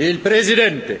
Il presidente.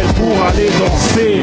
elle pourra dédanser.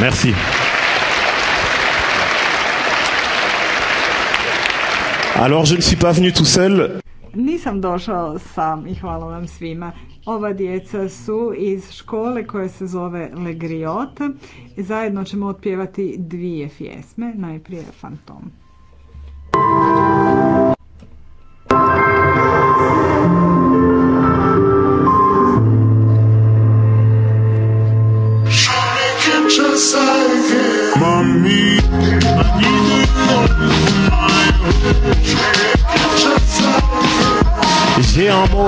Merci Alors, je ne suis pas venu tout seul. Nisam došao sam i hvala vam svima. Ova djeca su iz škole koja se zove Legriot. Zajedno ćemo otpjevati dvije pjesme. Najprije Fantom.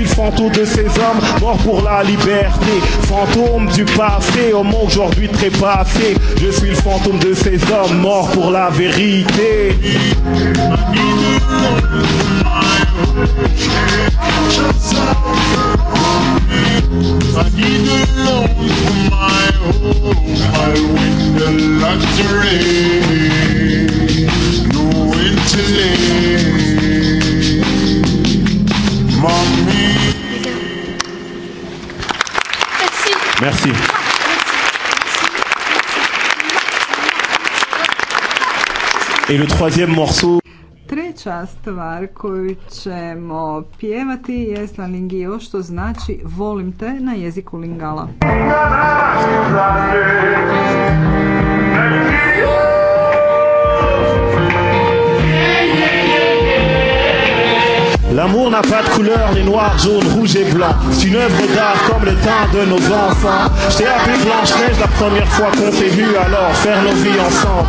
suis le fantôme de ces hommes morts pour la liberté. Fantôme du passé, homme aujourd'hui très passé Je suis le fantôme de ces hommes morts pour la vérité. I need No Mommy. Merci. Et le troisième morceau Treća stvar koju ćemo pjevati je Lingio, što znači volim te na jeziku Lingala. L'amour n'a pas de couleur, les noirs, jaunes, rouges et blancs. C'est une œuvre d'art comme le teint de nos enfants. J'ai appelé Blanche-Neige la première fois qu'on s'est vu, alors faire nos vies ensemble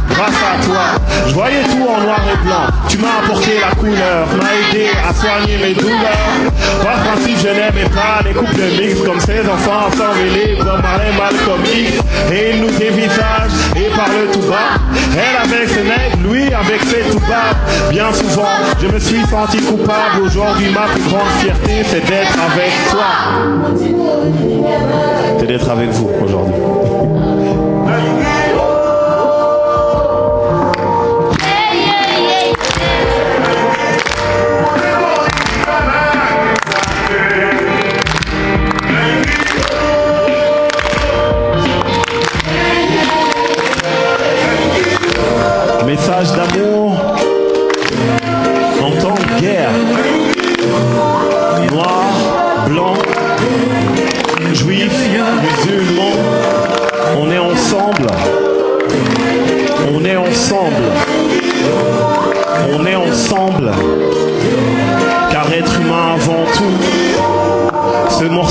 Grâce à toi, je voyais tout en noir et blanc. Tu m'as apporté la couleur, m'a aidé à soigner mes douleurs. Par principe, je n'aimais pas les couples mix comme ces enfants sans mêlés, comme Marin mal commis Et il nous dévisage et parle tout bas. Elle avec ses nègres, lui avec ses tout bas. Bien souvent, je me suis senti coupable. Aujourd'hui, ma plus grande fierté, c'est d'être avec toi. C'est d'être avec vous aujourd'hui.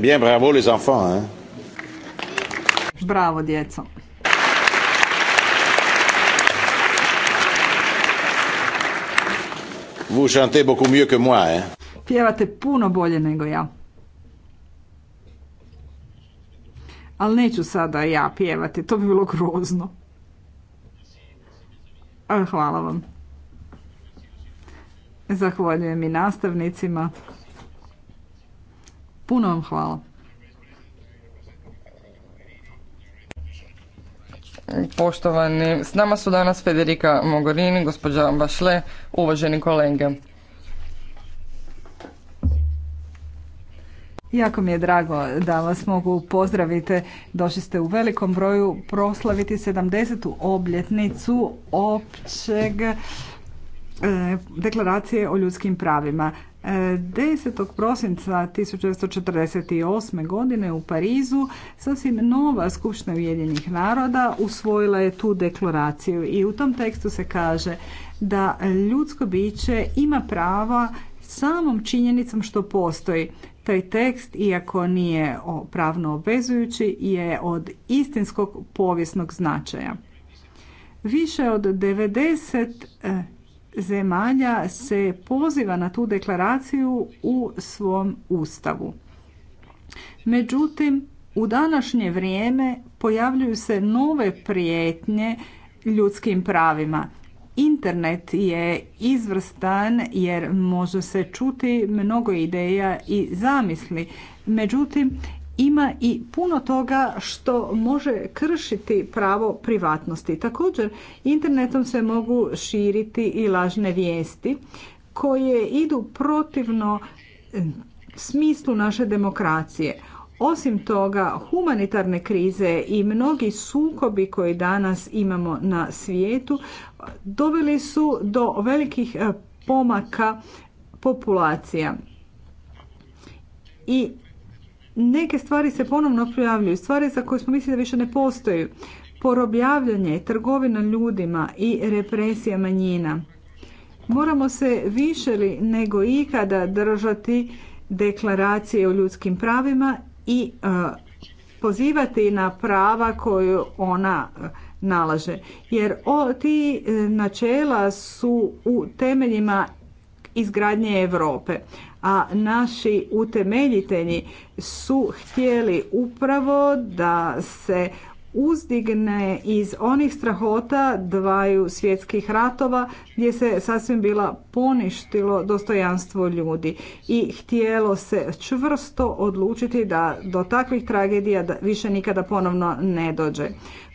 Très bien, bravo les enfants. Hein? Bravo djeco. Vous chantez beaucoup mieux que moi, hein? Pjevate puno bolje nego ja. Ali neću sada ja pjevati, to bi bilo grozno. Hvala vam. Zahvaljujem i nastavnicima. Puno vam hvala. Poštovani, s nama su danas Federica Mogorini, gospođa Bašle, uvaženi kolege. Jako mi je drago da vas mogu pozdraviti. Došli ste u velikom broju proslaviti 70. obljetnicu općeg e, deklaracije o ljudskim pravima. 10. prosinca 1948. godine u Parizu sasvim nova Skupština Ujedinjenih naroda usvojila je tu deklaraciju i u tom tekstu se kaže da ljudsko biće ima prava samom činjenicom što postoji. Taj tekst, iako nije pravno obvezujući, je od istinskog povijesnog značaja. Više od 90 zemalja se poziva na tu deklaraciju u svom ustavu. Međutim, u današnje vrijeme pojavljuju se nove prijetnje ljudskim pravima. Internet je izvrstan jer može se čuti mnogo ideja i zamisli. Međutim, ima i puno toga što može kršiti pravo privatnosti. Također, internetom se mogu širiti i lažne vijesti koje idu protivno eh, smislu naše demokracije. Osim toga, humanitarne krize i mnogi sukobi koji danas imamo na svijetu doveli su do velikih eh, pomaka populacija. I Neke stvari se ponovno pojavljuju, stvari za koje smo mislili da više ne postoji. Porobljavljanje, trgovina ljudima i represija manjina. Moramo se više nego ikada držati deklaracije o ljudskim pravima i e, pozivati na prava koju ona e, nalaže. Jer o, ti e, načela su u temeljima izgradnje Europe a naši utemeljitelji su htjeli upravo da se uzdigne iz onih strahota dvaju svjetskih ratova gdje se sasvim bila poništilo dostojanstvo ljudi i htjelo se čvrsto odlučiti da do takvih tragedija više nikada ponovno ne dođe.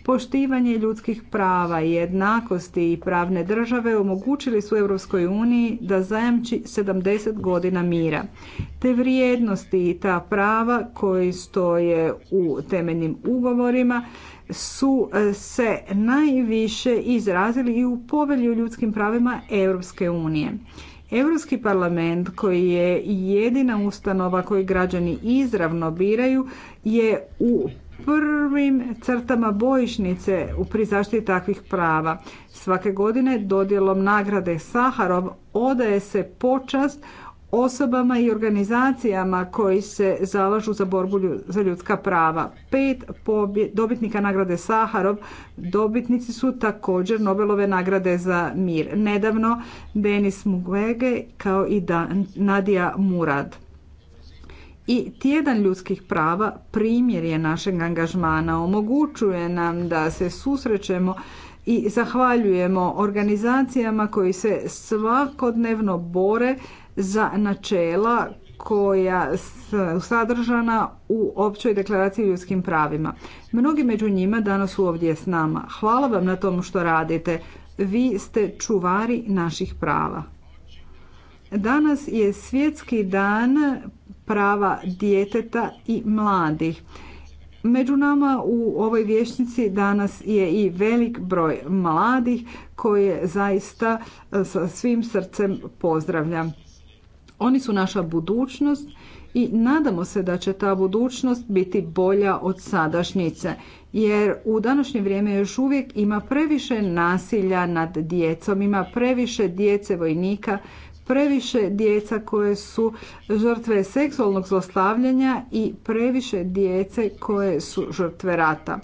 Poštivanje ljudskih prava, jednakosti i pravne države omogućili su Europskoj uniji da zajamči 70 godina mira. Te vrijednosti i ta prava koji stoje u temeljnim ugovorima su e, se najviše izrazili i u povelju ljudskim pravima Europske unije. Europski parlament koji je jedina ustanova koju građani izravno biraju je u prvim crtama bojišnice u prizaštiti takvih prava. Svake godine dodjelom nagrade Saharov odaje se počast osobama i organizacijama koji se zalažu za borbu za ljudska prava. Pet dobitnika nagrade Saharov dobitnici su također Nobelove nagrade za mir. Nedavno Denis Mugwege kao i Nadija Murad. I tjedan ljudskih prava primjer je našeg angažmana, omogućuje nam da se susrećemo i zahvaljujemo organizacijama koji se svakodnevno bore za načela koja su sadržana u općoj deklaraciji ljudskim pravima. Mnogi među njima danas su ovdje s nama. Hvala vam na tom što radite. Vi ste čuvari naših prava. Danas je svjetski dan prava djeteta i mladih. Među nama u ovoj vješnici danas je i velik broj mladih koje zaista e, sa svim srcem pozdravljam. Oni su naša budućnost i nadamo se da će ta budućnost biti bolja od sadašnjice, jer u današnje vrijeme još uvijek ima previše nasilja nad djecom, ima previše djece vojnika previše djeca koje su žrtve seksualnog zlostavljanja i previše djece koje su žrtve rata.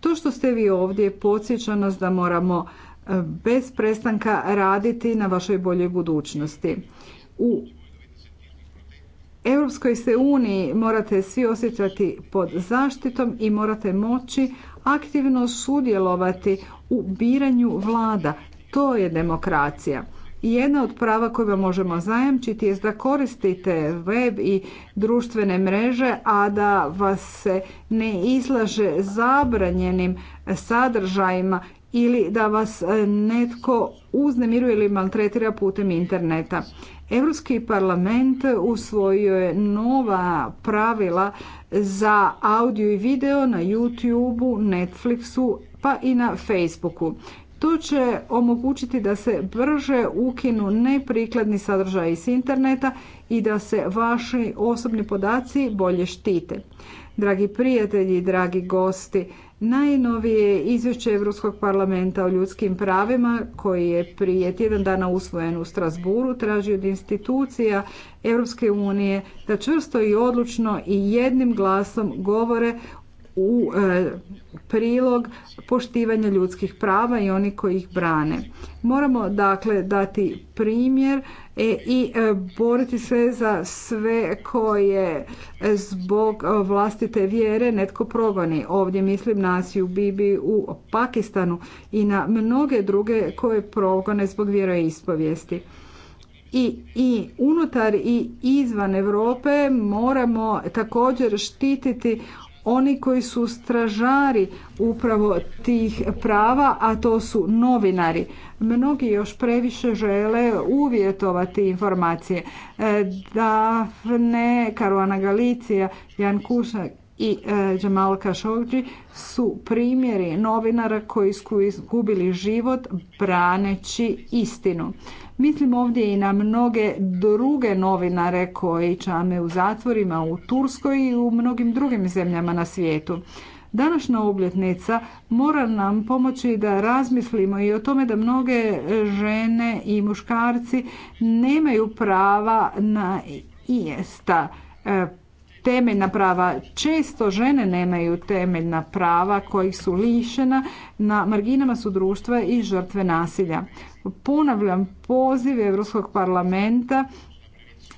To što ste vi ovdje podsjeća nas da moramo e, bez prestanka raditi na vašoj boljoj budućnosti. U Europskoj se uniji morate svi osjećati pod zaštitom i morate moći aktivno sudjelovati u biranju vlada. To je demokracija. Jedna od prava koje možemo zajamčiti je da koristite web i društvene mreže, a da vas se ne izlaže zabranjenim sadržajima ili da vas e, netko uznemiruje ili maltretira putem interneta. Europski parlament usvojio je nova pravila za audio i video na YouTubeu, Netflixu pa i na Facebooku. To će omogućiti da se brže ukinu neprikladni sadržaj iz interneta i da se vaši osobni podaci bolje štite. Dragi prijatelji dragi gosti, najnovije izvješće Europskog parlamenta o ljudskim pravima koji je prije tjedan dana usvojen u Strasburu traži od institucija Europske unije da čvrsto i odlučno i jednim glasom govore u e, prilog poštivanja ljudskih prava i oni koji ih brane. Moramo dakle dati primjer e, i e, boriti se za sve koje zbog vlastite vjere netko progoni. Ovdje mislim i u Bibi u Pakistanu i na mnoge druge koje progone zbog vjeroispovijesti. I, i unutar i izvan Europe moramo također štititi oni koji su stražari upravo tih prava, a to su novinari. Mnogi još previše žele uvjetovati informacije. E, Dafne, Karuana Galicija, Jan Kušak i Jamal e, Kašovđi su primjeri novinara koji su izgubili život braneći istinu. Mislim ovdje i na mnoge druge novinare koji čame u zatvorima u Turskoj i u mnogim drugim zemljama na svijetu. Današnja obljetnica mora nam pomoći da razmislimo i o tome da mnoge žene i muškarci nemaju prava na ista e, temeljna prava. Često žene nemaju temeljna prava kojih su lišena, na marginama su društva i žrtve nasilja. Ponavljam, poziv Europskog parlamenta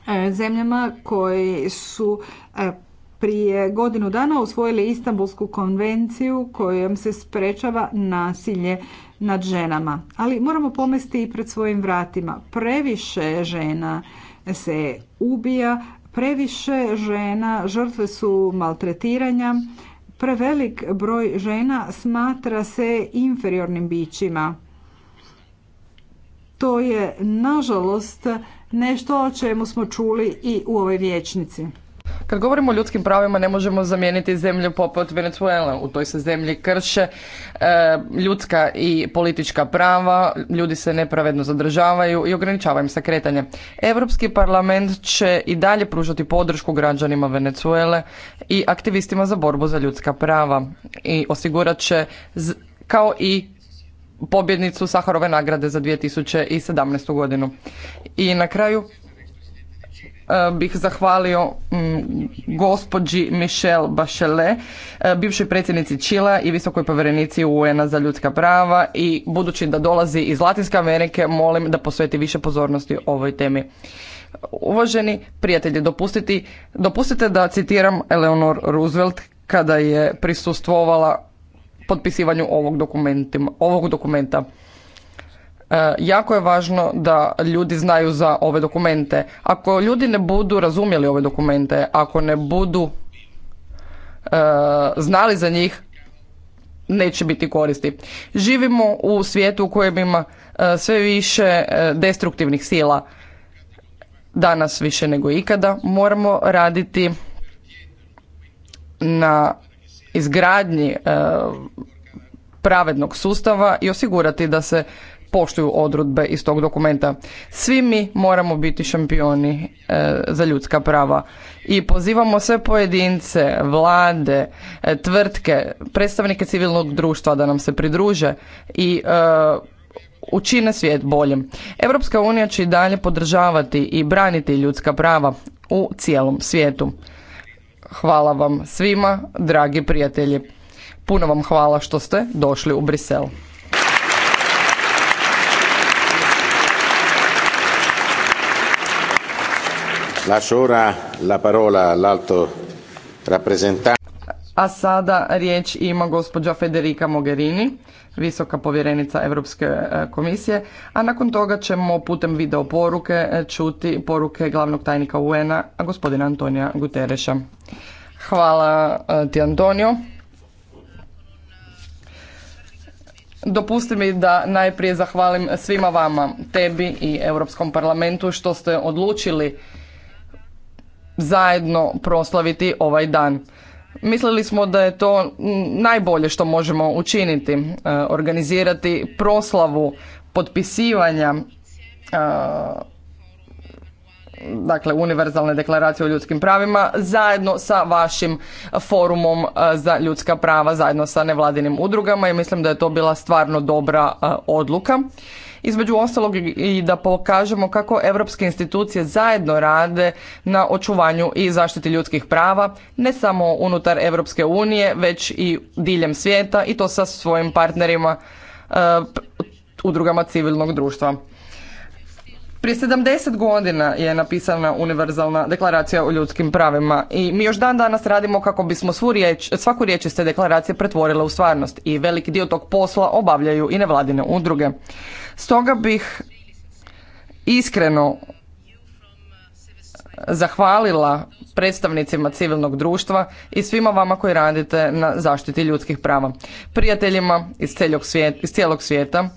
e, zemljama koji su e, prije godinu dana usvojili Istanbulsku konvenciju kojom se sprečava nasilje nad ženama. Ali moramo pomesti i pred svojim vratima. Previše žena se ubija, previše žena žrtve su maltretiranja, prevelik broj žena smatra se inferiornim bićima. To je, nažalost, nešto o čemu smo čuli i u ovoj vječnici. Kad govorimo o ljudskim pravima ne možemo zamijeniti zemlju poput Venezuela. U toj se zemlji krše e, ljudska i politička prava, ljudi se nepravedno zadržavaju i ograničava im se kretanje. Europski parlament će i dalje pružati podršku građanima Venezuele i aktivistima za borbu za ljudska prava i osigurat će kao i pobjednicu Saharove nagrade za 2017. godinu. I na kraju e, bih zahvalio gospođi Michelle Bachelet, e, bivšoj predsjednici Čila i visokoj povjerenici UN-a za ljudska prava i budući da dolazi iz Latinske Amerike, molim da posveti više pozornosti ovoj temi. Uvaženi prijatelji, dopustite da citiram Eleanor Roosevelt kada je prisustvovala potpisivanju ovog, ovog dokumenta. E, jako je važno da ljudi znaju za ove dokumente. Ako ljudi ne budu razumjeli ove dokumente, ako ne budu e, znali za njih, neće biti koristi. Živimo u svijetu u kojem ima e, sve više destruktivnih sila. Danas više nego ikada moramo raditi na izgradnji e, pravednog sustava i osigurati da se poštuju odredbe iz tog dokumenta. Svi mi moramo biti šampioni e, za ljudska prava i pozivamo sve pojedince, vlade, e, tvrtke, predstavnike civilnog društva da nam se pridruže i e, učine svijet boljim. Europska unija će i dalje podržavati i braniti ljudska prava u cijelom svijetu. Hvala vam svima, dragi prijatelji. Puno vam hvala što ste došli u Brisel. Lascio ora la parola all'alto rappresentante. A sada riječ ima gospođa Federica Mogherini, visoka povjerenica Europske e, komisije, a nakon toga ćemo putem video poruke e, čuti poruke glavnog tajnika UN-a, gospodina Antonija Gutereša. Hvala e, ti Antonio. Dopusti mi da najprije zahvalim svima vama, tebi i Europskom parlamentu što ste odlučili zajedno proslaviti ovaj dan. Mislili smo da je to najbolje što možemo učiniti, e, organizirati proslavu potpisivanja e, dakle univerzalne deklaracije o ljudskim pravima zajedno sa vašim forumom e, za ljudska prava zajedno sa nevladinim udrugama i mislim da je to bila stvarno dobra odluka između ostalog i da pokažemo kako europske institucije zajedno rade na očuvanju i zaštiti ljudskih prava, ne samo unutar Europske unije, već i diljem svijeta i to sa svojim partnerima e, udrugama civilnog društva. Prije 70 godina je napisana univerzalna deklaracija o ljudskim pravima i mi još dan danas radimo kako bismo svu riječ, svaku riječ iz te deklaracije pretvorila u stvarnost i veliki dio tog posla obavljaju i nevladine udruge. Stoga bih iskreno zahvalila predstavnicima civilnog društva i svima vama koji radite na zaštiti ljudskih prava. Prijateljima iz cijelog svijeta,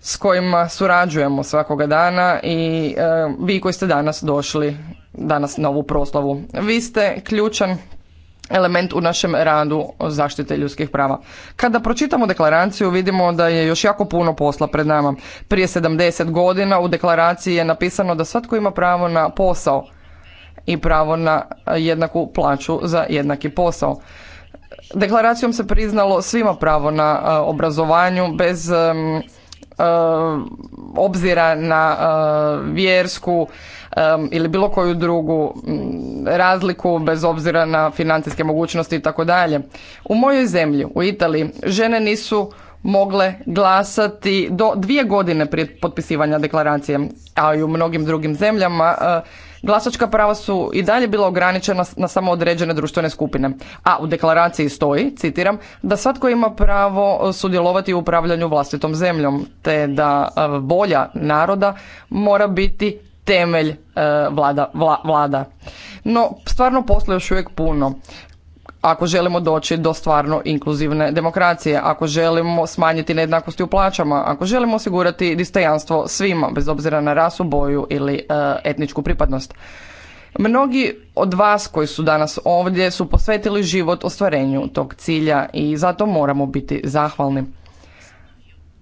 s kojima surađujemo svakoga dana i e, vi koji ste danas došli danas na ovu proslavu. Vi ste ključan element u našem radu zaštite ljudskih prava. Kada pročitamo deklaraciju vidimo da je još jako puno posla pred nama. Prije 70 godina u deklaraciji je napisano da svatko ima pravo na posao i pravo na jednaku plaću za jednaki posao. Deklaracijom se priznalo svima pravo na e, obrazovanju bez e, obzira na e, vjersku Um, ili bilo koju drugu mm, razliku bez obzira na financijske mogućnosti i tako dalje. U mojoj zemlji, u Italiji, žene nisu mogle glasati do dvije godine prije potpisivanja deklaracije, a i u mnogim drugim zemljama uh, glasačka prava su i dalje bila ograničena na samo određene društvene skupine. A u deklaraciji stoji, citiram, da svatko ima pravo sudjelovati u upravljanju vlastitom zemljom, te da uh, volja naroda mora biti temelj e, vlada, vlada. No, stvarno posla još uvijek puno. Ako želimo doći do stvarno inkluzivne demokracije, ako želimo smanjiti nejednakosti u plaćama, ako želimo osigurati distajanstvo svima, bez obzira na rasu, boju ili e, etničku pripadnost. Mnogi od vas koji su danas ovdje su posvetili život ostvarenju tog cilja i zato moramo biti zahvalni.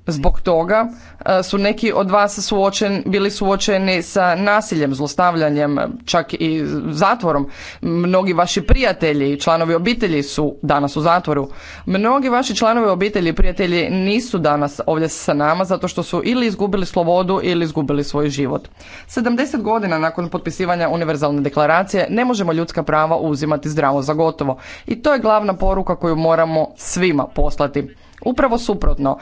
Zbog toga e, su neki od vas suočen, bili suočeni sa nasiljem, zlostavljanjem, čak i zatvorom. Mnogi vaši prijatelji i članovi obitelji su danas u zatvoru. Mnogi vaši članovi obitelji i prijatelji nisu danas ovdje sa nama zato što su ili izgubili slobodu ili izgubili svoj život. 70 godina nakon potpisivanja Univerzalne deklaracije ne možemo ljudska prava uzimati zdravo za gotovo. I to je glavna poruka koju moramo svima poslati. Upravo suprotno,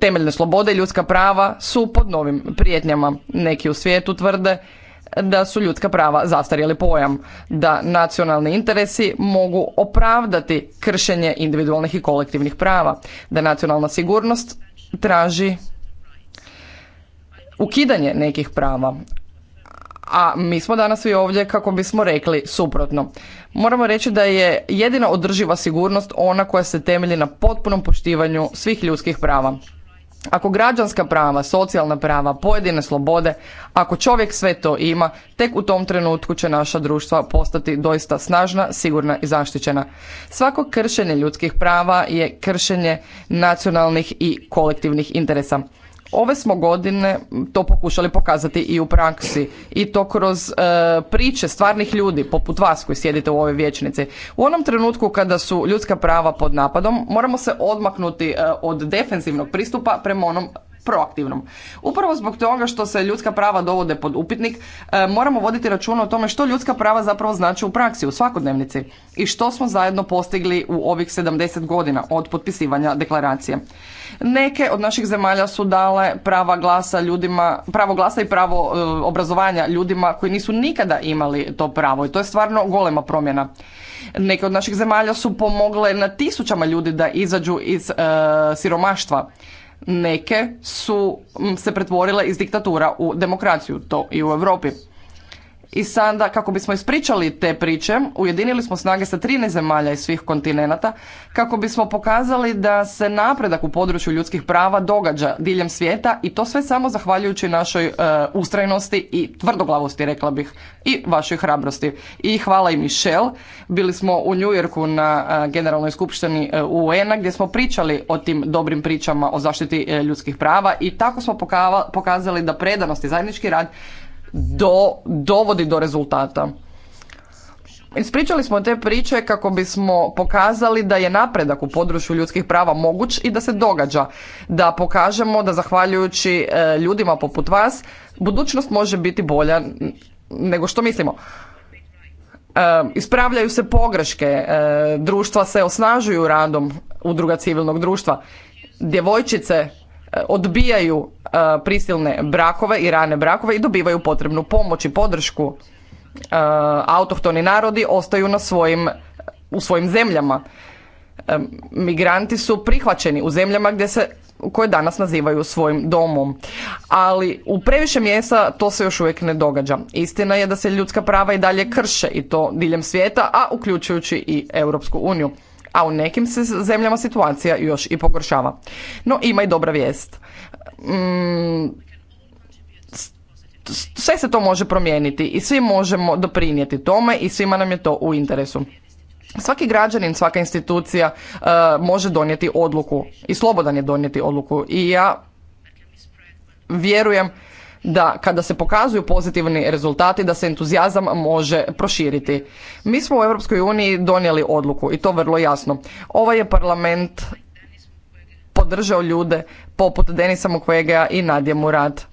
temeljne slobode i ljudska prava su pod novim prijetnjama. Neki u svijetu tvrde da su ljudska prava zastarjeli pojam, da nacionalni interesi mogu opravdati kršenje individualnih i kolektivnih prava, da nacionalna sigurnost traži ukidanje nekih prava, a mi smo danas svi ovdje kako bismo rekli suprotno. Moramo reći da je jedina održiva sigurnost ona koja se temelji na potpunom poštivanju svih ljudskih prava. Ako građanska prava, socijalna prava, pojedine slobode, ako čovjek sve to ima, tek u tom trenutku će naša društva postati doista snažna, sigurna i zaštićena. Svako kršenje ljudskih prava je kršenje nacionalnih i kolektivnih interesa. Ove smo godine to pokušali pokazati i u praksi i to kroz e, priče stvarnih ljudi poput vas koji sjedite u ovoj vijećnici. U onom trenutku kada su ljudska prava pod napadom moramo se odmaknuti e, od defensivnog pristupa prema onom proaktivnom. Upravo zbog toga što se ljudska prava dovode pod upitnik, e, moramo voditi računa o tome što ljudska prava zapravo znači u praksi, u svakodnevnici i što smo zajedno postigli u ovih 70 godina od potpisivanja deklaracije. Neke od naših zemalja su dale prava glasa ljudima, pravo glasa i pravo e, obrazovanja ljudima koji nisu nikada imali to pravo i to je stvarno golema promjena. Neke od naših zemalja su pomogle na tisućama ljudi da izađu iz e, siromaštva. Neke su se pretvorile iz diktatura u demokraciju, to i u Europi. I sada, kako bismo ispričali te priče, ujedinili smo snage sa 13 zemalja iz svih kontinenata, kako bismo pokazali da se napredak u području ljudskih prava događa diljem svijeta i to sve samo zahvaljujući našoj e, ustrajnosti i tvrdoglavosti, rekla bih, i vašoj hrabrosti. I hvala i Michelle. Bili smo u New na e, Generalnoj skupštini e, UN-a gdje smo pričali o tim dobrim pričama o zaštiti e, ljudskih prava i tako smo pokazali da predanost i zajednički rad do, dovodi do rezultata. Ispričali smo te priče kako bismo pokazali da je napredak u području ljudskih prava moguć i da se događa. Da pokažemo da zahvaljujući e, ljudima poput vas budućnost može biti bolja nego što mislimo. E, ispravljaju se pogreške, e, društva se osnažuju radom udruga civilnog društva. Djevojčice Eh, odbijaju eh, prisilne brakove i rane brakove i dobivaju potrebnu pomoć i podršku. Eh, autohtoni narodi ostaju na svojim, u svojim zemljama. Migranti su prihvaćeni u zemljama gdje se koje danas nazivaju svojim domom. Ali u previše mjesta to se još uvijek ne događa. Istina je da se ljudska prava i dalje krše i to diljem svijeta, a uključujući i Europsku uniju a u nekim se zemljama situacija još i pogoršava. No ima i dobra vijest. Mm, sve se to može promijeniti i svi možemo doprinijeti tome i svima nam je to u interesu. Svaki građanin, svaka institucija e, može donijeti odluku i slobodan je donijeti odluku i ja vjerujem da kada se pokazuju pozitivni rezultati da se entuzijazam može proširiti. Mi smo u Europskoj uniji donijeli odluku i to vrlo jasno. Ovaj je parlament podržao ljude poput Denisa Mukwegea i Nadje Murad.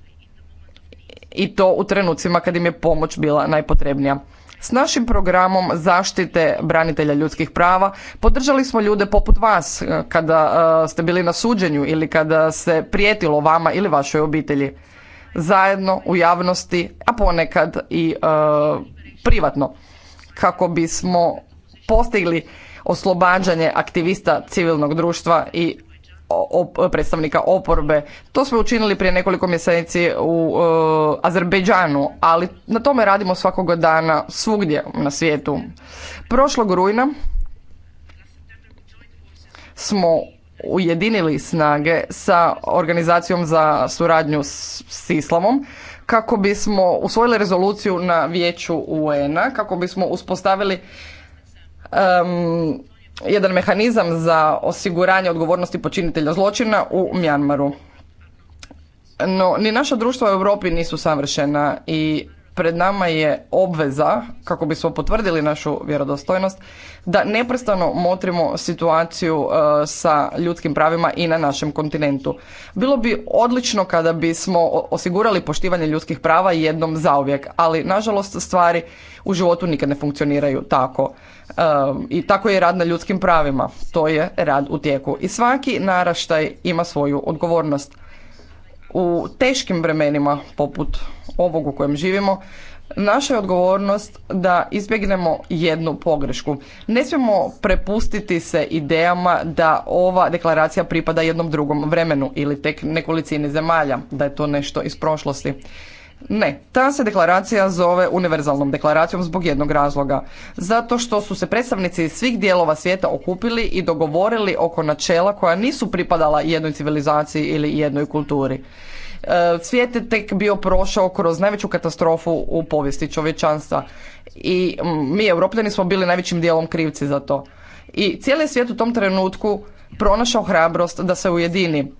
I to u trenucima kad im je pomoć bila najpotrebnija. S našim programom zaštite branitelja ljudskih prava podržali smo ljude poput vas eh, kada eh, ste bili na suđenju ili kada se prijetilo vama ili vašoj obitelji zajedno u javnosti, a ponekad i e, privatno kako bismo postigli oslobađanje aktivista civilnog društva i predstavnika oporbe. To smo učinili prije nekoliko mjeseci u e, Azerbejdžanu, ali na tome radimo svakog dana svugdje na svijetu. Prošlog rujna smo ujedinili snage sa organizacijom za suradnju s, Islamom kako bismo usvojili rezoluciju na vijeću UN-a, kako bismo uspostavili jedan mehanizam za osiguranje odgovornosti počinitelja zločina u Mjanmaru. No, ni naša društva u Europi nisu savršena i pred nama je obveza, kako bismo potvrdili našu vjerodostojnost, da neprestano motrimo situaciju e, sa ljudskim pravima i na našem kontinentu. Bilo bi odlično kada bismo osigurali poštivanje ljudskih prava jednom zauvijek, ali nažalost stvari u životu nikad ne funkcioniraju tako. E, I tako je rad na ljudskim pravima. To je rad u tijeku. I svaki naraštaj ima svoju odgovornost. U teškim vremenima, poput ovog u kojem živimo, naša je odgovornost da izbjegnemo jednu pogrešku. Ne smijemo prepustiti se idejama da ova deklaracija pripada jednom drugom vremenu ili tek nekolicini zemalja, da je to nešto iz prošlosti. Ne, ta se deklaracija zove univerzalnom deklaracijom zbog jednog razloga. Zato što su se predstavnici svih dijelova svijeta okupili i dogovorili oko načela koja nisu pripadala jednoj civilizaciji ili jednoj kulturi. E, svijet je tek bio prošao kroz najveću katastrofu u povijesti čovječanstva i mm, mi europljani smo bili najvećim dijelom krivci za to. I cijeli svijet u tom trenutku pronašao hrabrost da se ujedini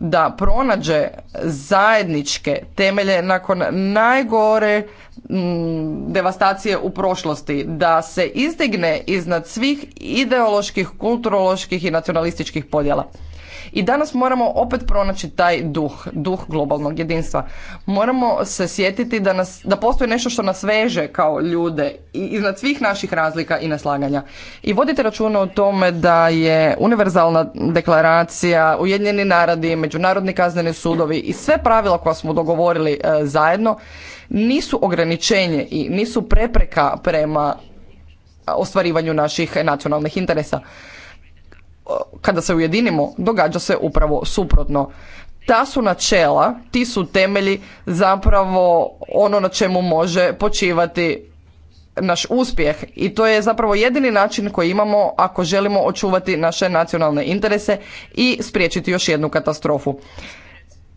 da pronađe zajedničke temelje nakon najgore mm, devastacije u prošlosti, da se izdigne iznad svih ideoloških, kulturoloških i nacionalističkih podjela. I danas moramo opet pronaći taj duh, duh globalnog jedinstva. Moramo se sjetiti da, nas, da postoji nešto što nas veže kao ljude i iznad svih naših razlika i naslaganja. I vodite računa o tome da je univerzalna deklaracija, Ujedinjeni naradi, međunarodni kazneni sudovi i sve pravila koja smo dogovorili e, zajedno nisu ograničenje i nisu prepreka prema ostvarivanju naših nacionalnih interesa kada se ujedinimo, događa se upravo suprotno. Ta su načela, ti su temelji zapravo ono na čemu može počivati naš uspjeh i to je zapravo jedini način koji imamo ako želimo očuvati naše nacionalne interese i spriječiti još jednu katastrofu.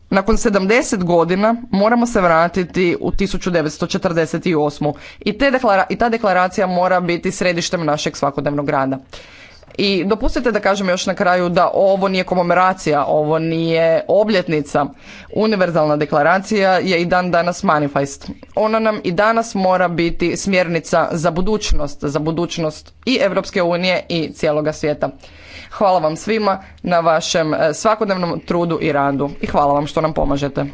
Nakon 70 godina moramo se vratiti u 1948. I, te deklara i ta deklaracija mora biti središtem našeg svakodnevnog rada. I dopustite da kažem još na kraju da ovo nije komemoracija, ovo nije obljetnica. Univerzalna deklaracija je i dan danas manifest. Ona nam i danas mora biti smjernica za budućnost, za budućnost i Europske unije i cijeloga svijeta. Hvala vam svima na vašem eh, svakodnevnom trudu i radu i hvala vam što nam pomažete.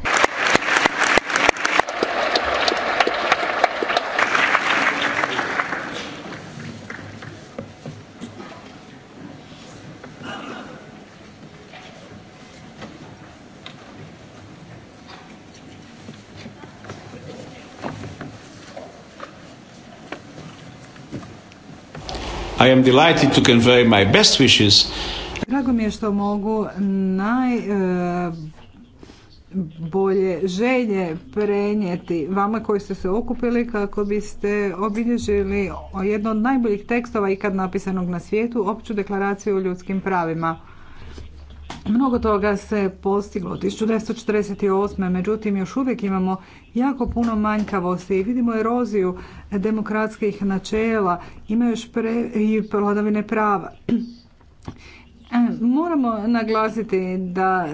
I am delighted to convey my best wishes. Drago mi je što mogu najbolje e, želje prenijeti vama koji ste se okupili kako biste obilježili jedno od najboljih tekstova ikad napisanog na svijetu, opću deklaraciju o ljudskim pravima. Mnogo toga se postiglo 1948. međutim još uvijek imamo jako puno manjkavosti i vidimo eroziju demokratskih načela, imaju još i vladavine prava. E, moramo naglasiti da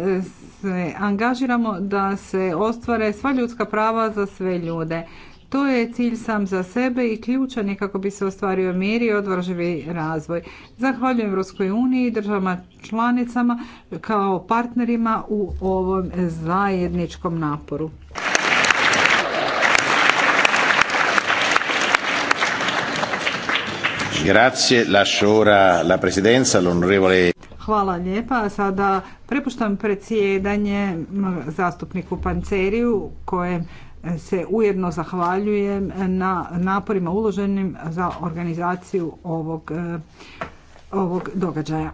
se angažiramo da se ostvare sva ljudska prava za sve ljude. To je cilj sam za sebe i ključan je kako bi se ostvario mir i održivi razvoj. Zahvaljujem Europskoj uniji i državama članicama kao partnerima u ovom zajedničkom naporu. Grazie, lascio ora la presidenza all'onorevole Hvala lijepa. Sada prepuštam predsjedanje zastupniku Panceriju kojem se ujedno zahvaljujem na naporima uloženim za organizaciju ovog, e, ovog događaja.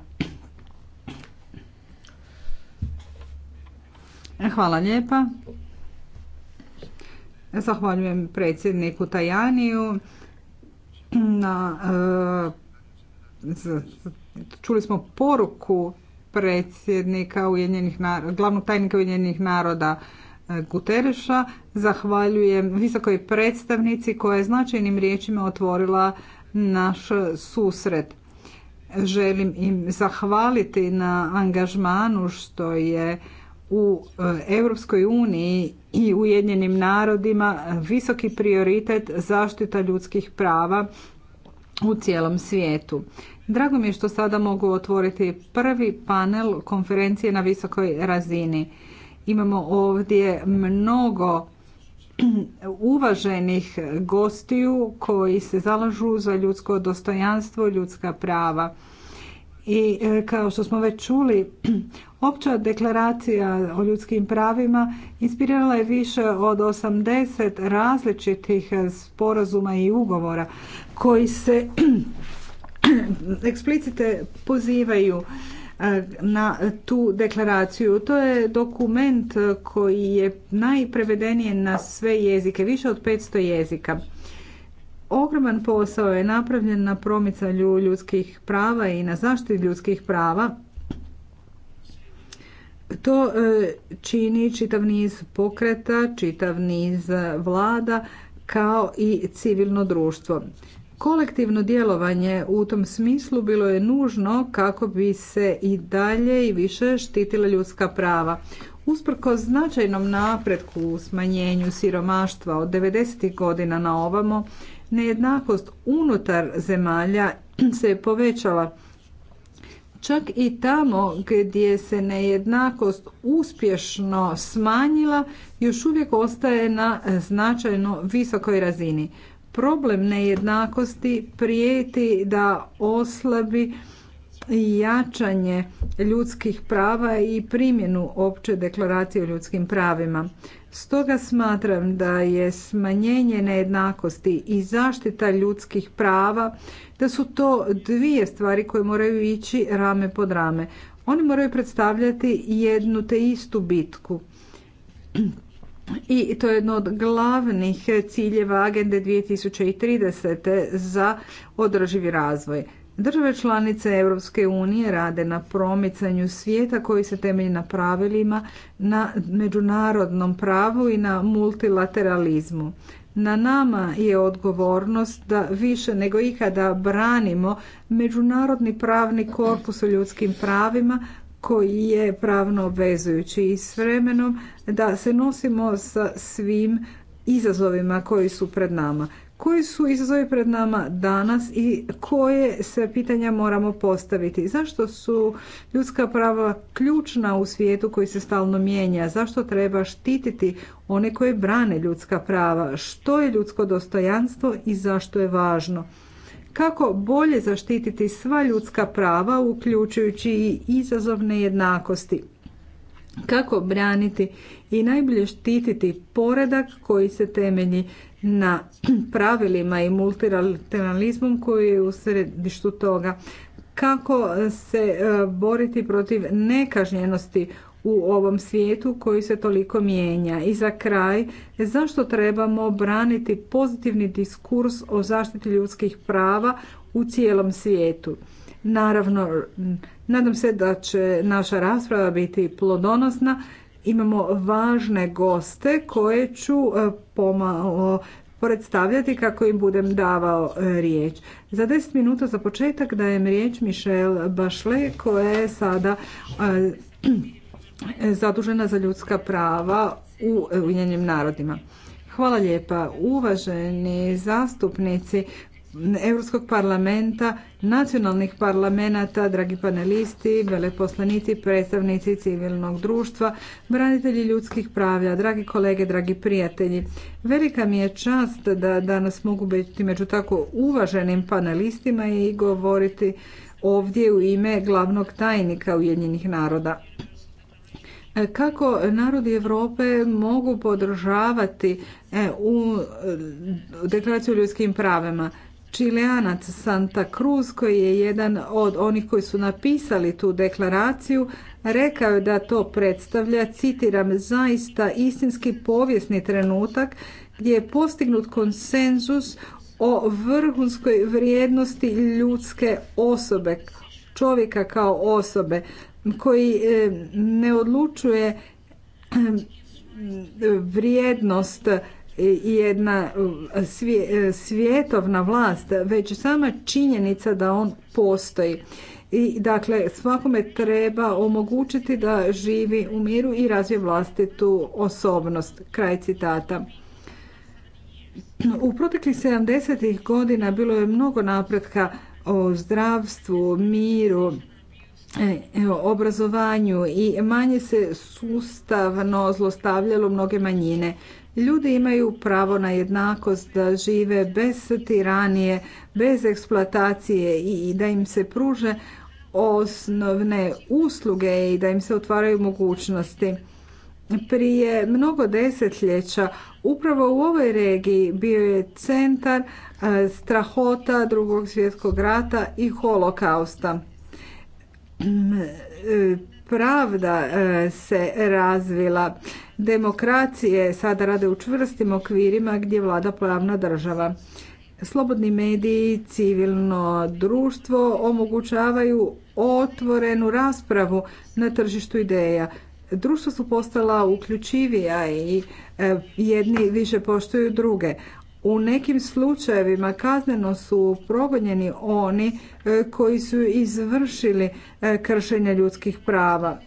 Hvala lijepa. Zahvaljujem predsjedniku Tajaniju na e, čuli smo poruku predsjednika Ujedinjenih naroda, glavnog tajnika Ujedinjenih naroda Gutereša. Zahvaljujem visokoj predstavnici koja je značajnim riječima otvorila naš susret. Želim im zahvaliti na angažmanu što je u Europskoj uniji i Ujedinjenim narodima visoki prioritet zaštita ljudskih prava u cijelom svijetu. Drago mi je što sada mogu otvoriti prvi panel konferencije na visokoj razini. Imamo ovdje mnogo uvaženih gostiju koji se zalažu za ljudsko dostojanstvo, ljudska prava. I e, kao što smo već čuli, opća deklaracija o ljudskim pravima inspirirala je više od 80 različitih sporazuma i ugovora koji se eksplicite pozivaju E, na tu deklaraciju. To je dokument koji je najprevedenije na sve jezike, više od 500 jezika. Ogroman posao je napravljen na promicanju ljudskih prava i na zaštiti ljudskih prava. To e, čini čitav niz pokreta, čitav niz vlada kao i civilno društvo. Kolektivno djelovanje u tom smislu bilo je nužno kako bi se i dalje i više štitila ljudska prava. Usprko značajnom napretku u smanjenju siromaštva od 90. godina na ovamo, nejednakost unutar zemalja se je povećala. Čak i tamo gdje se nejednakost uspješno smanjila, još uvijek ostaje na značajno visokoj razini problem nejednakosti prijeti da oslabi jačanje ljudskih prava i primjenu opće deklaracije o ljudskim pravima. Stoga smatram da je smanjenje nejednakosti i zaštita ljudskih prava da su to dvije stvari koje moraju ići rame pod rame. Oni moraju predstavljati jednu te istu bitku i to je jedno od glavnih ciljeva agende 2030. za održivi razvoj. Države članice Europske unije rade na promicanju svijeta koji se temelji na pravilima, na međunarodnom pravu i na multilateralizmu. Na nama je odgovornost da više nego ikada branimo međunarodni pravni korpus o ljudskim pravima, koji je pravno obvezujući i s vremenom da se nosimo sa svim izazovima koji su pred nama. Koji su izazovi pred nama danas i koje se pitanja moramo postaviti? Zašto su ljudska prava ključna u svijetu koji se stalno mijenja? Zašto treba štititi one koje brane ljudska prava? Što je ljudsko dostojanstvo i zašto je važno? kako bolje zaštititi sva ljudska prava, uključujući i izazovne jednakosti. Kako braniti i najbolje štititi poredak koji se temelji na pravilima i multilateralizmom koji je u središtu toga. Kako se e, boriti protiv nekažnjenosti u ovom svijetu koji se toliko mijenja. I za kraj, zašto trebamo braniti pozitivni diskurs o zaštiti ljudskih prava u cijelom svijetu? Naravno, nadam se da će naša rasprava biti plodonosna. Imamo važne goste koje ću e, pomalo predstavljati kako im budem davao e, riječ. Za 10 minuta za početak dajem riječ Michelle Bašle koja je sada e, zadužena za ljudska prava u Ujedinjenim narodima. Hvala lijepa. Uvaženi zastupnici Europskog parlamenta, nacionalnih parlamenta, dragi panelisti, veleposlanici, predstavnici civilnog društva, branitelji ljudskih prava, dragi kolege, dragi prijatelji. Velika mi je čast da danas mogu biti među tako uvaženim panelistima i govoriti ovdje u ime glavnog tajnika Ujedinjenih naroda kako narodi Europe mogu podržavati e, u deklaraciju o ljudskim pravima. Čileanac Santa Cruz koji je jedan od onih koji su napisali tu deklaraciju rekao je da to predstavlja, citiram, zaista istinski povijesni trenutak gdje je postignut konsenzus o vrhunskoj vrijednosti ljudske osobe, čovjeka kao osobe koji e, ne odlučuje e, vrijednost e, i jedna svjetovna vlast, već sama činjenica da on postoji. I dakle, svakome treba omogućiti da živi u miru i razvije vlastitu osobnost. Kraj citata. U proteklih 70. godina bilo je mnogo napretka o zdravstvu, miru, E, obrazovanju i manje se sustavno zlostavljalo mnoge manjine. Ljudi imaju pravo na jednakost da žive bez tiranije, bez eksploatacije i da im se pruže osnovne usluge i da im se otvaraju mogućnosti. Prije mnogo desetljeća upravo u ovoj regiji bio je centar e, strahota drugog svjetskog rata i holokausta. Mm, e, pravda e, se razvila. Demokracije sada rade u čvrstim okvirima gdje vlada pojavna država. Slobodni mediji, civilno društvo omogućavaju otvorenu raspravu na tržištu ideja. Društva su postala uključivija i e, jedni više poštuju druge u nekim slučajevima kazneno su progonjeni oni e, koji su izvršili e, kršenje ljudskih prava.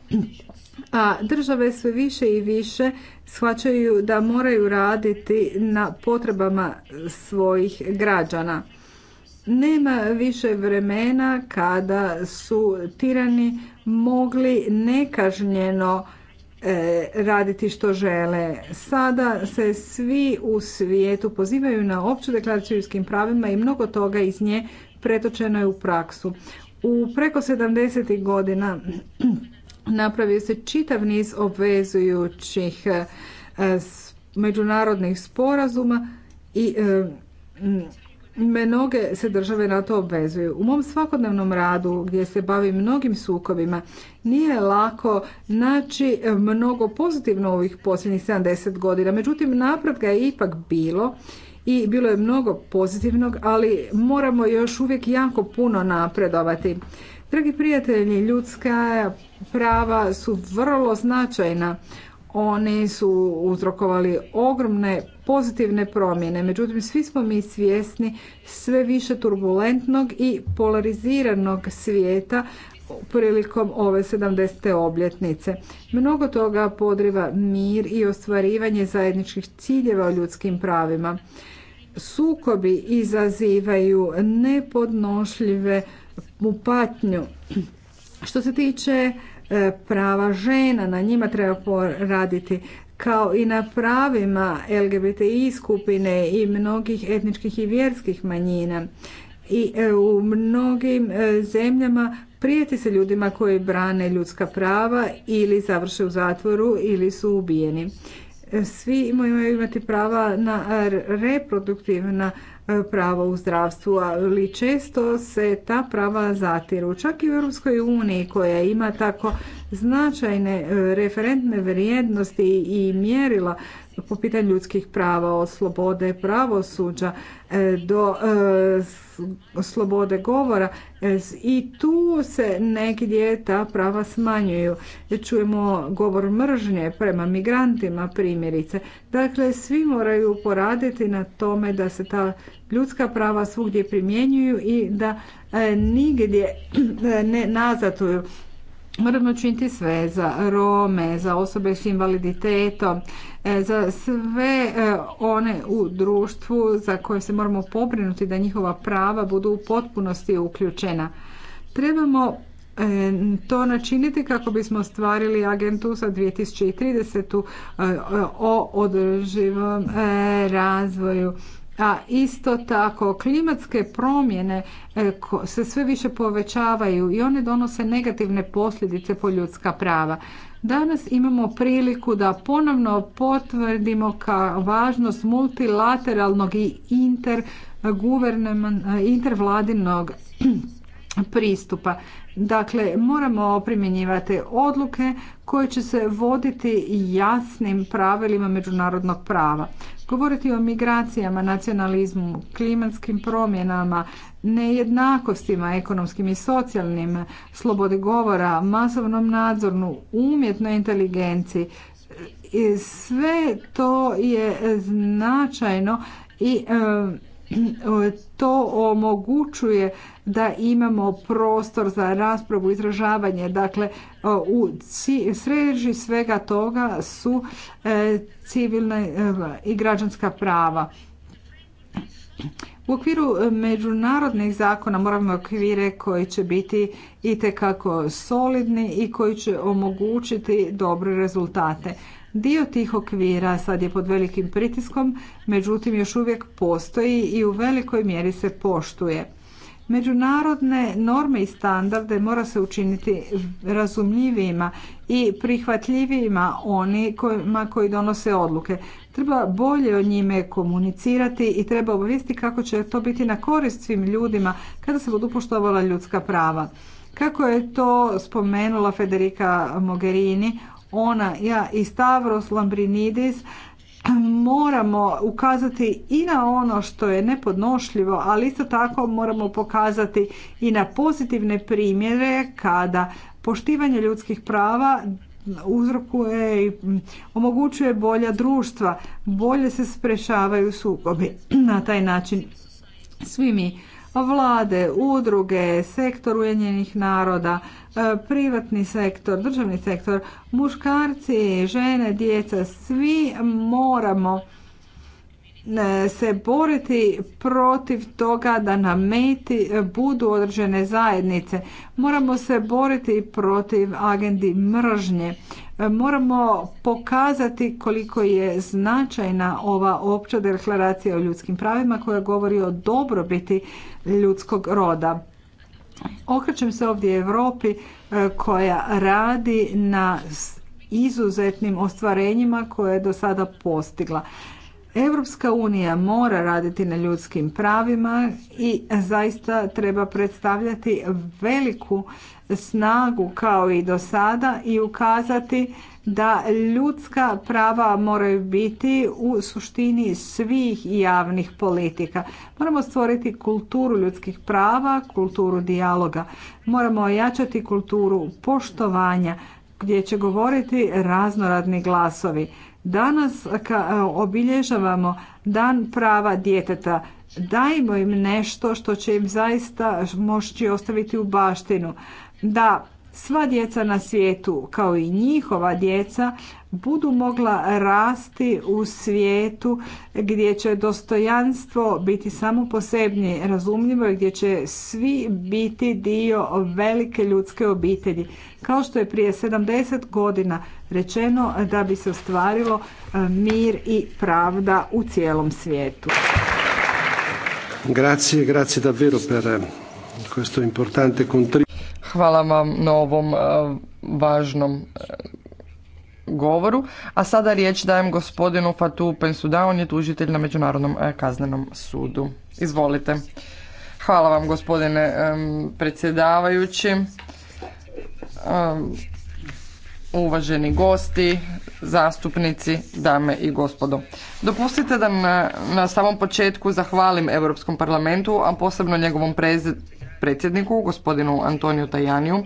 A države sve više i više shvaćaju da moraju raditi na potrebama svojih građana. Nema više vremena kada su tirani mogli nekažnjeno E, raditi što žele. Sada se svi u svijetu pozivaju na opću deklaraciju ljudskim pravima i mnogo toga iz nje pretočeno je u praksu. U preko 70. godina napravio se čitav niz obvezujućih e, međunarodnih sporazuma i e, Mnoge se države na to obvezuju. U mom svakodnevnom radu gdje se bavim mnogim sukovima nije lako naći e, mnogo pozitivno ovih posljednjih 70 godina. Međutim, napravka je ipak bilo i bilo je mnogo pozitivnog, ali moramo još uvijek jako puno napredovati. Dragi prijatelji, ljudska prava su vrlo značajna. Oni su uzrokovali ogromne pozitivne promjene, međutim svi smo mi svjesni sve više turbulentnog i polariziranog svijeta prilikom ove 70. obljetnice. Mnogo toga podriva mir i ostvarivanje zajedničkih ciljeva o ljudskim pravima. Sukobi izazivaju nepodnošljive upatnju. Što se tiče E, prava žena, na njima treba poraditi kao i na pravima LGBTI skupine i mnogih etničkih i vjerskih manjina. I e, u mnogim e, zemljama prijeti se ljudima koji brane ljudska prava ili završe u zatvoru ili su ubijeni. Svi imaju imati prava na reproduktivna prava u zdravstvu, ali često se ta prava zatiru. Čak i u Europskoj uniji koja ima tako značajne e, referentne vrijednosti i mjerila po pitanju ljudskih prava, od slobode pravosuđa e, do e, slobode govora e, i tu se negdje ta prava smanjuju. Čujemo govor mržnje prema migrantima primjerice. Dakle, svi moraju poraditi na tome da se ta ljudska prava svugdje primjenjuju i da nigdje ne nazatuju. Moramo činiti sve za Rome, za osobe s invaliditetom, e, za sve e, one u društvu za koje se moramo pobrinuti da njihova prava budu u potpunosti uključena. Trebamo e, to načiniti kako bismo ostvarili agentu za 2030. o održivom razvoju a isto tako klimatske promjene e, se sve više povećavaju i one donose negativne posljedice po ljudska prava. Danas imamo priliku da ponovno potvrdimo ka važnost multilateralnog i e, intervladinog pristupa. Dakle, moramo primjenjivati odluke koje će se voditi jasnim pravilima međunarodnog prava. Govoriti o migracijama, nacionalizmu, klimatskim promjenama, nejednakostima ekonomskim i socijalnim, slobodi govora, masovnom nadzornu, umjetnoj inteligenciji, e, sve to je značajno i e, to omogućuje da imamo prostor za raspravu, izražavanje. Dakle, u sreži svega toga su e, civilna e, i građanska prava. U okviru međunarodnih zakona moramo okvire koji će biti itekako solidni i koji će omogućiti dobre rezultate. Dio tih okvira sad je pod velikim pritiskom, međutim još uvijek postoji i u velikoj mjeri se poštuje. Međunarodne norme i standarde mora se učiniti razumljivijima i prihvatljivijima oni kojima koji donose odluke. Treba bolje o njime komunicirati i treba obavijesti kako će to biti na korist svim ljudima kada se budu poštovala ljudska prava. Kako je to spomenula Federica Mogherini, ona, ja i Stavros Lambrinidis moramo ukazati i na ono što je nepodnošljivo, ali isto tako moramo pokazati i na pozitivne primjere kada poštivanje ljudskih prava uzrokuje i omogućuje bolja društva, bolje se sprešavaju sukobi na taj način. Svi mi, vlade, udruge, sektor Ujedinjenih naroda, E, privatni sektor, državni sektor, muškarci, žene, djeca, svi moramo e, se boriti protiv toga da nameti e, budu određene zajednice. Moramo se boriti protiv agendi mržnje. Moramo pokazati koliko je značajna ova opća deklaracija o ljudskim pravima koja govori o dobrobiti ljudskog roda. Okrećem se ovdje Europi e, koja radi na izuzetnim ostvarenjima koje je do sada postigla. Europska unija mora raditi na ljudskim pravima i zaista treba predstavljati veliku snagu kao i do sada i ukazati da ljudska prava moraju biti u suštini svih javnih politika. Moramo stvoriti kulturu ljudskih prava, kulturu dijaloga. Moramo ojačati kulturu poštovanja gdje će govoriti raznoradni glasovi. Danas e, obilježavamo dan prava djeteta. Dajmo im nešto što će im zaista moći ostaviti u baštinu. Da sva djeca na svijetu kao i njihova djeca budu mogla rasti u svijetu gdje će dostojanstvo biti samo posebnije razumljivo i gdje će svi biti dio velike ljudske obitelji. Kao što je prije 70 godina rečeno da bi se ostvarilo e, mir i pravda u cijelom svijetu. Grazie, grazie davvero per eh, questo importante contributo. Hvala vam na ovom e, važnom e, govoru. A sada riječ dajem gospodinu Fatu Pensuda, on je tužitelj na Međunarodnom e, kaznenom sudu. Izvolite. Hvala vam gospodine predsjedavajući, uvaženi gosti, zastupnici, dame i gospodo. Dopustite da na, na samom početku zahvalim Europskom parlamentu, a posebno njegovom predsjedniku, gospodinu Antoniju Tajaniju,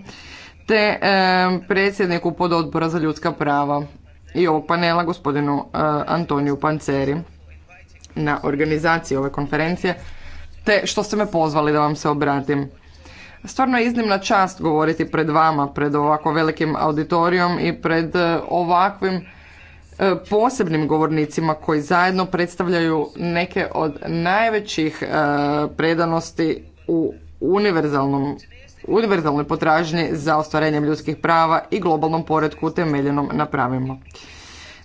te predsjedniku predsjedniku pododbora za ljudska prava i ovog panela, gospodinu e, Antoniju Panceri, na organizaciji ove konferencije, te što ste me pozvali da vam se obratim. Stvarno je iznimna čast govoriti pred vama, pred ovako velikim auditorijom i pred e, ovakvim e, posebnim govornicima koji zajedno predstavljaju neke od najvećih predanosti u univerzalnom univerzalnoj potražnji za ostvarenjem ljudskih prava i globalnom poredku temeljenom na pravima.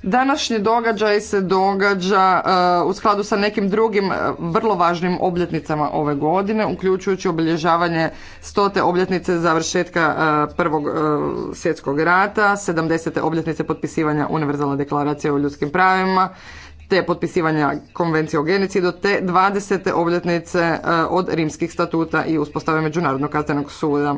Današnji događaj se događa e, u skladu sa nekim drugim e, vrlo važnim obljetnicama ove godine, uključujući obilježavanje stote obljetnice završetka uh, Prvog svjetskog rata, 70. obljetnice potpisivanja Univerzalne deklaracije o ljudskim pravima, te potpisivanja konvencije o genocidu te 20. obljetnice e, od rimskih statuta i uspostave Međunarodnog kaznenog suda.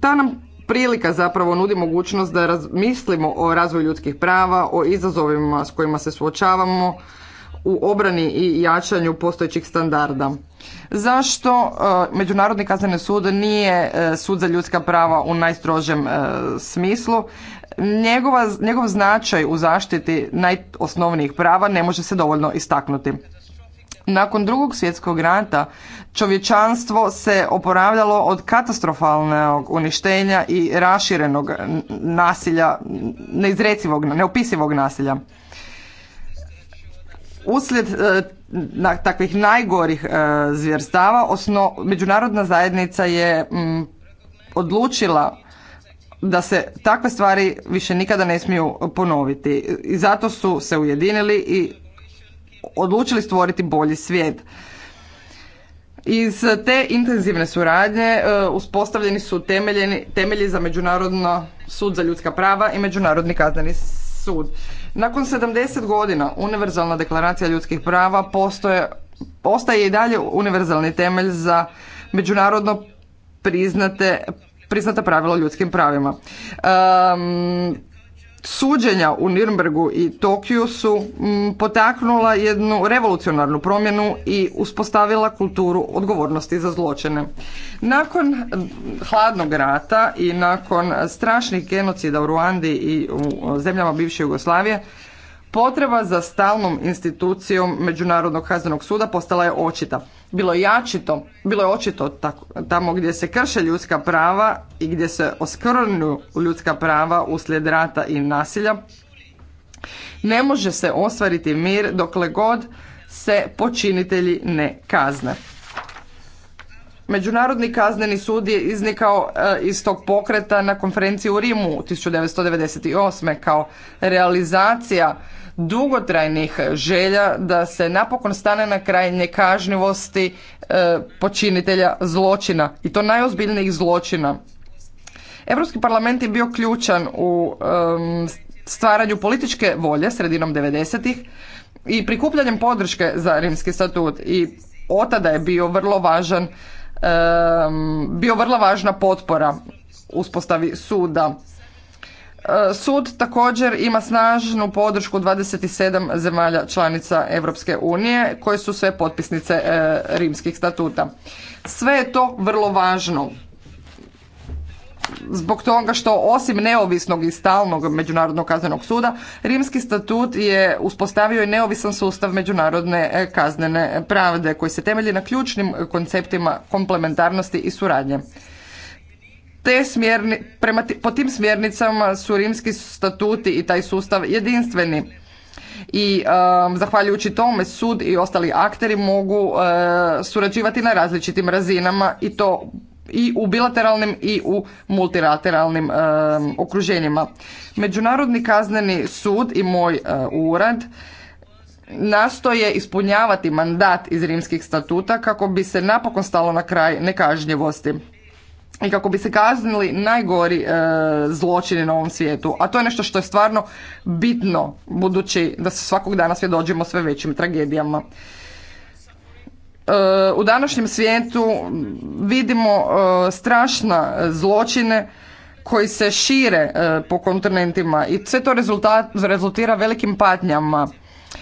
ta nam prilika zapravo nudi mogućnost da razmislimo o razvoju ljudskih prava, o izazovima s kojima se suočavamo, u obrani i jačanju postojećih standarda. Zašto e, Međunarodni kazneni sud nije e, sud za ljudska prava u najstrožem smislu? Njegova, njegov značaj u zaštiti najosnovnijih prava ne može se dovoljno istaknuti. Nakon drugog svjetskog rata čovječanstvo se oporavljalo od katastrofalnog uništenja i raširenog nasilja, neizrecivog, neopisivog nasilja. Uslijed e, na, takvih najgorih e, zvjerstava osno, međunarodna zajednica je mm, odlučila da se takve stvari više nikada ne smiju ponoviti. I zato su se ujedinili i odlučili stvoriti bolji svijet. Iz te intenzivne suradnje e, uspostavljeni su temeljeni, temelji za Međunarodno sud za ljudska prava i Međunarodni kazneni sud. Nakon 70 godina Univerzalna deklaracija ljudskih prava postoje, postaje i dalje univerzalni temelj za međunarodno priznate priznata pravila o ljudskim pravima. suđenja u Nirnbergu i Tokiju su mm, potaknula jednu revolucionarnu promjenu i uspostavila kulturu odgovornosti za zločine. Nakon mm, hladnog rata i nakon strašnih genocida u Ruandi i u zemljama bivše Jugoslavije, Potreba za stalnom institucijom Međunarodnog kaznenog suda postala je očita. Bilo je, bilo je očito tako, tamo gdje se krše ljudska prava i gdje se oskrnu ljudska prava uslijed rata i nasilja. Ne može se ostvariti mir dokle god se počinitelji ne kazne. Međunarodni kazneni sud je iznikao e, iz tog pokreta na konferenciji u Rimu 1998. kao realizacija dugotrajnih želja da se napokon stane na kraj nekažnjivosti e, počinitelja zločina i to najozbiljnijih zločina. Europski parlament je bio ključan u stvaranju političke volje sredinom 90-ih i prikupljanjem podrške za rimski statut i otada je bio vrlo važan bio vrlo važna potpora uspostavi suda. E, sud također ima snažnu podršku 27 zemalja članica Europske unije koje su sve potpisnice e, rimskih statuta. Sve je to vrlo važno zbog toga što osim neovisnog i stalnog Međunarodnog kaznenog suda, Rimski statut je uspostavio i neovisan sustav međunarodne e, kaznene pravde koji se temelji na ključnim konceptima komplementarnosti i suradnje. Te smjerni, prema, po tim smjernicama su rimski statuti i taj sustav jedinstveni i um, zahvaljujući tome sud i ostali akteri mogu e, surađivati na različitim razinama i to i u bilateralnim i u multilateralnim e, okruženjima. Međunarodni kazneni sud i moj e, urad nastoje ispunjavati mandat iz rimskih statuta kako bi se napokon stalo na kraj nekažnjivosti i kako bi se kaznili najgori e, zločini na ovom svijetu. A to je nešto što je stvarno bitno budući da se svakog dana svjedođimo sve većim tragedijama. Eh, u današnjem svijetu vidimo eh, strašna zločine koji se šire eh, po kontinentima i sve to rezultira velikim patnjama.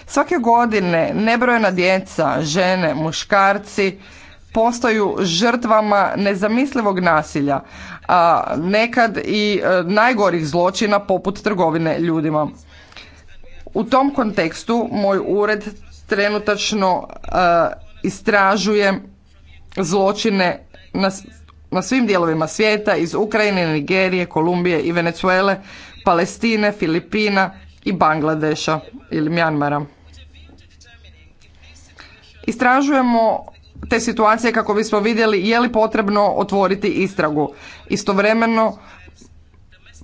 Svake godine nebrojena djeca, žene, muškarci postaju žrtvama nezamislivog nasilja, a nekad i najgorih zločina poput trgovine ljudima. U tom kontekstu moj ured trenutačno istražuje zločine na, svim dijelovima svijeta iz Ukrajine, Nigerije, Kolumbije i Venezuele, Palestine, Filipina i Bangladeša ili Mjanmara. Istražujemo te situacije kako bismo vidjeli je li potrebno otvoriti istragu. Istovremeno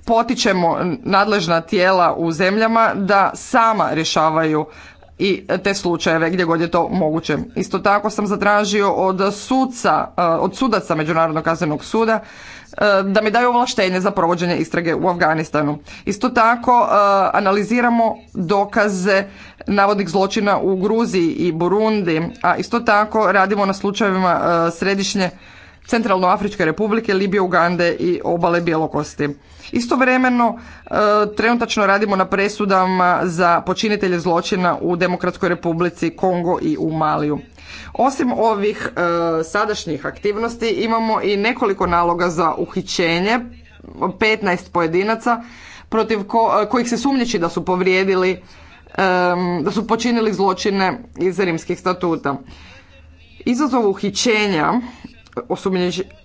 potičemo nadležna tijela u zemljama da sama rješavaju i te slučajeve gdje god je to moguće. Isto tako sam zatražio od suca, eh, od sudaca Međunarodnog kaznenog suda eh, da mi daju ovlaštenje za provođenje istrage u Afganistanu. Isto tako eh, analiziramo dokaze navodnih zločina u Gruziji i Burundi, a isto tako radimo na slučajevima središnje Centralnoafričke republike, Libije, Ugande i obale Bjelokosti. Istovremeno e, trenutačno radimo na presudama za počinitelje zločina u Demokratskoj republici Kongo i u Maliju. Osim ovih e, sadašnjih aktivnosti imamo i nekoliko naloga za uhićenje, 15 pojedinaca protiv e, kojih se sumnjiči da su povrijedili da su počinili zločine iz rimskih statuta. Izazov uhićenja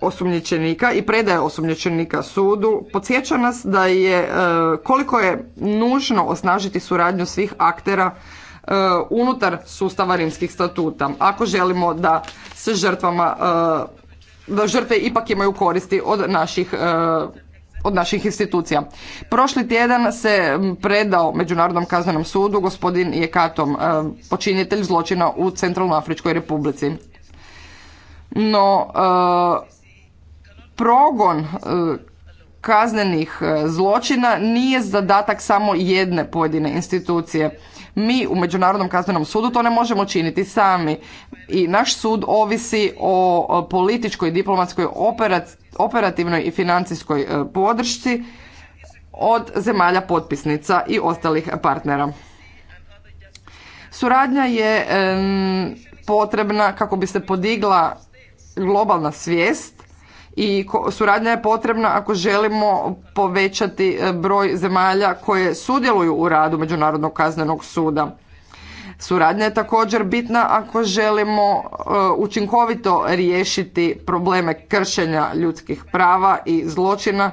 osumnjičenika i predaje osumnjičenika sudu podsjeća nas da je e, koliko je nužno osnažiti suradnju svih aktera e, unutar sustava rimskih statuta ako želimo da se žrtvama e, da žrtve ipak imaju koristi od naših od naših institucija. Prošli tjedan se predao Međunarodnom kaznenom sudu gospodin Jekatom, počinitelj zločina u Centralnoafričkoj republici. No, e, progon e, kaznenih e, zločina nije zadatak samo jedne pojedine institucije. Mi u Međunarodnom kaznenom sudu to ne možemo činiti sami i naš sud ovisi o političkoj, diplomatskoj, operativnoj i financijskoj podršci od zemalja potpisnica i ostalih partnera. Suradnja je potrebna kako bi se podigla globalna svijest i suradnja je potrebna ako želimo povećati e, broj zemalja koje sudjeluju u radu Međunarodnog kaznenog suda. Suradnja je također bitna ako želimo e, učinkovito riješiti probleme kršenja ljudskih prava i zločina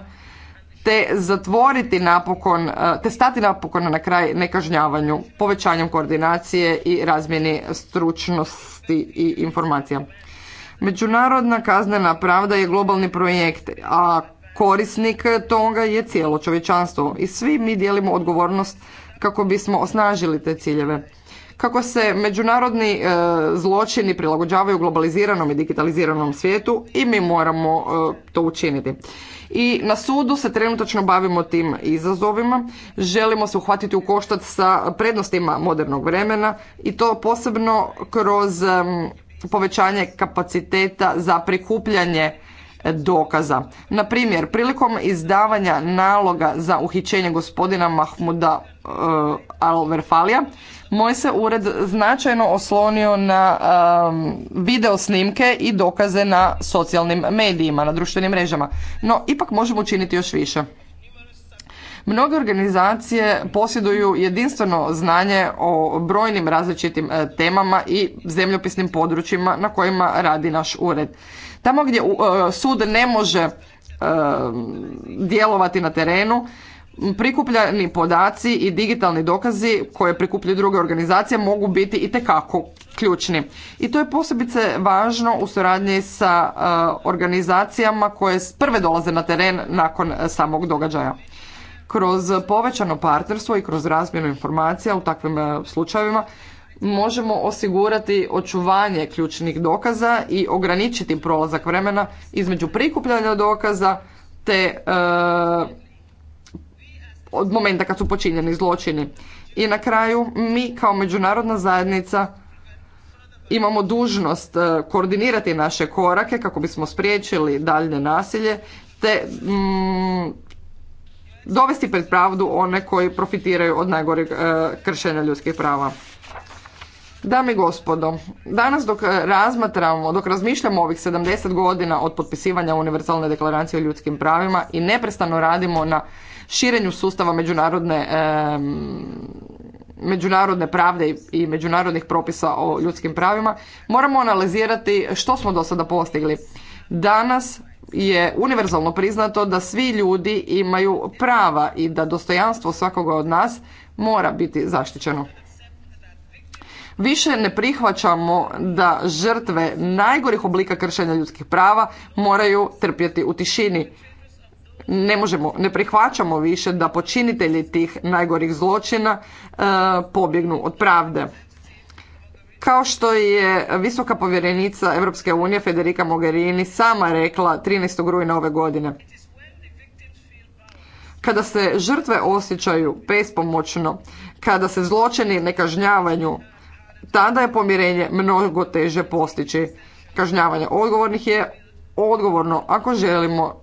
te zatvoriti napokon, e, te stati napokon na kraj nekažnjavanju, povećanjem koordinacije i razmjeni stručnosti i informacija. Međunarodna kaznena pravda je globalni projekt, a korisnik toga je cijelo čovječanstvo i svi mi dijelimo odgovornost kako bismo osnažili te ciljeve. Kako se međunarodni e, zločini prilagođavaju globaliziranom i digitaliziranom svijetu i mi moramo e, to učiniti. I na sudu se trenutačno bavimo tim izazovima, želimo se uhvatiti u koštac sa prednostima modernog vremena i to posebno kroz povećanje kapaciteta za prikupljanje dokaza. Na primjer, prilikom izdavanja naloga za uhićenje gospodina Mahmuda e, Alverfalija, moj se ured značajno oslonio na videosnimke video snimke i dokaze na socijalnim medijima, na društvenim mrežama. No, ipak možemo učiniti još više. Mnoge organizacije posjeduju jedinstveno znanje o brojnim različitim e, temama i zemljopisnim područjima na kojima radi naš ured. Tamo gdje e, sud ne može e, djelovati na terenu, prikupljani podaci i digitalni dokazi koje prikupljaju druge organizacije mogu biti itekako ključni. I to je posebice važno u suradnji sa organizacijama koje prve dolaze na teren nakon samog događaja. Kroz povećano partnerstvo i kroz razmjenu informacija u takvim e, slučajevima možemo osigurati očuvanje ključnih dokaza i ograničiti prolazak vremena između prikupljanja dokaza te e, od momenta kad su počinjeni zločini. I na kraju mi kao međunarodna zajednica imamo dužnost e, koordinirati naše korake kako bismo spriječili daljnje nasilje te mm, dovesti pred pravdu one koji profitiraju od najgoreg e, kršenja ljudskih prava. Dame i gospodo, danas dok e, razmatramo, dok razmišljamo ovih 70 godina od potpisivanja Univerzalne deklaracije o ljudskim pravima i neprestano radimo na širenju sustava međunarodne, e, međunarodne pravde i međunarodnih propisa o ljudskim pravima, moramo analizirati što smo do sada postigli. Danas je univerzalno priznato da svi ljudi imaju prava i da dostojanstvo svakoga od nas mora biti zaštićeno. Više ne prihvaćamo da žrtve najgorih oblika kršenja ljudskih prava moraju trpjeti u tišini. Ne možemo, ne prihvaćamo više da počinitelji tih najgorih zločina e, pobjegnu od pravde. Kao što je visoka povjerenica Europske unije Federica Mogherini sama rekla 13. rujna ove godine. Kada se žrtve osjećaju bespomoćno, kada se zločini ne kažnjavanju, tada je pomirenje mnogo teže postići. Kažnjavanje odgovornih je odgovorno ako želimo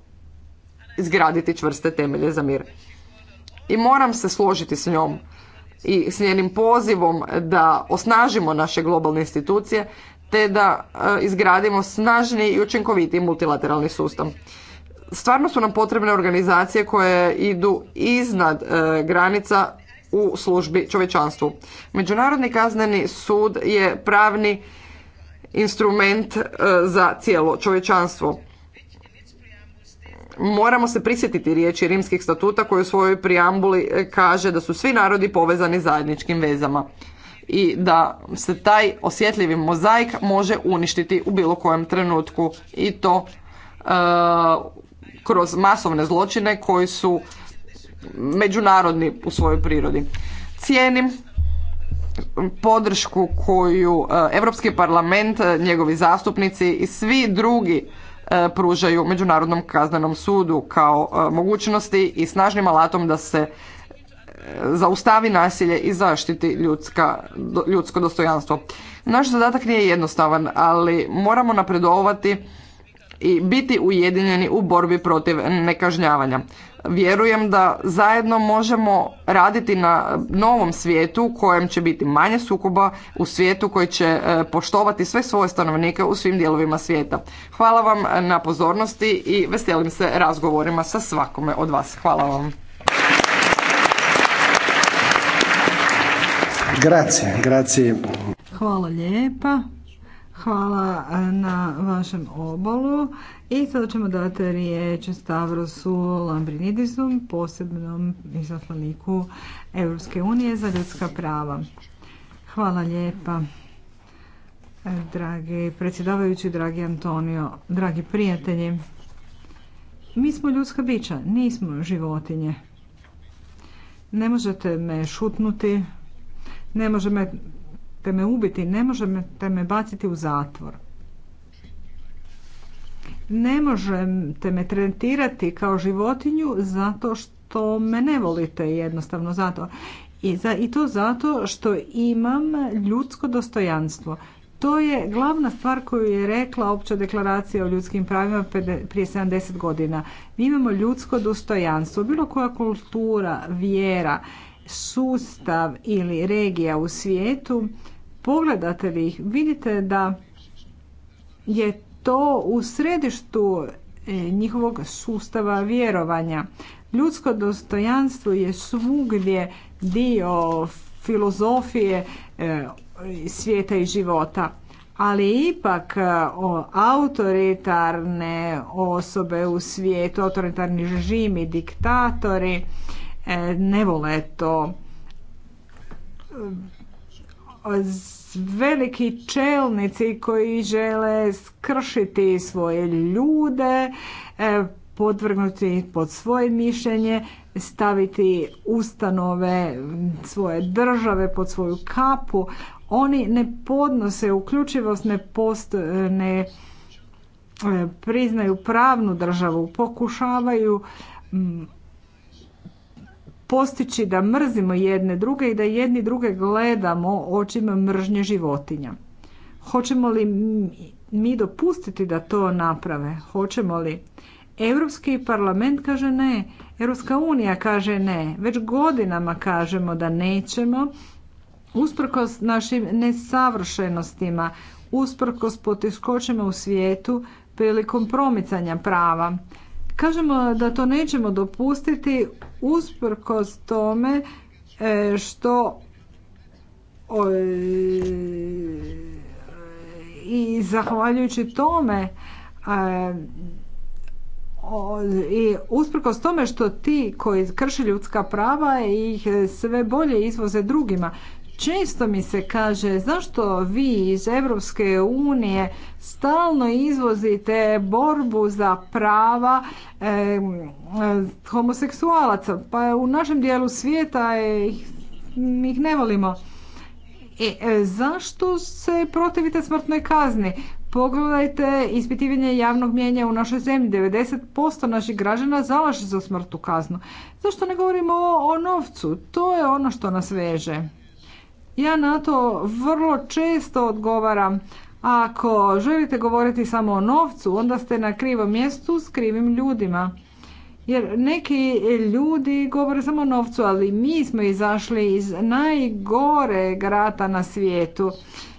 izgraditi čvrste temelje za mir. I moram se složiti s njom i s njenim pozivom da osnažimo naše globalne institucije te da e, izgradimo snažni i učinkoviti multilateralni sustav. Stvarno su nam potrebne organizacije koje idu iznad e, granica u službi čovječanstvu. Međunarodni kazneni sud je pravni instrument e, za cijelo čovječanstvo moramo se prisjetiti riječi rimskih statuta koji u svojoj prijambuli e, kaže da su svi narodi povezani zajedničkim vezama i da se taj osjetljivi mozaik može uništiti u bilo kojem trenutku i to e, kroz masovne zločine koji su međunarodni u svojoj prirodi. Cijenim podršku koju Europski parlament, e, njegovi zastupnici i svi drugi E, pružaju Međunarodnom kaznenom sudu kao e, mogućnosti i snažnim alatom da se e, zaustavi nasilje i zaštiti ljudska, ljudsko dostojanstvo. Naš zadatak nije jednostavan, ali moramo napredovati i biti ujedinjeni u borbi protiv nekažnjavanja vjerujem da zajedno možemo raditi na novom svijetu u kojem će biti manje sukoba, u svijetu koji će e, poštovati sve svoje stanovnike u svim dijelovima svijeta. Hvala vam na pozornosti i veselim se razgovorima sa svakome od vas. Hvala vam. Grazie, grazie. Hvala Hvala e, na vašem obolu. I sada ćemo dati riječ Stavrosu Lambrinidisu, posebnom izaslaniku Europske unije za ljudska prava. Hvala lijepa. Dragi predsjedavajući, dragi Antonio, dragi prijatelji, mi smo ljudska bića, nismo životinje. Ne možete me šutnuti, ne možete me ubiti, ne možete me baciti u zatvor. Ne možete me tretirati kao životinju zato što me ne volite jednostavno zato. I, za, I to zato što imam ljudsko dostojanstvo. To je glavna stvar koju je rekla opća deklaracija o ljudskim pravima prije 70 godina. Mi imamo ljudsko dostojanstvo. Bilo koja kultura, vjera, sustav ili regija u svijetu, pogledate li ih, vidite da je to u središtu e, njihovog sustava vjerovanja. Ljudsko dostojanstvo je svugdje dio filozofije e, svijeta i života. Ali ipak e, autoritarne osobe u svijetu, autoritarni režimi, diktatori ne vole to veliki čelnici koji žele skršiti svoje ljude, e, podvrgnuti pod svoje mišljenje, staviti ustanove svoje države pod svoju kapu. Oni ne podnose uključivost, ne, ne e, priznaju pravnu državu, pokušavaju postići da mrzimo jedne druge i da jedni druge gledamo očima mržnje životinja. Hoćemo li mi dopustiti da to naprave? Hoćemo li? Europski parlament kaže ne, Europska unija kaže ne, već godinama kažemo da nećemo, usprkos našim nesavršenostima, usprkos poteškoćama u svijetu prilikom promicanja prava. Kažemo da to nećemo dopustiti usprkos tome e, što e, i zahvaljujući tome e, i usprkos tome što ti koji krše ljudska prava ih sve bolje izvoze drugima. Često mi se kaže zašto vi iz Europske unije stalno izvozite borbu za prava homoseksualaca. Pa u našem dijelu svijeta ih, ih ne volimo. E, e, zašto se protivite smrtnoj kazni? Pogledajte ispitivanje javnog mjenja u našoj zemlji. 90% naših građana zalaže za smrtnu kaznu. Zašto ne govorimo o, o novcu? To je ono što nas veže. Ja na to vrlo često odgovaram. Ako želite govoriti samo o novcu, onda ste na krivom mjestu s krivim ljudima. Jer neki ljudi govore samo o novcu, ali mi smo izašli iz najgore grata na svijetu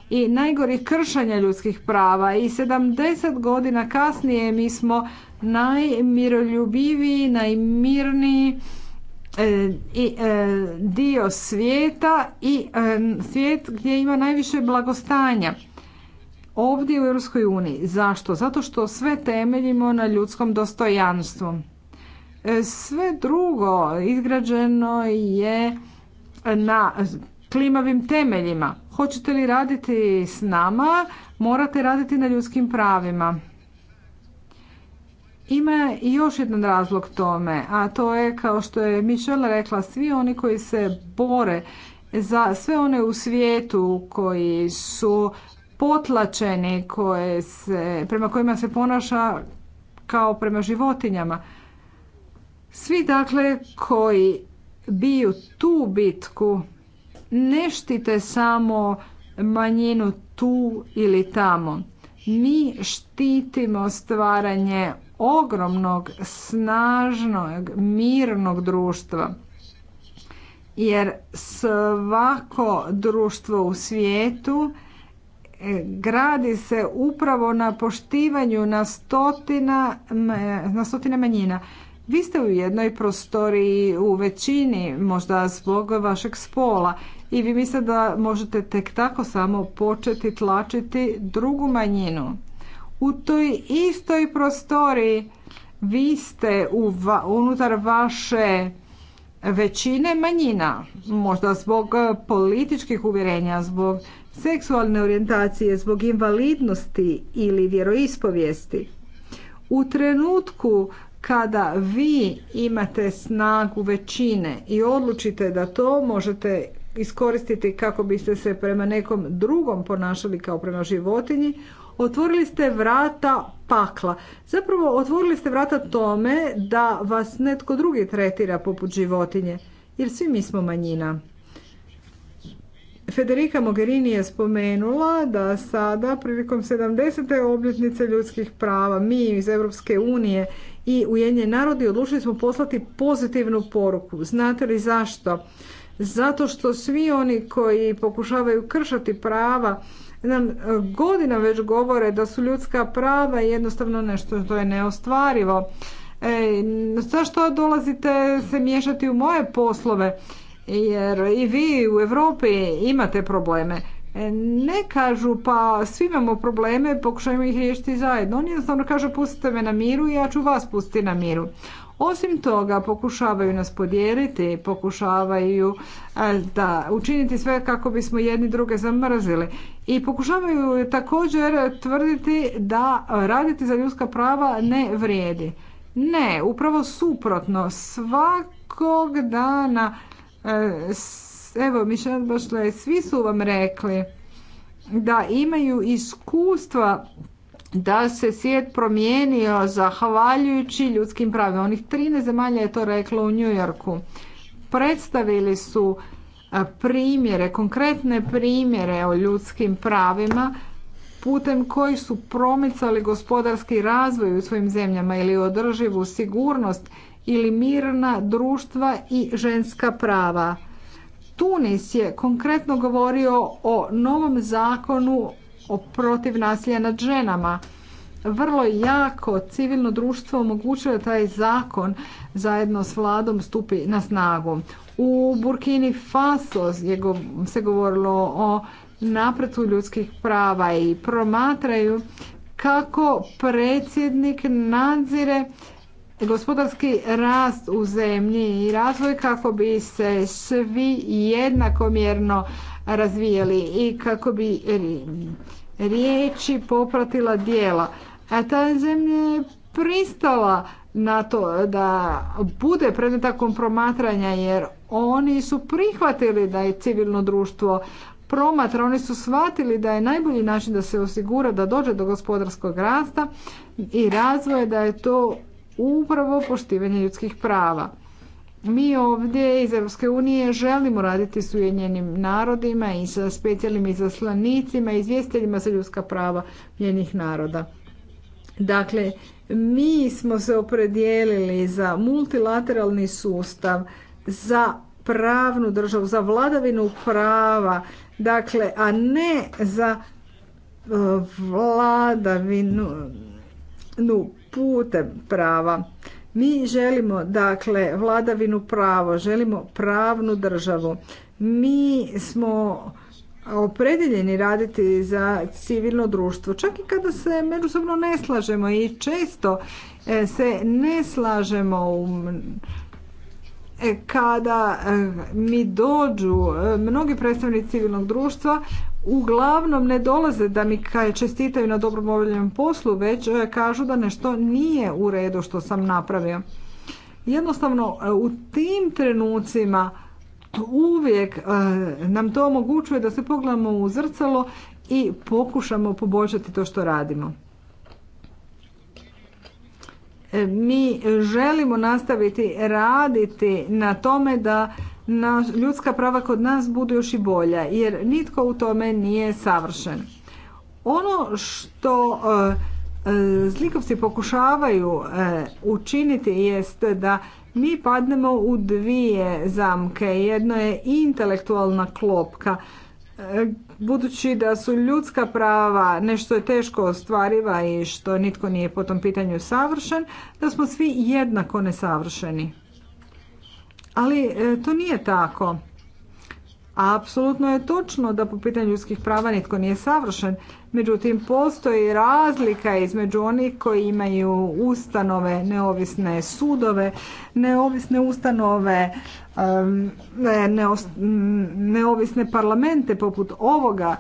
i najgorih kršenja ljudskih prava i 70 godina kasnije mi smo najmiroljubiviji, najmirniji E, i e, dio svijeta i e, svijet gdje ima najviše blagostanja. Ovdje u Europskoj uniji. Zašto? Zato što sve temeljimo na ljudskom dostojanstvu. Sve drugo izgrađeno je na klimavim temeljima. Hoćete li raditi s nama, morate raditi na ljudskim pravima. Ima još jedan razlog tome, a to je kao što je Michelle rekla, svi oni koji se bore za sve one u svijetu koji su potlačeni, koje se, prema kojima se ponaša kao prema životinjama. Svi dakle koji biju tu bitku ne štite samo manjinu tu ili tamo. Mi štitimo stvaranje ogromnog, snažnog, mirnog društva. Jer svako društvo u svijetu e, gradi se upravo na poštivanju na, stotina, na stotine manjina. Vi ste u jednoj prostoriji u većini, možda zbog vašeg spola, i vi mislite da možete tek tako samo početi tlačiti drugu manjinu u toj istoj prostoriji vi ste u unutar vaše većine manjina, možda zbog e, političkih uvjerenja, zbog seksualne orijentacije, zbog invalidnosti ili vjeroispovijesti. U trenutku kada vi imate snagu većine i odlučite da to možete iskoristiti kako biste se prema nekom drugom ponašali kao prema životinji, otvorili ste vrata pakla. Zapravo otvorili ste vrata tome da vas netko drugi tretira poput životinje, jer svi mi smo manjina. Federica Mogherini je spomenula da sada prilikom 70. obljetnice ljudskih prava mi iz Europske unije i Ujedinjeni narodi odlučili smo poslati pozitivnu poruku. Znate li zašto? Zato što svi oni koji pokušavaju kršati prava nam e, godina već govore da su ljudska prava jednostavno nešto što je neostvarivo. E, zašto dolazite se miješati u moje poslove? Jer i vi u Europi imate probleme. E, ne kažu pa svi imamo probleme, pokušajmo ih riješiti zajedno. Oni jednostavno kažu pustite me na miru i ja ću vas pustiti na miru. Osim toga, pokušavaju nas podijeliti, pokušavaju da učiniti sve kako bismo jedni druge zamrzili. I pokušavaju također tvrditi da raditi za ljudska prava ne vrijedi. Ne, upravo suprotno. Svakog dana, e, evo Mišel Bašle, svi su vam rekli da imaju iskustva da se svijet promijenio zahvaljujući ljudskim pravima. Onih 13 zemalja je to reklo u New Yorku. Predstavili su e, primjere, konkretne primjere o ljudskim pravima putem koji su promicali gospodarski razvoj u svojim zemljama ili održivu sigurnost ili mirna društva i ženska prava. Tunis je konkretno govorio o novom zakonu protiv nasilja nad ženama. Vrlo jako civilno društvo omogućuje da taj zakon zajedno s vladom stupi na snagu. U Burkini Faso se govorilo o napretu ljudskih prava i promatraju kako predsjednik nadzire gospodarski rast u zemlji i razvoj kako bi se svi jednakomjerno razvijeli i kako bi e, riječi popratila dijela. A e, ta zemlja je pristala na to da bude predmeta kompromatranja jer oni su prihvatili da je civilno društvo promatra, oni su shvatili da je najbolji način da se osigura da dođe do gospodarskog rasta i razvoja da je to upravo poštivanje ljudskih prava. Mi ovdje iz Europske unije želimo raditi s Ujedinjenim narodima i sa specijalnim izaslanicima i izvjestiteljima za ljudska prava njenih naroda. Dakle, mi smo se opredijelili za multilateralni sustav, za pravnu državu, za vladavinu prava, dakle, a ne za e, vladavinu putem prava. Mi želimo dakle vladavinu pravo, želimo pravnu državu. Mi smo opredeljeni raditi za civilno društvo, čak i kada se međusobno ne slažemo i često e, se ne slažemo e, kada e, mi dođu mnogi predstavnici civilnog društva uglavnom ne dolaze da mi čestitaju na dobrom obavljenom poslu, već e, kažu da nešto nije u redu što sam napravio. Jednostavno, e, u tim trenucima uvijek e, nam to omogućuje da se pogledamo u zrcalo i pokušamo poboljšati to što radimo. Mi želimo nastaviti raditi na tome da ljudska prava kod nas budu još i bolja jer nitko u tome nije savršen. Ono što e, e, zlikovci pokušavaju e, učiniti jest da mi padnemo u dvije zamke. Jedno je intelektualna klopka. Budući da su ljudska prava nešto je teško ostvariva i što nitko nije po tom pitanju savršen, da smo svi jednako nesavršeni. Ali e, to nije tako. Apsolutno je točno da po pitanju ljudskih prava nitko nije savršen. Međutim, postoji razlika između onih koji imaju ustanove, neovisne sudove, neovisne ustanove, neovisne parlamente poput ovoga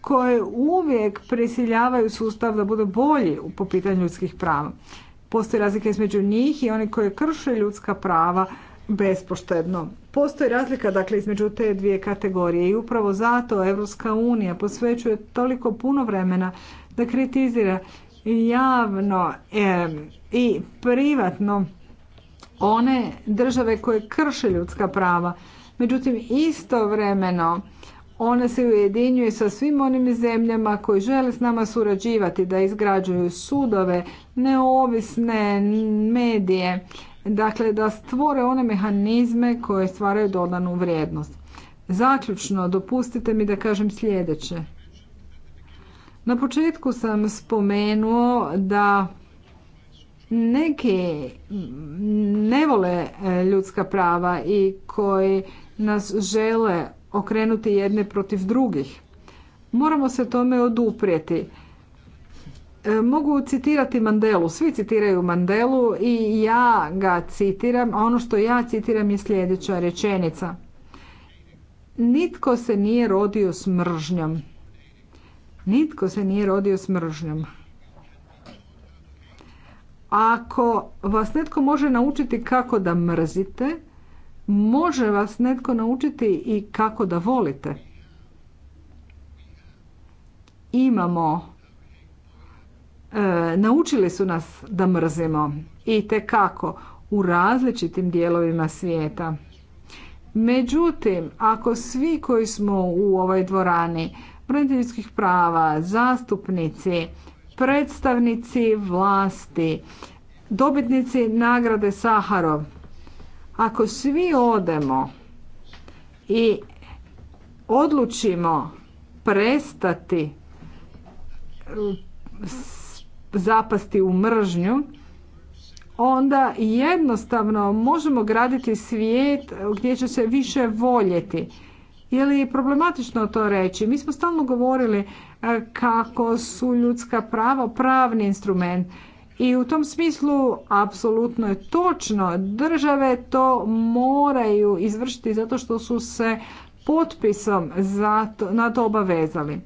koje uvijek prisiljavaju sustav da bude bolji po pitanju ljudskih prava. Postoji razlika između njih i oni koji krše ljudska prava bespoštedno. Postoji razlika dakle između te dvije kategorije i upravo zato Europska unija posvećuje toliko puno vremena da kritizira javno i privatno one države koje krše ljudska prava. Međutim, istovremeno one se ujedinjuje sa svim onim zemljama koji žele s nama surađivati da izgrađuju sudove, neovisne medije Dakle, da stvore one mehanizme koje stvaraju dodanu vrijednost. Zaključno, dopustite mi da kažem sljedeće. Na početku sam spomenuo da neki ne vole e, ljudska prava i koji nas žele okrenuti jedne protiv drugih. Moramo se tome oduprijeti. E, mogu citirati Mandelu, svi citiraju Mandelu i ja ga citiram, a ono što ja citiram je sljedeća rečenica. Nitko se nije rodio s mržnjom. Nitko se nije rodio s mržnjom. Ako vas netko može naučiti kako da mrzite, može vas netko naučiti i kako da volite. Imamo E, naučili su nas da mrzimo i te kako u različitim dijelovima svijeta. Međutim, ako svi koji smo u ovoj dvorani, braniteljskih prava, zastupnici, predstavnici vlasti, dobitnici nagrade Saharov, ako svi odemo i odlučimo prestati s zapasti u mržnju, onda jednostavno možemo graditi svijet gdje će se više voljeti. Je li problematično to reći? Mi smo stalno govorili e, kako su ljudska prava pravni instrument. I u tom smislu apsolutno je točno. Države to moraju izvršiti zato što su se potpisom na to obavezali.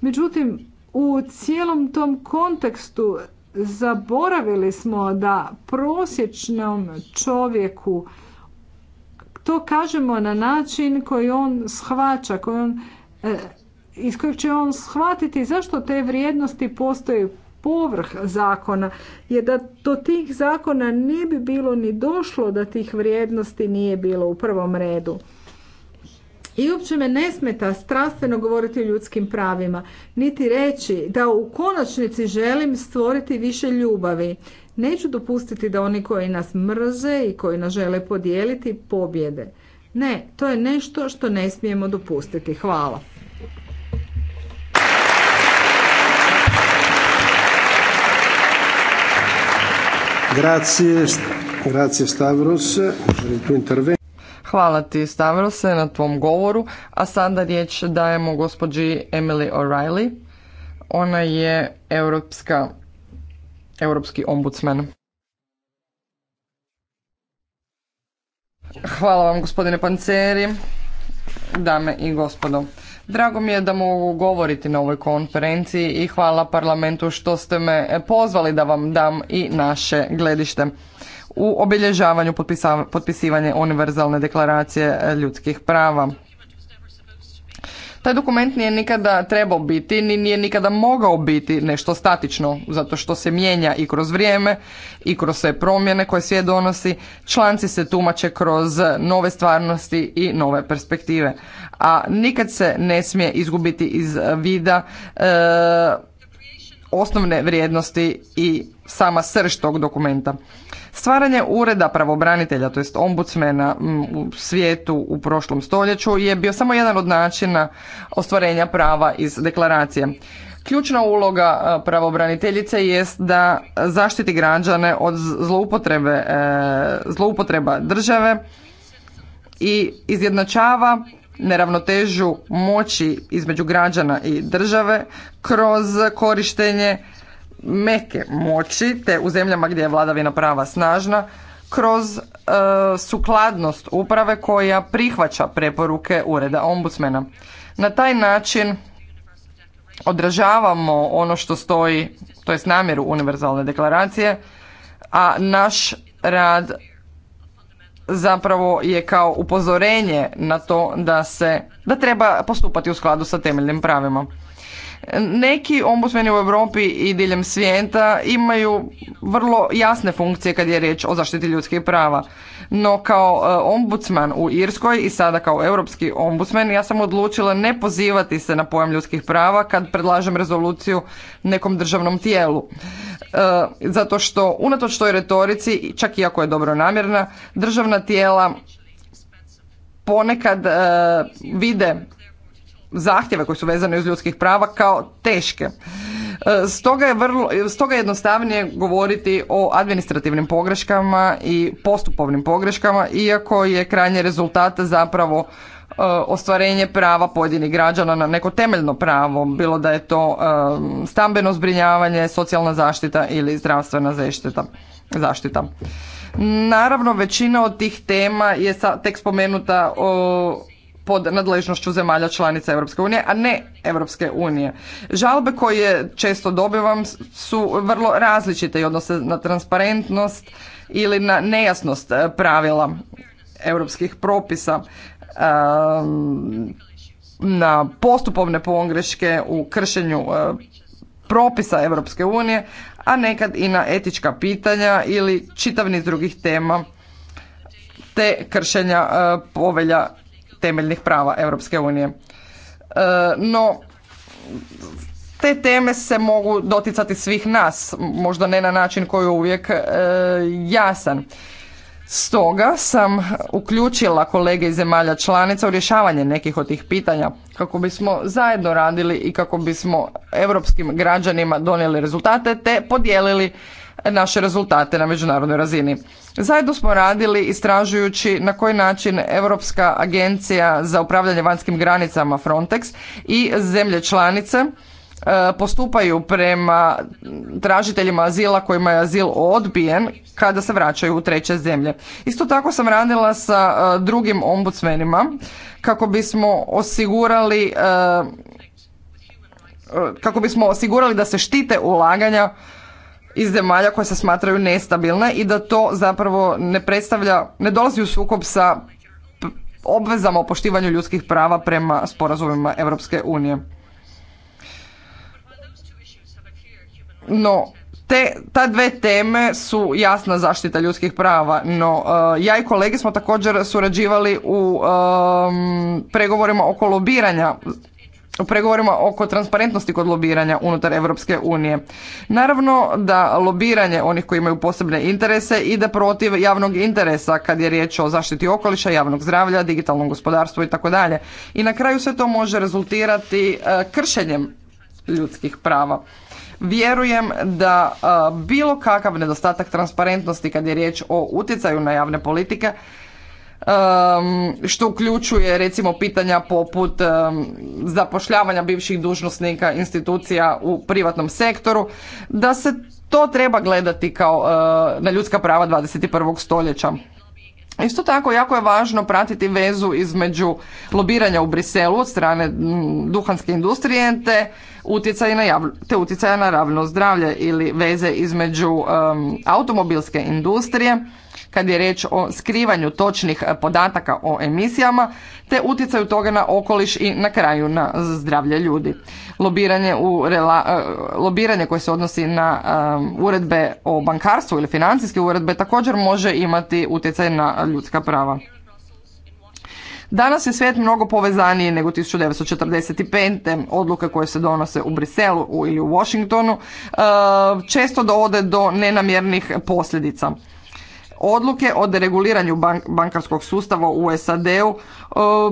Međutim, u cijelom tom kontekstu zaboravili smo da prosječnom čovjeku to kažemo na način koji on shvaća, koji on, e, iz kojeg će on shvatiti zašto te vrijednosti postoje povrh zakona, je da do tih zakona ne bi bilo ni došlo da tih vrijednosti nije bilo u prvom redu. I uopće me ne smeta strastveno govoriti o ljudskim pravima, niti reći da u konačnici želim stvoriti više ljubavi. Neću dopustiti da oni koji nas mrze i koji nas žele podijeliti pobjede. Ne, to je nešto što ne smijemo dopustiti. Hvala. Grazie, grazie Stavros. Hvala ti se na tvom govoru, a sada riječ dajemo gospođi Emily O'Reilly. Ona je europska, europski ombudsman. Hvala vam gospodine Panceri, dame i gospodo. Drago mi je da mogu govoriti na ovoj konferenciji i hvala parlamentu što ste me pozvali da vam dam i naše gledište u obilježavanju potpisivanja univerzalne deklaracije e, ljudskih prava. Taj dokument nije nikada trebao biti, ni nije nikada mogao biti nešto statično, zato što se mijenja i kroz vrijeme i kroz sve promjene koje svijet donosi. Članci se tumače kroz nove stvarnosti i nove perspektive. A nikad se ne smije izgubiti iz vida e, osnovne vrijednosti i sama srž tog dokumenta. Stvaranje ureda pravobranitelja, to jest ombudsmena mm, u svijetu u prošlom stoljeću je bio samo jedan od načina ostvarenja prava iz deklaracije. Ključna uloga e, pravobraniteljice jest da zaštiti građane od zloupotrebe, e, zloupotreba države i izjednačava neravnotežu moći između građana i države kroz korištenje meke moći, te u zemljama gdje je vladavina prava snažna, kroz e, sukladnost uprave koja prihvaća preporuke ureda ombudsmena. Na taj način odražavamo ono što stoji, to jest namjeru univerzalne deklaracije, a naš rad zapravo je kao upozorenje na to da se da treba postupati u skladu sa temeljnim pravima. Neki ombudsmeni u Europi i diljem svijeta imaju vrlo jasne funkcije kad je riječ o zaštiti ljudskih prava. No kao e, ombudsman u Irskoj i sada kao europski ombudsman ja sam odlučila ne pozivati se na pojam ljudskih prava kad predlažem rezoluciju nekom državnom tijelu. E, zato što unatoč toj retorici, čak iako je dobro namjerna, državna tijela ponekad e, vide zahtjeve koji su vezani uz ljudskih prava kao teške. E, stoga je, vrlo, stoga jednostavnije govoriti o administrativnim pogreškama i postupovnim pogreškama, iako je krajnje rezultat zapravo e, ostvarenje prava pojedinih građana na neko temeljno pravo, bilo da je to e, stambeno zbrinjavanje, socijalna zaštita ili zdravstvena zaštita. zaštita. Naravno, većina od tih tema je tek spomenuta o pod nadležnošću zemalja članica Europske unije, a ne Europske unije. Žalbe koje često dobivam su vrlo različite i odnose na transparentnost ili na nejasnost eh, pravila europskih propisa, ehm, na postupovne pogreške u kršenju eh, propisa Europske unije, a nekad i na etička pitanja ili čitav drugih tema te kršenja eh, povelja temeljnih prava Europske unije. E, no, te teme se mogu doticati svih nas, možda ne na način koji je uvijek e, jasan. Stoga sam uključila kolege iz zemalja članica u rješavanje nekih od tih pitanja kako bismo zajedno radili i kako bismo europskim građanima donijeli rezultate te podijelili naše rezultate na međunarodnoj razini. Zajedno smo radili istražujući na koji način Europska agencija za upravljanje vanjskim granicama Frontex i zemlje članice e, postupaju prema tražiteljima azila kojima je azil odbijen kada se vraćaju u treće zemlje. Isto tako sam radila sa e, drugim ombudsmenima kako bismo osigurali e, kako bismo osigurali da se štite ulaganja iz zemalja koje se smatraju nestabilne i da to zapravo ne predstavlja, ne dolazi u sukob sa obvezama o poštivanju ljudskih prava prema sporazumima Europske unije. No, te, ta dve teme su jasna zaštita ljudskih prava, no e, ja i kolege smo također surađivali u e, pregovorima oko lobiranja u pregovorima oko transparentnosti kod lobiranja unutar Europske unije. Naravno da lobiranje onih koji imaju posebne interese ide protiv javnog interesa kad je riječ o zaštiti okoliša, javnog zdravlja, digitalnom gospodarstvu i tako dalje. I na kraju sve to može rezultirati e, kršenjem ljudskih prava. Vjerujem da e, bilo kakav nedostatak transparentnosti kad je riječ o utjecaju na javne politike što uključuje recimo pitanja poput zapošljavanja bivših dužnosnika institucija u privatnom sektoru, da se to treba gledati kao e, na ljudska prava 21. stoljeća. Isto tako, jako je važno pratiti vezu između lobiranja u Briselu od strane duhanske industrije te utjecaja na, te utjecaja na ravno zdravlje ili veze između automobilske industrije kad je riječ o skrivanju točnih e, podataka o emisijama te utjecaju toga na okoliš i na kraju na zdravlje ljudi. Lobiranje, u e, lobiranje koje se odnosi na e, uredbe o bankarstvu ili financijske uredbe također može imati utjecaj na ljudska prava. Danas je svijet mnogo povezaniji nego 1945. Odluke koje se donose u Briselu ili u Washingtonu često dovode do nenamjernih posljedica. Odluke o dereguliranju bankarskog sustava u SAD-u e,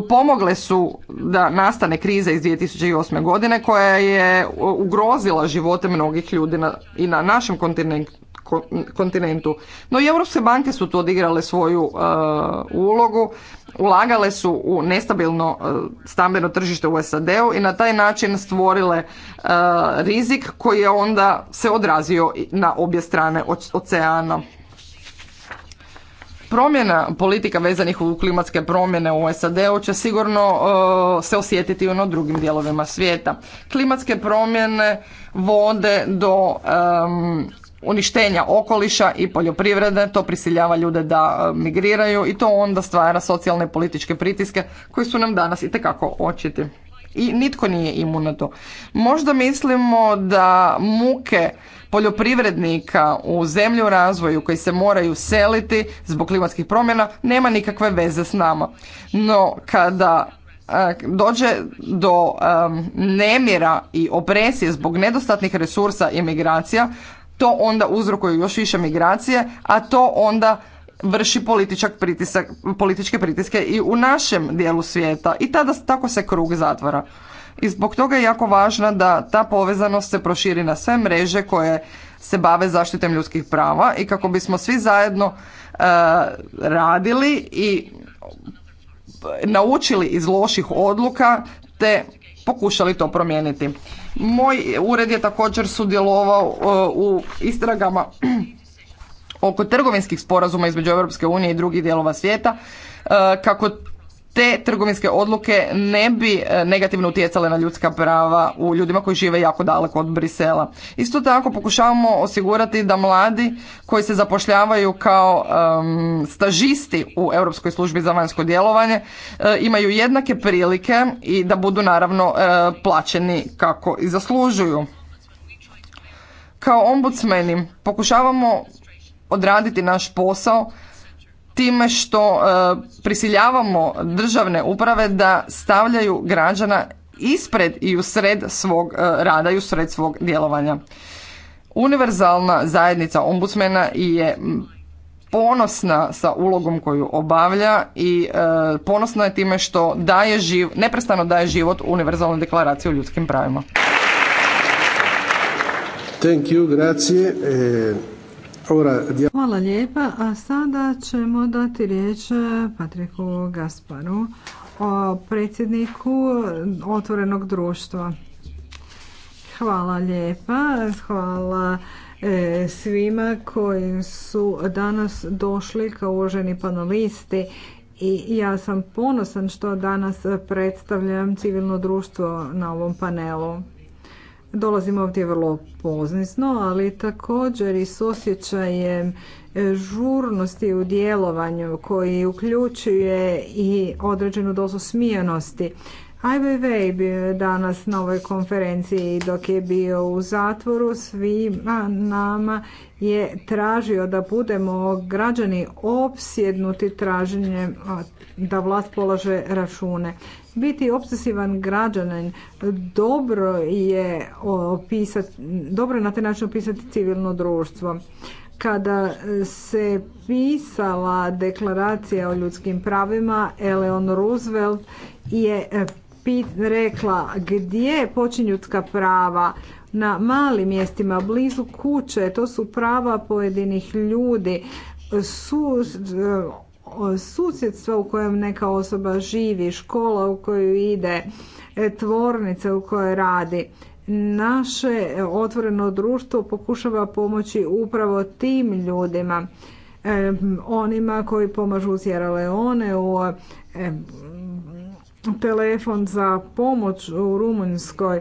pomogle su da nastane kriza iz 2008. godine koja je ugrozila živote mnogih ljudi i na našem kontinentu. No i europske banke su tu odigrale svoju e, ulogu, ulagale su u nestabilno e, stambeno tržište u SAD-u i na taj način stvorile rizik koji je onda se odrazio na obje strane oceana. Promjena politika vezanih u klimatske promjene u SAD-u će sigurno e, se osjetiti i na ono drugim dijelovima svijeta. Klimatske promjene vode do uništenja okoliša i poljoprivrede, to prisiljava ljude da e, migriraju i to onda stvara socijalne i političke pritiske koji su nam danas itekako očiti. I nitko nije imun na to. Možda mislimo da muke poljoprivrednika u zemlju razvoju koji se moraju seliti zbog klimatskih promjena nema nikakve veze s nama. No kada e, dođe do e, nemira i opresije zbog nedostatnih resursa i migracija, to onda uzrokuje još više migracije, a to onda vrši političak pritisak, političke pritiske i u našem dijelu svijeta i tada tako se krug zatvara i zbog toga je jako važna da ta povezanost se proširi na sve mreže koje se bave zaštitem ljudskih prava i kako bismo svi zajedno e, radili i naučili iz loših odluka te pokušali to promijeniti. Moj ured je također sudjelovao e, u istragama oko trgovinskih sporazuma između Europske unije i drugih dijelova svijeta e, kako te trgovinske odluke ne bi e, negativno utjecale na ljudska prava u ljudima koji žive jako daleko od Brisela. Isto tako pokušavamo osigurati da mladi koji se zapošljavaju kao stažisti u Europskoj službi za vanjsko djelovanje e, imaju jednake prilike i da budu naravno e, plaćeni kako i zaslužuju. Kao ombudsmeni pokušavamo odraditi naš posao time što e, prisiljavamo državne uprave da stavljaju građana ispred i u sred svog e, rada i u sred svog djelovanja. Univerzalna zajednica ombudsmena je ponosna sa ulogom koju obavlja i e, ponosna je time što daje živ, neprestano daje život univerzalnoj deklaraciji o ljudskim pravima. Thank you, grazie. Hvala lijepa, a sada ćemo dati riječ e, Patriku Gasparu, predsjedniku Otvorenog društva. Hvala lijepa, hvala e, svima koji su danas došli kao uvaženi panelisti i ja sam ponosan što danas predstavljam civilno društvo na ovom panelu. Dolazim ovdje vrlo poznisno, ali također i s osjećajem žurnosti u djelovanju koji uključuje i određenu dozu smijenosti. Ai Weiwei bio je danas na ovoj konferenciji dok je bio u zatvoru svima nama je tražio da budemo građani opsjednuti traženjem da vlast polaže račune. Biti obsesivan građanin dobro je opisati, dobro je na taj način opisati civilno društvo. Kada se pisala deklaracija o ljudskim pravima, Eleon Roosevelt je eh, rekla gdje počinju ljudska prava na malim mjestima blizu kuće to su prava pojedinih ljudi su eh, susjedstva u kojem neka osoba živi, škola u koju ide, e, tvornica u kojoj radi. Naše e, otvoreno društvo pokušava pomoći upravo tim ljudima, e, onima koji pomažu Sierra Leone, u telefon za pomoć u Rumunjskoj,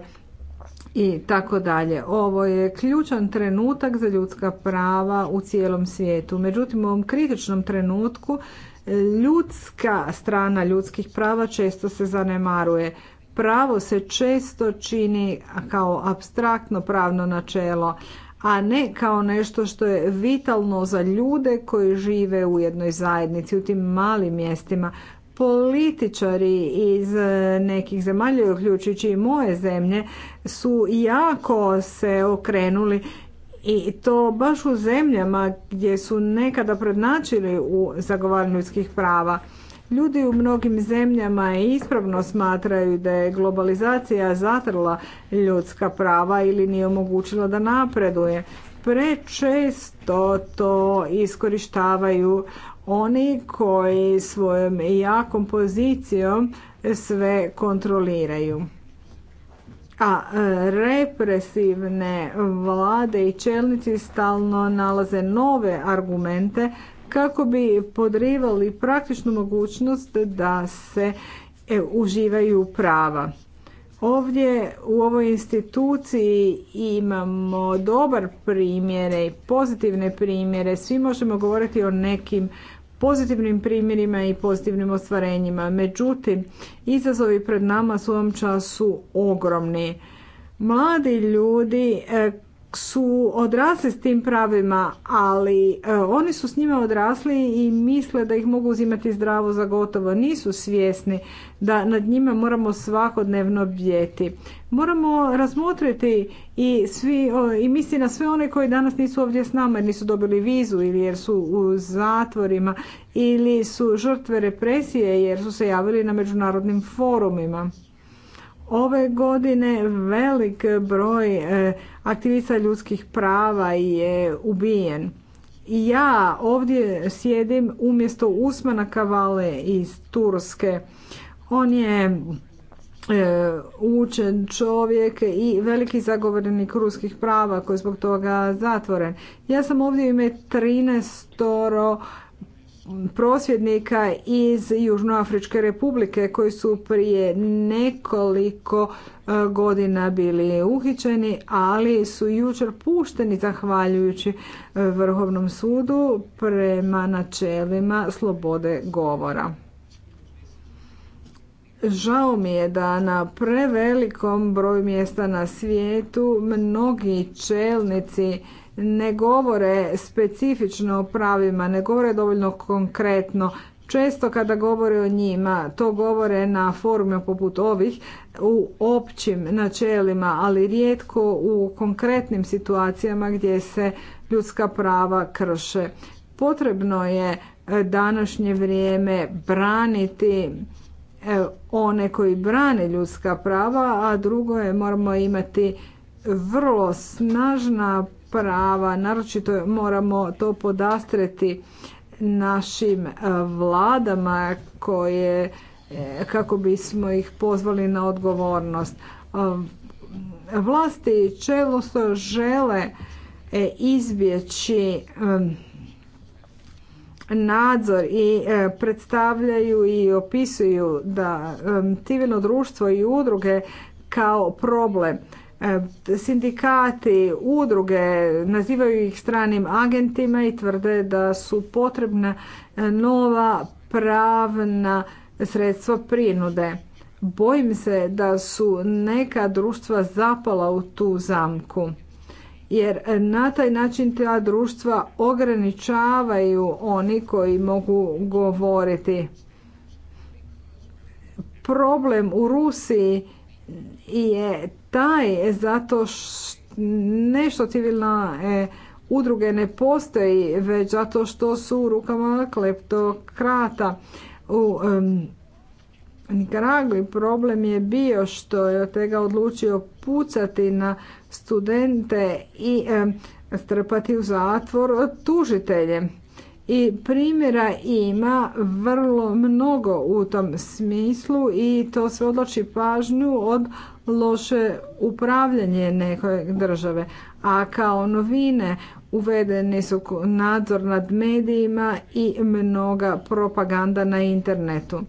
i tako dalje. Ovo je ključan trenutak za ljudska prava u cijelom svijetu. Međutim, u ovom kritičnom trenutku e, ljudska strana ljudskih prava često se zanemaruje. Pravo se često čini kao abstraktno pravno načelo, a ne kao nešto što je vitalno za ljude koji žive u jednoj zajednici, u tim malim mjestima političari iz e, nekih zemalja, uključujući i moje zemlje, su jako se okrenuli i to baš u zemljama gdje su nekada prednačili u zagovaranju ljudskih prava. Ljudi u mnogim zemljama ispravno smatraju da je globalizacija zatrla ljudska prava ili nije omogućila da napreduje. Prečesto to iskorištavaju oni koji svojom jakom pozicijom sve kontroliraju. A e, represivne vlade i čelnici stalno nalaze nove argumente kako bi podrivali praktičnu mogućnost da se e, uživaju prava. Ovdje u ovoj instituciji imamo dobar primjere i pozitivne primjere. Svi možemo govoriti o nekim pozitivnim primjerima i pozitivnim ostvarenjima. Međutim, izazovi pred nama su u ovom času ogromni. Mladi ljudi e, su odrasli s tim pravima, ali e, oni su s njima odrasli i misle da ih mogu uzimati zdravo za gotovo. Nisu svjesni da nad njima moramo svakodnevno bijeti. Moramo razmotriti i, svi, i misli na sve one koji danas nisu ovdje s nama jer nisu dobili vizu ili jer su u zatvorima ili su žrtve represije jer su se javili na međunarodnim forumima. Ove godine velik broj e, aktivista ljudskih prava je ubijen. I ja ovdje sjedim umjesto Usmana Kavale iz Turske. On je E, učen čovjek i veliki zagovornik ruskih prava koji je zbog toga zatvoren. Ja sam ovdje ime 13 prosvjednika iz Južnoafričke republike koji su prije nekoliko e, godina bili uhićeni, ali su jučer pušteni zahvaljujući e, Vrhovnom sudu prema načelima slobode govora. Žao mi je da na prevelikom broju mjesta na svijetu mnogi čelnici ne govore specifično o pravima, ne govore dovoljno konkretno. Često kada govore o njima, to govore na forume poput ovih u općim načelima, ali rijetko u konkretnim situacijama gdje se ljudska prava krše. Potrebno je današnje vrijeme braniti one koji brane ljudska prava, a drugo je moramo imati vrlo snažna prava, naročito moramo to podastreti našim e, vladama koje e, kako bismo ih pozvali na odgovornost. E, vlasti često žele izbjeći nadzor i e, predstavljaju i opisuju da e, civilno društvo i udruge kao problem. E, sindikati, udruge nazivaju ih stranim agentima i tvrde da su potrebna nova pravna sredstva prinude. Bojim se da su neka društva zapala u tu zamku jer e, na taj način ta društva ograničavaju oni koji mogu govoriti. Problem u Rusiji je taj zato što nešto civilna e, udruge ne postoji već zato što su u rukama kleptokrata. U e, problem je bio što je od tega odlučio pucati na studente i strpati u zatvor tužitelje. I primjera ima vrlo mnogo u tom smislu i to se odloči pažnju od loše upravljanje neke države. A kao novine uvedeni su nadzor nad medijima i mnoga propaganda na internetu.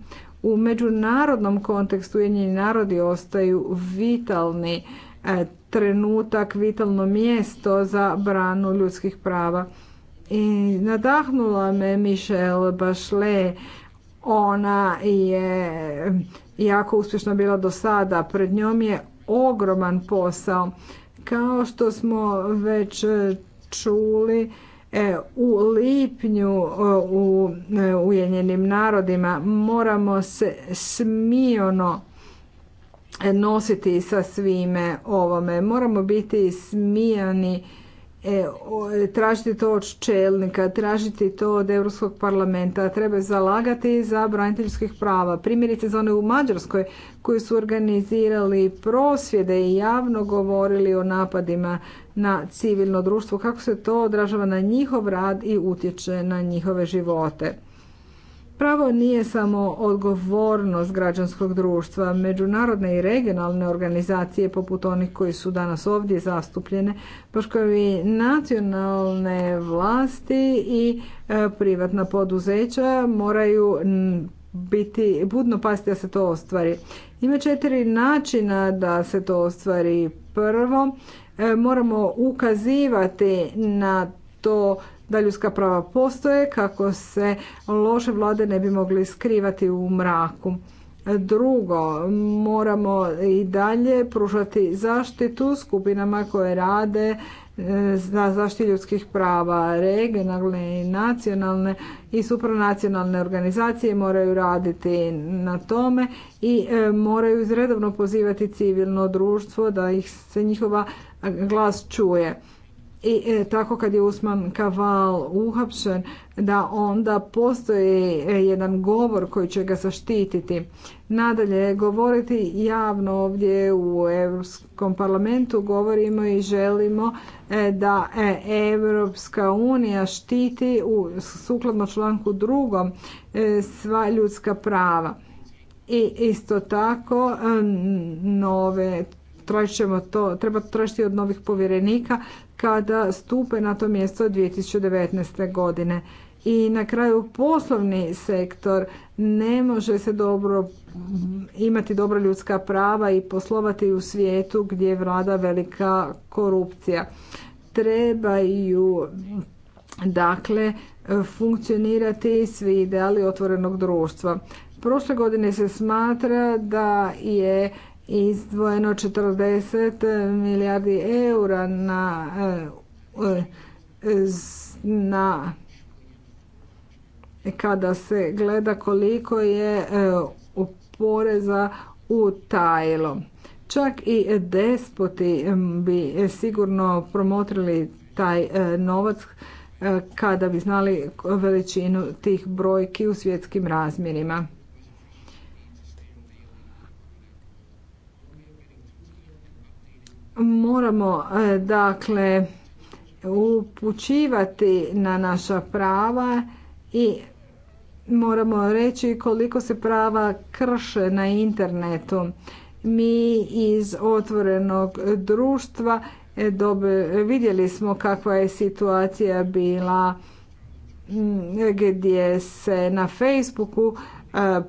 U međunarodnom kontekstu jedini narodi ostaju vitalni e, trenutak vitalno mjesto za branu ljudskih prava. I nadahnula me Michelle Bachelet, ona je jako uspješno bila do sada, pred njom je ogroman posao. Kao što smo već čuli, e, u lipnju e, e, u Ujedinjenim narodima moramo se smijono nositi sa svime ovome. Moramo biti smijani, e, tražiti to od čelnika, tražiti to od Europskog parlamenta, treba zalagati za braniteljskih prava. Primjerice za one u Mađarskoj koji su organizirali prosvjede i javno govorili o napadima na civilno društvo, kako se to odražava na njihov rad i utječe na njihove živote. Pravo nije samo odgovornost građanskog društva. Međunarodne i regionalne organizacije poput onih koji su danas ovdje zastupljene, baš kao i nacionalne vlasti i e, privatna poduzeća moraju biti budno pasti da se to ostvari. Ima četiri načina da se to ostvari. Prvo, e, moramo ukazivati na to da ljudska prava postoje kako se loše vlade ne bi mogli skrivati u mraku. Drugo, moramo i dalje pružati zaštitu skupinama koje rade na e, zaštiti ljudskih prava. Regionalne i nacionalne i supranacionalne organizacije moraju raditi na tome i e, moraju izredovno pozivati civilno društvo da ih se njihova glas čuje i e, tako kad je Usman Kaval uhapšen da onda postoji e, jedan govor koji će ga zaštititi. Nadalje, govoriti javno ovdje u Europskom parlamentu govorimo i želimo e, da Europska unija štiti u sukladno članku drugom sva ljudska prava. I isto tako nove tražit to, treba tražiti od novih povjerenika kada stupe na to mjesto 2019. godine. I na kraju poslovni sektor ne može se dobro imati dobra ljudska prava i poslovati u svijetu gdje vlada velika korupcija. Trebaju dakle funkcionirati svi ideali otvorenog društva. Prošle godine se smatra da je izdvojeno 40 milijardi eura na, e, e, na e, kada se gleda koliko je poreza utajilo. Čak i despoti bi sigurno promotrili taj novac kada bi znali veličinu tih brojki u svjetskim razmjerima. moramo e, dakle upućivati na naša prava i moramo reći koliko se prava krše na internetu. Mi iz otvorenog društva e, vidjeli smo kakva je situacija bila gdje se na Facebooku e,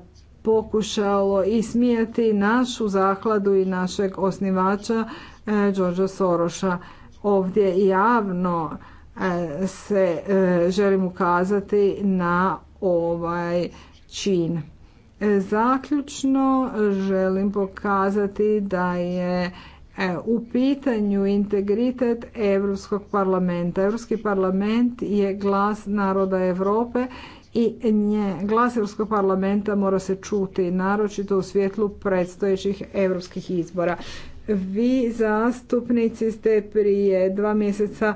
pokušalo ismijati našu zakladu i našeg osnivača E, Đorđa Soroša. Ovdje javno e, se e, želim ukazati na ovaj čin. Zaključno želim pokazati da je u pitanju integritet Europskog parlamenta. Europski parlament je glas naroda Europe i nje, glas Europskog parlamenta mora se čuti, naročito u svjetlu predstojećih europskih izbora vi zastupnici ste prije dva mjeseca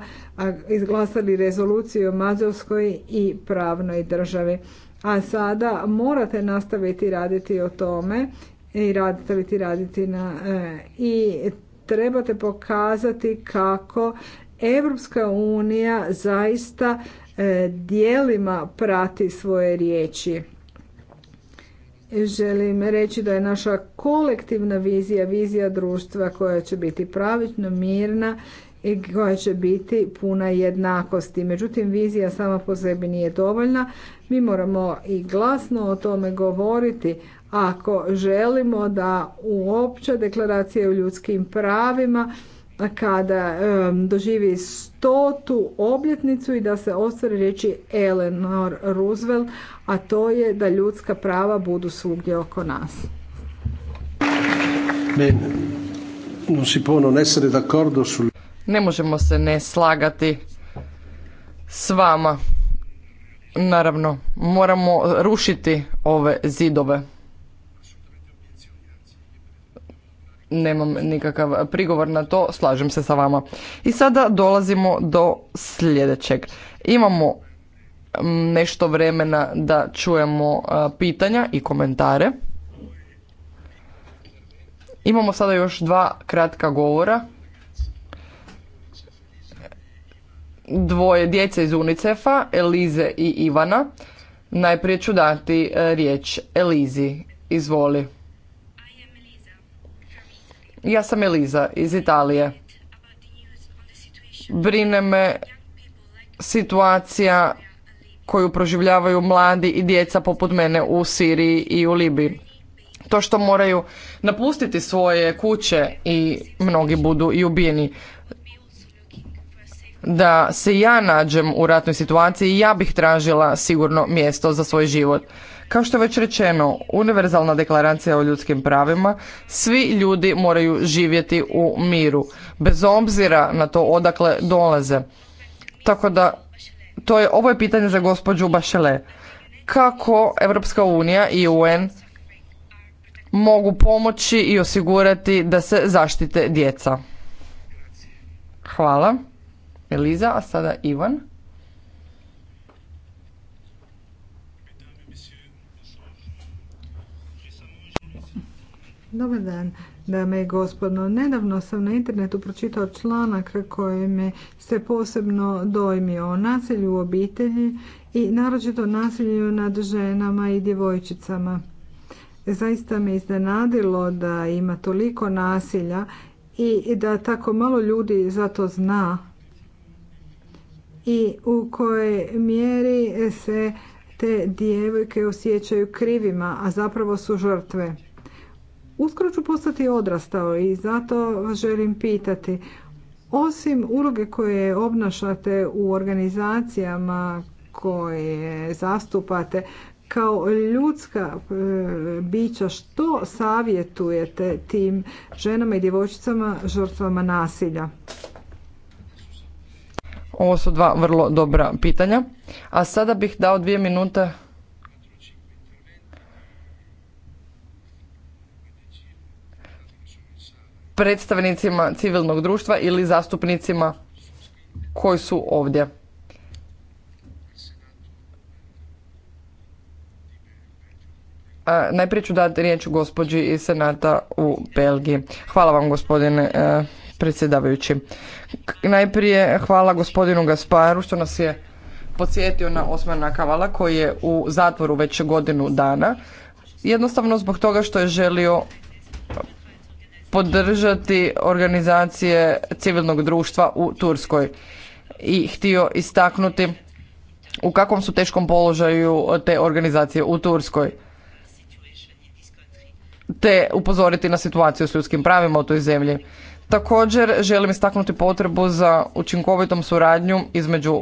izglasali rezoluciju o Mađarskoj i pravnoj državi. A sada morate nastaviti raditi o tome i raditi, raditi na, e, i trebate pokazati kako Europska unija zaista e, dijelima prati svoje riječi želim reći da je naša kolektivna vizija, vizija društva koja će biti pravično, mirna i koja će biti puna jednakosti. Međutim, vizija sama po sebi nije dovoljna. Mi moramo i glasno o tome govoriti ako želimo da uopće deklaracije o ljudskim pravima kada doživi stotu obljetnicu i da se ostvari riječi Eleanor Roosevelt, a to je da ljudska prava budu svugdje oko nas. Ne možemo se ne slagati s vama. Naravno, moramo rušiti ove zidove. nemam nikakav prigovor na to, slažem se sa vama. I sada dolazimo do sljedećeg. Imamo mm, nešto vremena da čujemo pitanja i komentare. Imamo sada još dva kratka govora. Dvoje djece iz UNICEF-a, Elize i Ivana. Najprije ću dati e, riječ Elizi. Izvoli. Ja sam Eliza iz Italije. Brine me situacija koju proživljavaju mladi i djeca poput mene u Siriji i u Libiji. To što moraju napustiti svoje kuće i mnogi budu i ubijeni. Da se ja nađem u ratnoj situaciji, ja bih tražila sigurno mjesto za svoj život. Kao što je već rečeno, univerzalna deklaracija o ljudskim pravima, svi ljudi moraju živjeti u miru, bez obzira na to odakle dolaze. Tako da, to je, ovo je pitanje za gospođu Bašele. Kako Europska unija i UN mogu pomoći i osigurati da se zaštite djeca? Hvala. Eliza, a sada Ivan. Dobar dan, dame i gospodo. Nedavno sam na internetu pročitao članak koji me se posebno dojmio o nasilju u obitelji i naročito nasilju nad ženama i djevojčicama. Zaista me iznenadilo da ima toliko nasilja i da tako malo ljudi za to zna i u kojoj mjeri se te djevojke osjećaju krivima, a zapravo su žrtve. Uskoro ću postati odrastao i zato vas želim pitati. Osim uloge koje obnašate u organizacijama koje zastupate, kao ljudska e, bića što savjetujete tim ženama i djevojčicama žrtvama nasilja? Ovo su dva vrlo dobra pitanja. A sada bih dao dvije minute predstavnicima civilnog društva ili zastupnicima koji su ovdje. Najprije ću dati riječ gospođi iz Senata u Belgiji. Hvala vam gospodine e, predsjedavajući. Najprije hvala gospodinu Gasparu što nas je podsjetio na Osmana Kavala koji je u zatvoru već godinu dana. Jednostavno zbog toga što je želio podržati organizacije civilnog društva u Turskoj i htio istaknuti u kakvom su teškom položaju te organizacije u Turskoj te upozoriti na situaciju s ljudskim pravima u toj zemlji. Također želim istaknuti potrebu za učinkovitom suradnju između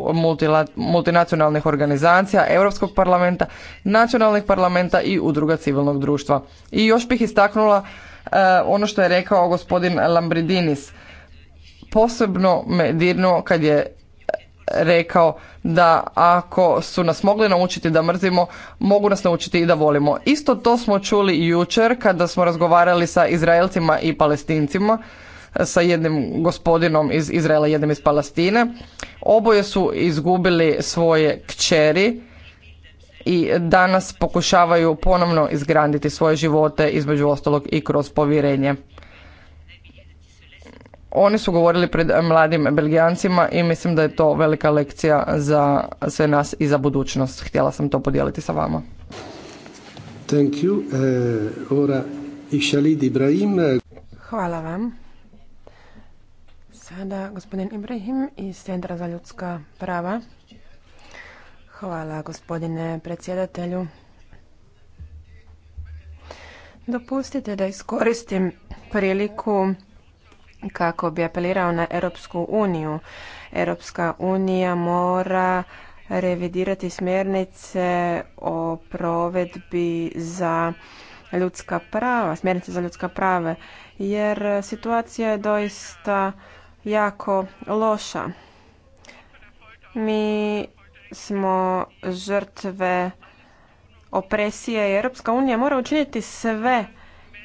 multinacionalnih organizacija, Europskog parlamenta, nacionalnih parlamenta i udruga civilnog društva. I još bih istaknula E, ono što je rekao gospodin Lambridinis. Posebno me dirno kad je rekao da ako su nas mogli naučiti da mrzimo, mogu nas naučiti i da volimo. Isto to smo čuli jučer kada smo razgovarali sa Izraelcima i Palestincima, sa jednim gospodinom iz Izraela, jednim iz Palestine. Oboje su izgubili svoje kćeri i danas pokušavaju ponovno izgraditi svoje živote između ostalog i kroz povjerenje. Oni su govorili pred mladim Belgijancima i mislim da je to velika lekcija za sve nas i za budućnost. Htjela sam to podijeliti sa vama. Thank you. E, ora Ibrahim. Hvala vam. Sada gospodin Ibrahim iz Centra za ljudska prava. Hvala gospodine predsjedatelju. Dopustite da iskoristim priliku kako bi apelirao na Europsku uniju. Europska unija mora revidirati smjernice o provedbi za ljudska prava, smjernice za ljudska prava, jer situacija je doista jako loša. Mi smo žrtve opresije i Europska unija mora učiniti sve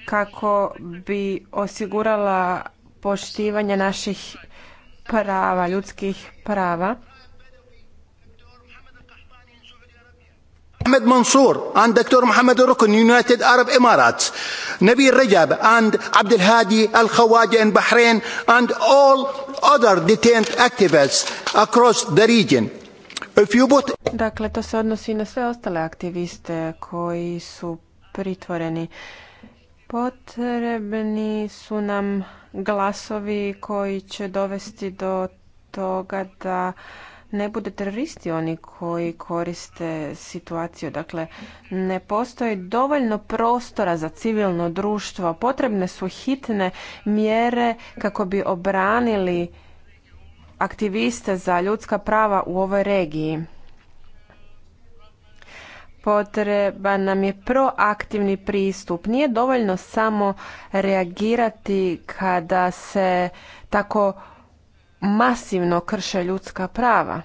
kako bi osigurala poštivanje naših prava, ljudskih prava. Ahmed Mansour and Dr. Mohamed Rukun, United Arab Emirates, Nabil Rajab and Abdel Hadi Al Khawaja in Bahrain, and all other detained activists across the region. Dakle, to se odnosi na sve ostale aktiviste koji su pritvoreni. Potrebni su nam glasovi koji će dovesti do toga da ne bude teroristi oni koji koriste situaciju. Dakle, ne postoji dovoljno prostora za civilno društvo. Potrebne su hitne mjere kako bi obranili aktiviste za ljudska prava u ovoj regiji. Potreban nam je proaktivni pristup. Nije dovoljno samo reagirati kada se tako masivno krše ljudska prava.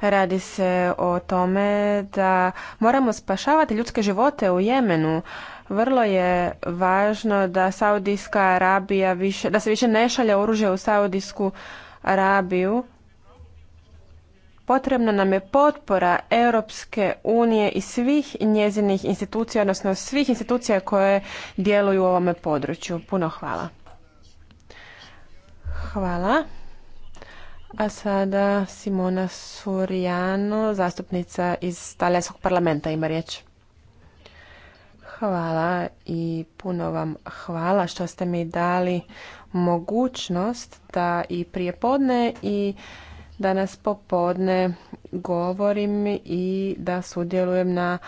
Radi se o tome da moramo spašavati ljudske živote u Jemenu. Vrlo je važno da Saudijska Arabija više, da se više ne šalje oružje u Saudijsku Arabiju. Potrebna nam je potpora Europske unije i svih njezinih institucija, odnosno svih institucija koje djeluju u ovome području. Puno hvala. Hvala. A sada Simona Surijano, zastupnica iz Talijanskog parlamenta, ima riječ. Hvala i puno vam hvala što ste mi dali mogućnost da i prije podne i danas popodne govorim i da sudjelujem na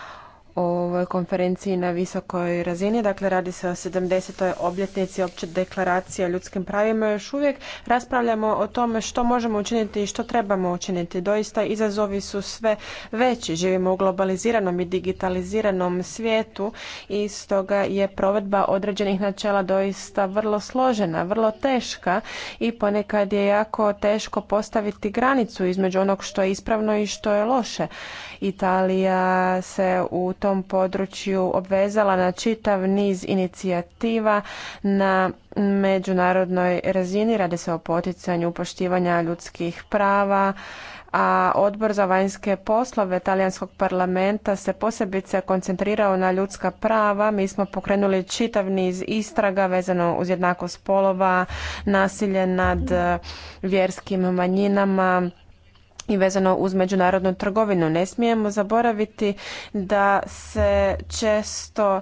ovoj konferenciji na visokoj razini. Dakle, radi se o 70. obljetnici opće deklaracije o ljudskim pravima. Još uvijek raspravljamo o tome što možemo učiniti i što trebamo učiniti. Doista izazovi su sve veći. Živimo u globaliziranom i digitaliziranom svijetu i stoga je provedba određenih načela doista vrlo složena, vrlo teška i ponekad je jako teško postaviti granicu između onog što je ispravno i što je loše. Italija se u tom području obvezala na čitav niz inicijativa na međunarodnoj razini. Radi se o poticanju upoštivanja ljudskih prava, a odbor za vanjske poslove talijanskog parlamenta se posebice koncentrirao na ljudska prava. Mi smo pokrenuli čitav niz istraga vezano uz jednakost spolova, nasilje nad vjerskim manjinama, i vezano uz međunarodnu trgovinu. Ne smijemo zaboraviti da se često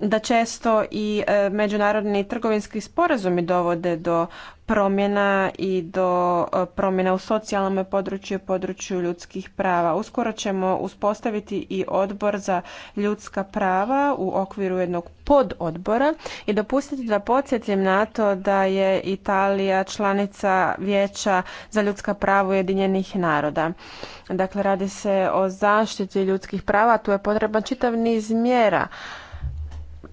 da često i e, međunarodni trgovinski sporazumi dovode do promjena i do e, promjena u socijalnom području, području ljudskih prava. Uskoro ćemo uspostaviti i odbor za ljudska prava u okviru jednog pododbora i dopustiti da podsjetim na to da je Italija članica Vijeća za ljudska prava Ujedinjenih naroda. Dakle, radi se o zaštiti ljudskih prava, tu je potreban čitav niz mjera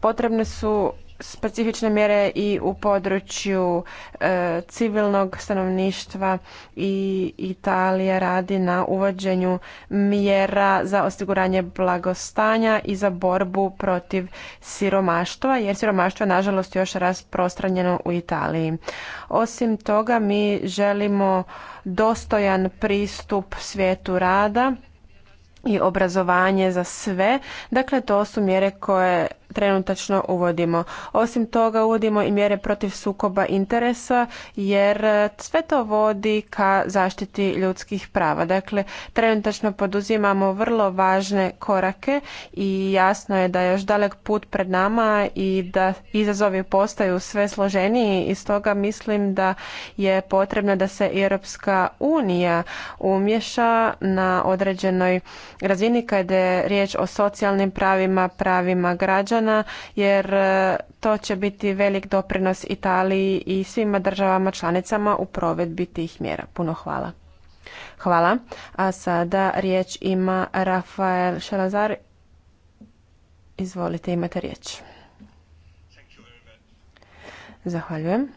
Potrebne su specifične mjere i u području e, civilnog stanovništva i Italija radi na uvođenju mjera za osiguranje blagostanja i za borbu protiv siromaštva jer siromaštvo je nažalost još rasprostranjeno u Italiji. Osim toga mi želimo dostojan pristup svijetu rada i obrazovanje za sve. Dakle, to su mjere koje trenutačno uvodimo. Osim toga uvodimo i mjere protiv sukoba interesa jer e, sve to vodi ka zaštiti ljudskih prava. Dakle, trenutačno poduzimamo vrlo važne korake i jasno je da je još dalek put pred nama i da izazovi postaju sve složeniji i stoga mislim da je potrebno da se Europska unija umješa na određenoj razini kada je riječ o socijalnim pravima, pravima građana jer e, to će biti velik doprinos Italiji i svima državama članicama u provedbi tih mjera. Puno hvala. Hvala. A sada riječ ima Rafael Šelazar. Izvolite, imate riječ. Zahvaljujem.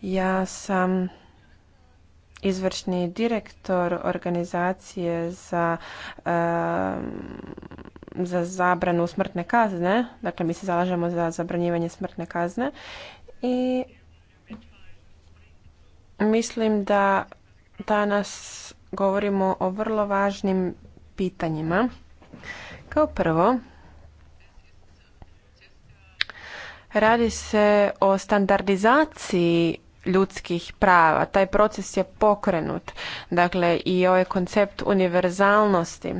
Ja sam izvršni direktor organizacije za za zabranu smrtne kazne, dakle mi se zalažemo za zabranjivanje smrtne kazne i mislim da danas govorimo o vrlo važnim pitanjima. Kao prvo, radi se o standardizaciji ljudskih prava. Taj proces je pokrenut, dakle i ovaj koncept univerzalnosti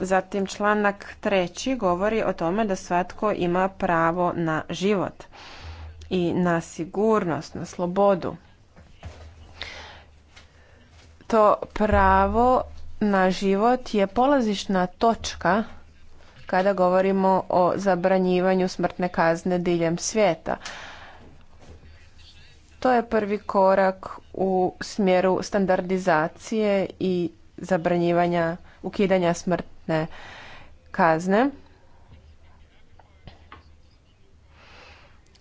Zatim članak treći govori o tome da svatko ima pravo na život i na sigurnost, na slobodu. To pravo na život je polazišna točka kada govorimo o zabranjivanju smrtne kazne diljem svijeta. To je prvi korak u smjeru standardizacije i zabranjivanja ukidanja smrtne kazne.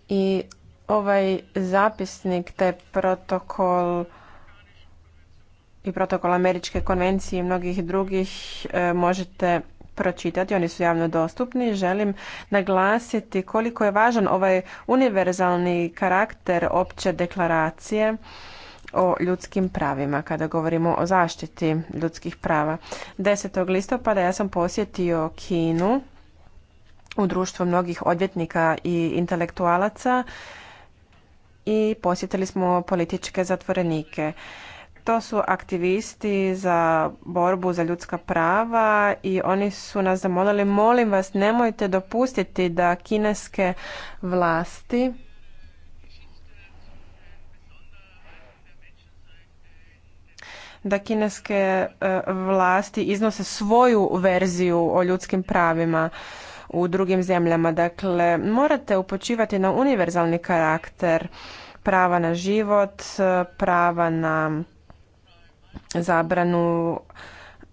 I ovaj zapisnik te protokol i protokol Američke konvencije i mnogih drugih e, možete pročitati, oni su javno dostupni. Želim naglasiti koliko je važan ovaj univerzalni karakter opće deklaracije o ljudskim pravima kada govorimo o zaštiti ljudskih prava. 10. listopada ja sam posjetio Kinu u društvu mnogih odvjetnika i intelektualaca i posjetili smo političke zatvorenike. To su aktivisti za borbu za ljudska prava i oni su nas zamolili molim vas nemojte dopustiti da kineske vlasti da kineske e, vlasti iznose svoju verziju o ljudskim pravima u drugim zemljama. Dakle, morate upočivati na univerzalni karakter prava na život, e, prava na zabranu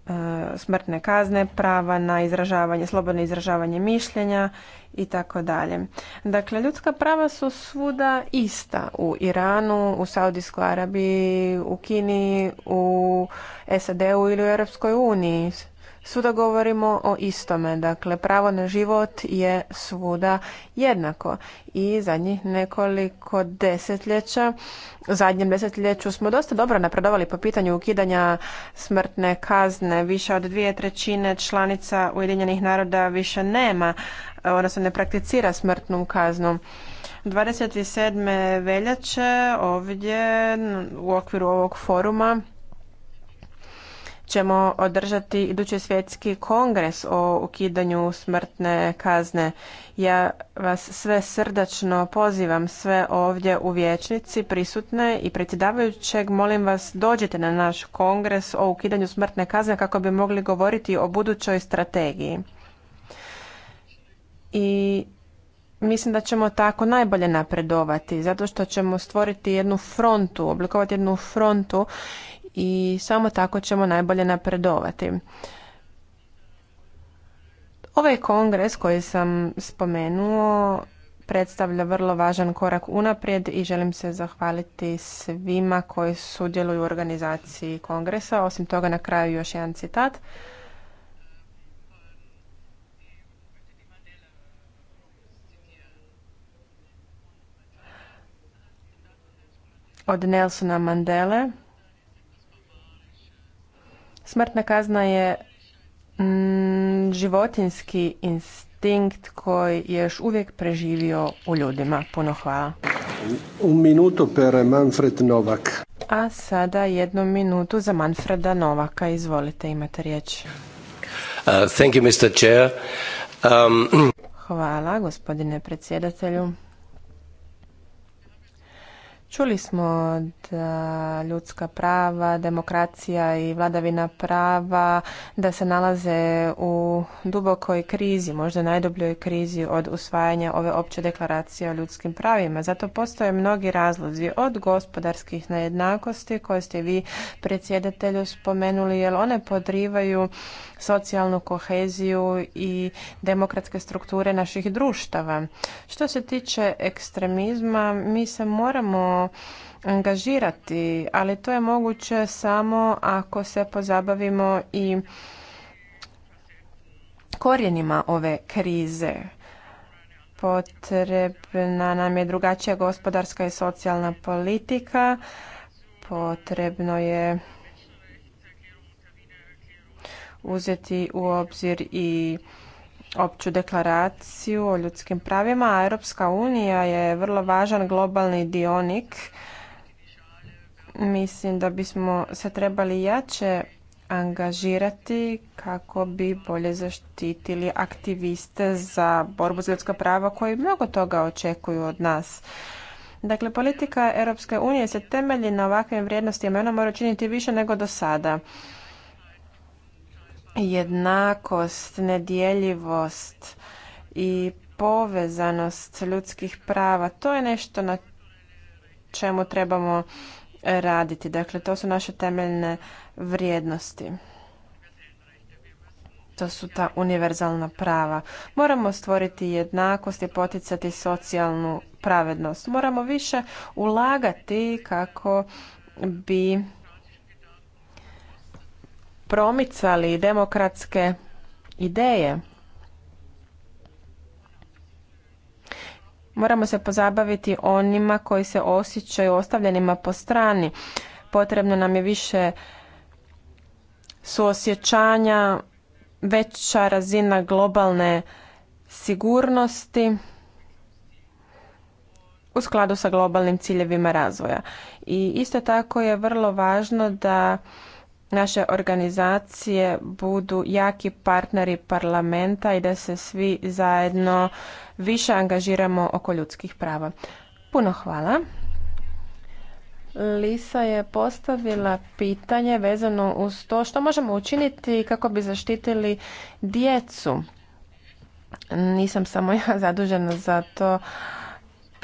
e, smrtne kazne, prava na izražavanje, slobodno izražavanje mišljenja i tako dalje. Dakle, ljudska prava su svuda ista u Iranu, u Saudijskoj Arabiji, u Kini, u SAD-u ili u Europskoj uniji svuda govorimo o istome. Dakle, pravo na život je svuda jednako. I zadnjih nekoliko desetljeća, u zadnjem desetljeću smo dosta dobro napredovali po pitanju ukidanja smrtne kazne. Više od dvije trećine članica Ujedinjenih naroda više nema, odnosno ne prakticira smrtnu kaznu. 27. veljače ovdje u okviru ovog foruma ćemo održati idući svjetski kongres o ukidanju smrtne kazne. Ja vas sve srdačno pozivam, sve ovdje u vječnici prisutne i predsjedavajućeg, molim vas dođite na naš kongres o ukidanju smrtne kazne kako bi mogli govoriti o budućoj strategiji. I mislim da ćemo tako najbolje napredovati zato što ćemo stvoriti jednu frontu, oblikovati jednu frontu i samo tako ćemo najbolje napredovati. Ovaj kongres koji sam spomenuo predstavlja vrlo važan korak unaprijed i želim se zahvaliti svima koji sudjeluju u organizaciji kongresa. Osim toga na kraju još jedan citat. Od Nelsona Mandele Smrtna kazna je mm, životinski instinkt koji je još uvijek preživio u ljudima. Puno hvala. U minutu Manfred Novak. A sada jednu minutu za Manfreda Novaka. Izvolite, imate riječ. Uh, um, hvala, gospodine predsjedatelju. Čuli smo da ljudska prava, demokracija i vladavina prava da se nalaze u dubokoj krizi, možda najdubljoj krizi od usvajanja ove opće deklaracije o ljudskim pravima. Zato postoje mnogi razlozi od gospodarskih nejednakosti koje ste vi predsjedatelju spomenuli jer one podrivaju socijalnu koheziju i demokratske strukture naših društava. Što se tiče ekstremizma, mi se moramo angažirati, ali to je moguće samo ako se pozabavimo i korijenima ove krize. Potrebna nam je drugačija gospodarska i socijalna politika, potrebno je uzeti u obzir i opću deklaraciju o ljudskim pravima, a Europska unija je vrlo važan globalni dionik. Mislim da bismo se trebali jače angažirati kako bi bolje zaštitili aktiviste za borbu za ljudska prava koji mnogo toga očekuju od nas. Dakle, politika Europske unije se temelji na ovakvim vrijednostima i ona mora činiti više nego do sada jednakost, nedjeljivost i povezanost ljudskih prava, to je nešto na čemu trebamo raditi. Dakle, to su naše temeljne vrijednosti. To su ta univerzalna prava. Moramo stvoriti jednakost i poticati socijalnu pravednost. Moramo više ulagati kako bi promicali demokratske ideje. Moramo se pozabaviti onima koji se osjećaju ostavljenima po strani. Potrebno nam je više suosjećanja, veća razina globalne sigurnosti u skladu sa globalnim ciljevima razvoja. I isto tako je vrlo važno da naše organizacije budu jaki partneri parlamenta i da se svi zajedno više angažiramo oko ljudskih prava. Puno hvala. Lisa je postavila pitanje vezano uz to što možemo učiniti kako bi zaštitili djecu. Nisam samo ja zadužena za to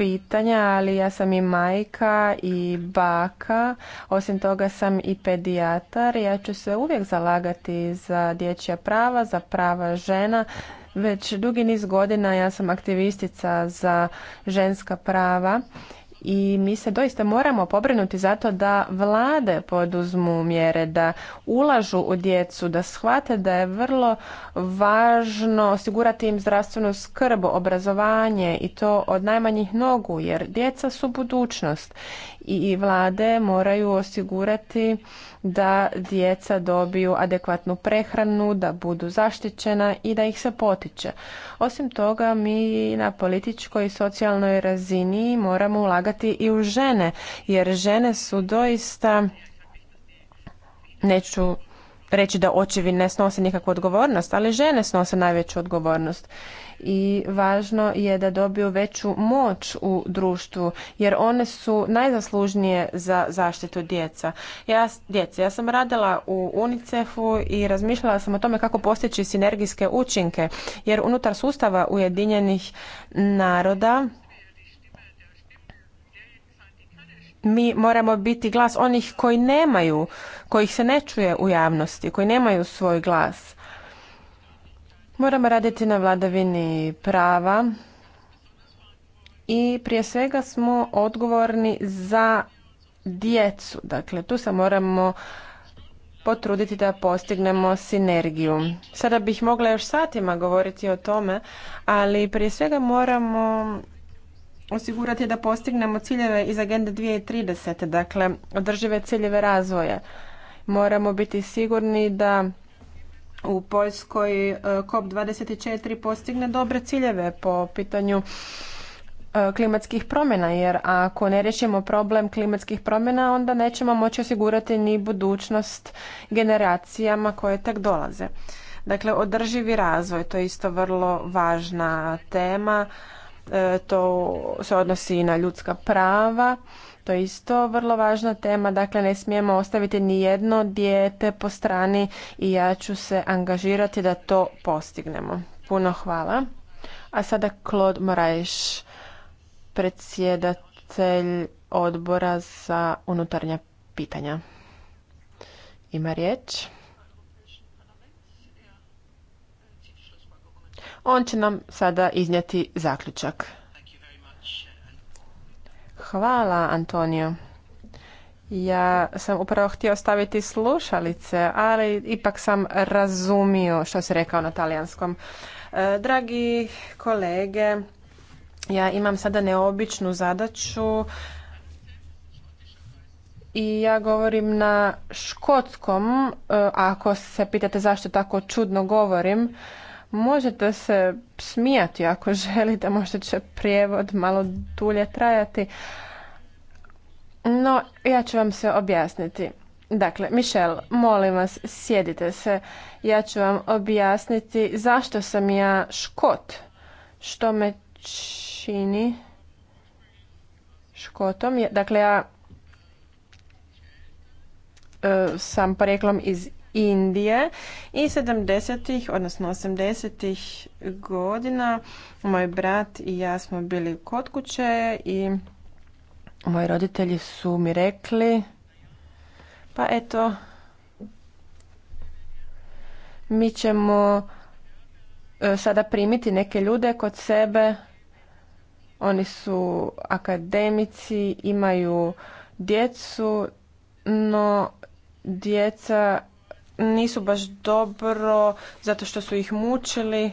pitanja, ali ja sam i majka i baka. Osim toga sam i pedijatar. Ja ću se uvijek zalagati za dječja prava, za prava žena. Već dugi niz godina ja sam aktivistica za ženska prava i mi se doista moramo pobrinuti zato da vlade poduzmu mjere, da ulažu u djecu, da shvate da je vrlo važno osigurati im zdravstvenu skrb, obrazovanje i to od najmanjih nogu jer djeca su budućnost i vlade moraju osigurati da djeca dobiju adekvatnu prehranu, da budu zaštićena i da ih se potiče. Osim toga mi na političkoj i socijalnoj razini moramo ulagati i u žene jer žene su doista neću reći da očevi ne snose nikakvu odgovornost, ali žene snose najveću odgovornost. I važno je da dobiju veću moć u društvu, jer one su najzaslužnije za zaštitu djeca. Ja, djece, ja sam radila u UNICEF-u i razmišljala sam o tome kako postići sinergijske učinke, jer unutar sustava Ujedinjenih naroda mi moramo biti glas onih koji nemaju, kojih se ne čuje u javnosti, koji nemaju svoj glas. Moramo raditi na vladavini prava i prije svega smo odgovorni za djecu. Dakle, tu se moramo potruditi da postignemo sinergiju. Sada bih mogla još satima govoriti o tome, ali prije svega moramo osigurati da postignemo ciljeve iz agende 2030. Dakle, održive ciljeve razvoja. Moramo biti sigurni da u Poljskoj e, COP24 postigne dobre ciljeve po pitanju e, klimatskih promjena, jer ako ne riješimo problem klimatskih promjena, onda nećemo moći osigurati ni budućnost generacijama koje tek dolaze. Dakle, održivi razvoj, to je isto vrlo važna tema. E, to se odnosi i na ljudska prava. To je isto vrlo važna tema, dakle ne smijemo ostaviti ni jedno dijete po strani i ja ću se angažirati da to postignemo. Puno hvala. A sada Claude Moraes, predsjedatelj odbora za unutarnja pitanja. Ima riječ. On će nam sada iznijeti zaključak. Hvala, Antonio. Ja sam upravo htio staviti slušalice, ali ipak sam razumio što se rekao na talijanskom. E, dragi kolege, ja imam sada neobičnu zadaću i ja govorim na škotskom. E, ako se pitate zašto tako čudno govorim, Možete se smijati ako želite, možda će prijevod malo dulje trajati. No, ja ću vam se objasniti. Dakle, Michel, molim vas, sjedite se. Ja ću vam objasniti zašto sam ja škot. Što me čini škotom? Dakle, ja e, sam poreklom iz Indije i 70-ih, odnosno 80-ih godina moj brat i ja smo bili kod kuće i moji roditelji su mi rekli pa eto mi ćemo e, sada primiti neke ljude kod sebe oni su akademici, imaju djecu, no djeca nisu baš dobro zato što su ih mučili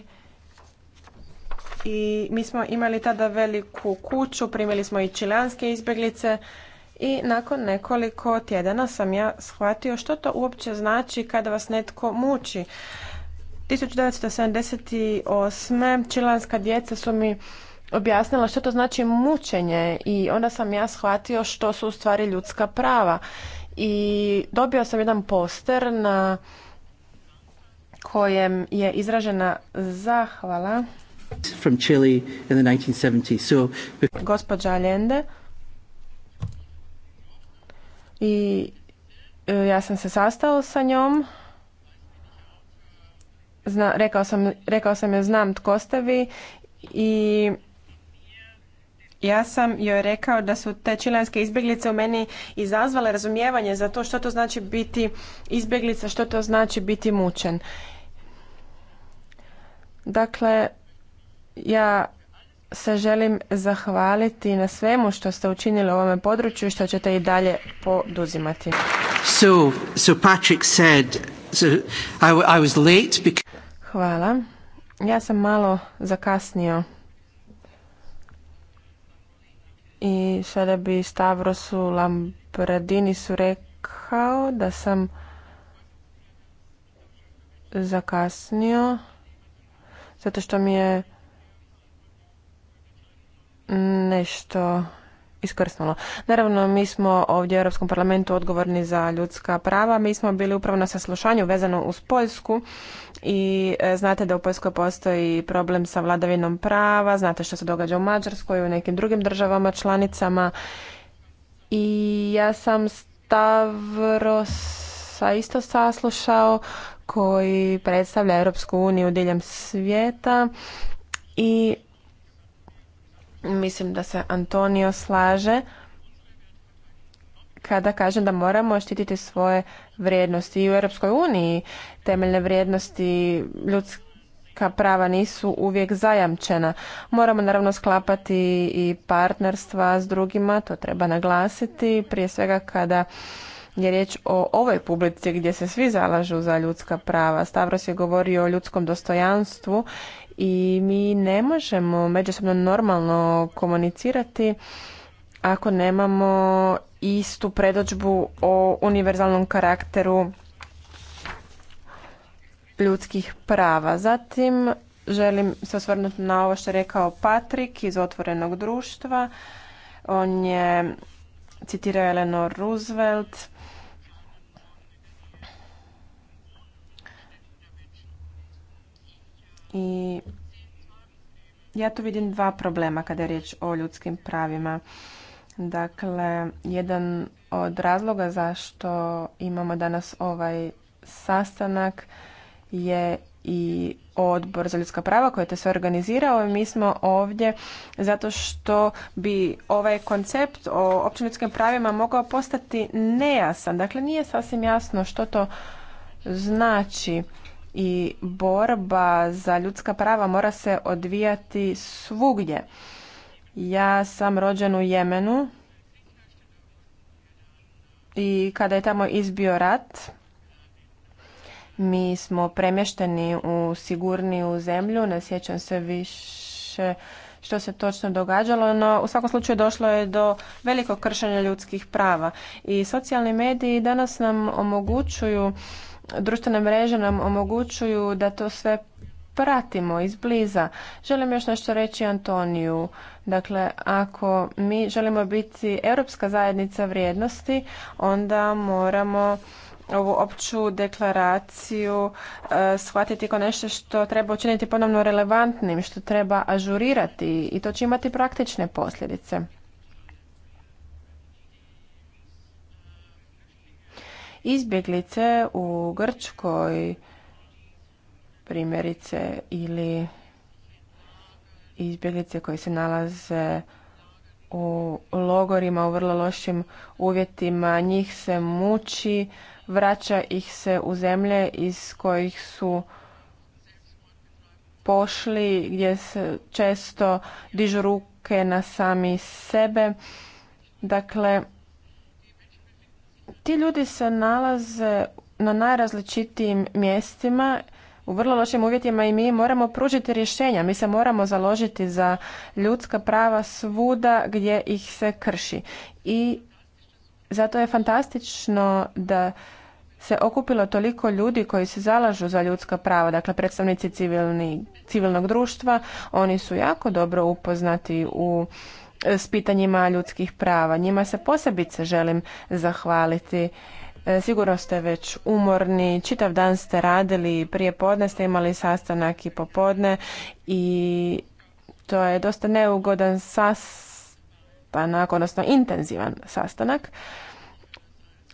i mi smo imali tada veliku kuću, primili smo i čilanske izbjeglice i nakon nekoliko tjedana sam ja shvatio što to uopće znači kada vas netko muči. 1978. čilanska djeca su mi objasnila što to znači mučenje i onda sam ja shvatio što su u stvari ljudska prava i dobio sam jedan poster na kojem je izražena zahvala from Chile in the 1970 So... gospođa Allende i e, ja sam se sastao sa njom rekao, sam, rekao sam je znam tko ste vi i ja sam joj rekao da su te čilanske izbjeglice u meni izazvale razumijevanje za to što to znači biti izbjeglica, što to znači biti mučen. Dakle, ja se želim zahvaliti na svemu što ste učinili u ovome području i što ćete i dalje poduzimati. So, so Patrick said, so I, I was late because... Hvala. Ja sam malo zakasnio i sada bi Stavrosu su rekao da sam zakasnio zato što mi je nešto iskrsnulo. Naravno, mi smo ovdje u Europskom parlamentu odgovorni za ljudska prava. Mi smo bili upravo na saslušanju vezano uz Poljsku i e, znate da u Poljskoj postoji problem sa vladavinom prava, znate što se događa u Mađarskoj i u nekim drugim državama članicama. I ja sam Stavros sa isto saslušao koji predstavlja Europsku uniju diljem svijeta i Mislim da se Antonio slaže kada kažem da moramo štititi svoje vrijednosti i u Europskoj uniji temeljne vrijednosti ljudska prava nisu uvijek zajamčena. Moramo naravno sklapati i partnerstva s drugima, to treba naglasiti, prije svega kada je riječ o ovoj publici gdje se svi zalažu za ljudska prava. Stavros je govorio o ljudskom dostojanstvu i mi ne možemo međusobno normalno komunicirati ako nemamo istu predođbu o univerzalnom karakteru ljudskih prava. Zatim želim se osvrnuti na ovo što je rekao Patrik iz Otvorenog društva. On je citirao Eleanor Roosevelt i ja tu vidim dva problema kada je riječ o ljudskim pravima. Dakle, jedan od razloga zašto imamo danas ovaj sastanak je i odbor za ljudska prava koji je to sve organizirao i mi smo ovdje zato što bi ovaj koncept o općim ljudskim pravima mogao postati nejasan. Dakle, nije sasvim jasno što to znači i borba za ljudska prava mora se odvijati svugdje. Ja sam rođen u Jemenu i kada je tamo izbio rat, mi smo premješteni u sigurniju zemlju, ne sjećam se više što se točno događalo, no u svakom slučaju došlo je do velikog kršenja ljudskih prava. I socijalni mediji danas nam omogućuju društvene mreže nam omogućuju da to sve pratimo izbliza. Želim još nešto reći Antoniju. Dakle, ako mi želimo biti europska zajednica vrijednosti, onda moramo ovu opću deklaraciju e, shvatiti kao nešto što treba učiniti ponovno relevantnim, što treba ažurirati i to će imati praktične posljedice. izbjeglice u Grčkoj primjerice ili izbjeglice koje se nalaze u logorima u vrlo lošim uvjetima, njih se muči, vraća ih se u zemlje iz kojih su pošli, gdje se često dižu ruke na sami sebe. Dakle, ti ljudi se nalaze na najrazličitijim mjestima u vrlo lošim uvjetima i mi moramo pružiti rješenja, mi se moramo založiti za ljudska prava svuda gdje ih se krši. I zato je fantastično da se okupilo toliko ljudi koji se zalažu za ljudska prava, dakle predstavnici civilni, civilnog društva, oni su jako dobro upoznati u s pitanjima ljudskih prava. Njima se posebice želim zahvaliti. E, sigurno ste već umorni, čitav dan ste radili, prije podne ste imali sastanak i popodne i to je dosta neugodan sastanak, odnosno intenzivan sastanak,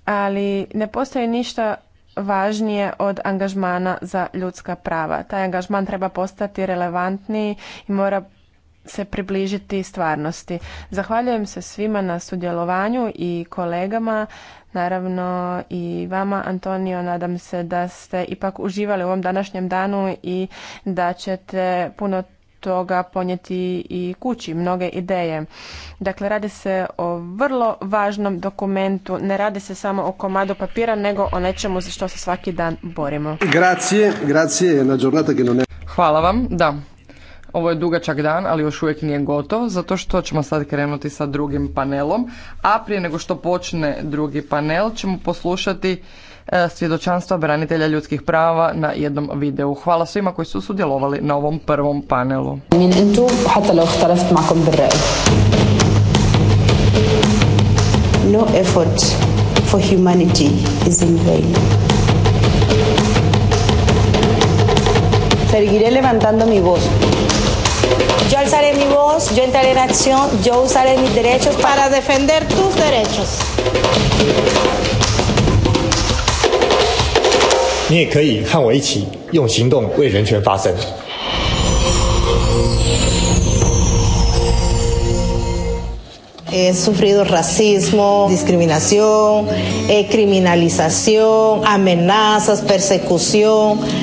ali ne postoji ništa važnije od angažmana za ljudska prava. Taj angažman treba postati relevantniji i mora se približiti stvarnosti. Zahvaljujem se svima na sudjelovanju i kolegama, naravno i vama Antonio, nadam se da ste ipak uživali u ovom današnjem danu i da ćete puno toga ponijeti i kući mnoge ideje. Dakle, radi se o vrlo važnom dokumentu, ne radi se samo o komadu papira, nego o nečemu za što se svaki dan borimo. Hvala vam, da, ovo je dugačak dan, ali još uvijek nije gotov, zato što ćemo sad krenuti sa drugim panelom. A prije nego što počne drugi panel ćemo poslušati e, svjedočanstva branitelja ljudskih prava na jednom videu. Hvala svima koji su sudjelovali na ovom prvom panelu. No effort for humanity is in vain. Seguiré levantando mi voz Yo alzaré mi voz, yo entraré en acción, yo usaré mis derechos para defender tus derechos. He sufrido racismo, discriminación, eh, criminalización, amenazas, persecución.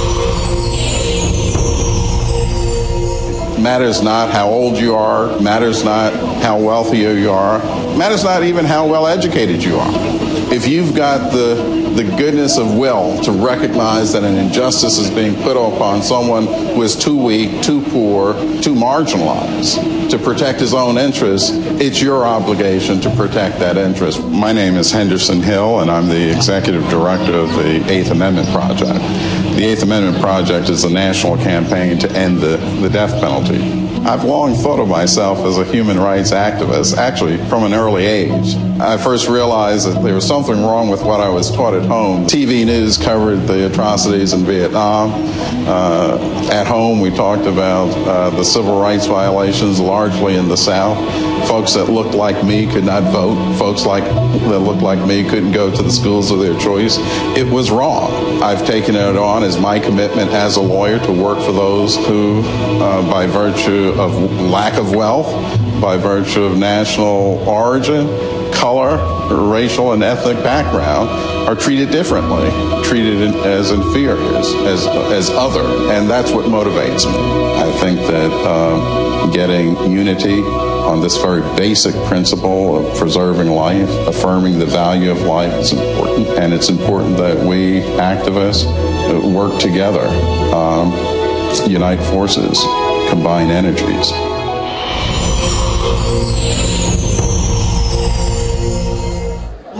matters not how old you are, matters not how wealthy you are, matters not even how well educated you are. If you've got the the goodness of will to recognize that an injustice is being put upon someone who is too weak, too poor, too marginalized to protect his own interests, it's your obligation to protect that interest. My name is Henderson Hill, and I'm the executive director of the Eighth Amendment Project the Eighth Amendment Project is a national campaign to end the, the death penalty. I've long thought of myself as a human rights activist, actually from an early age. I first realized that there was something wrong with what I was taught at home. TV news covered the atrocities in Vietnam. Uh, at home, we talked about uh, the civil rights violations largely in the South. Folks that looked like me could not vote. Folks like that looked like me couldn't go to the schools of their choice. It was wrong. I've taken it on as my commitment as a lawyer to work for those who, uh, by virtue of lack of wealth, by virtue of national origin, color, racial, and ethnic background are treated differently, treated as inferior, as, as other. And that's what motivates me. I think that uh getting unity on this very basic principle of preserving life, affirming the value of life is important. And it's important that we activists work together, um, unite forces, combine energies.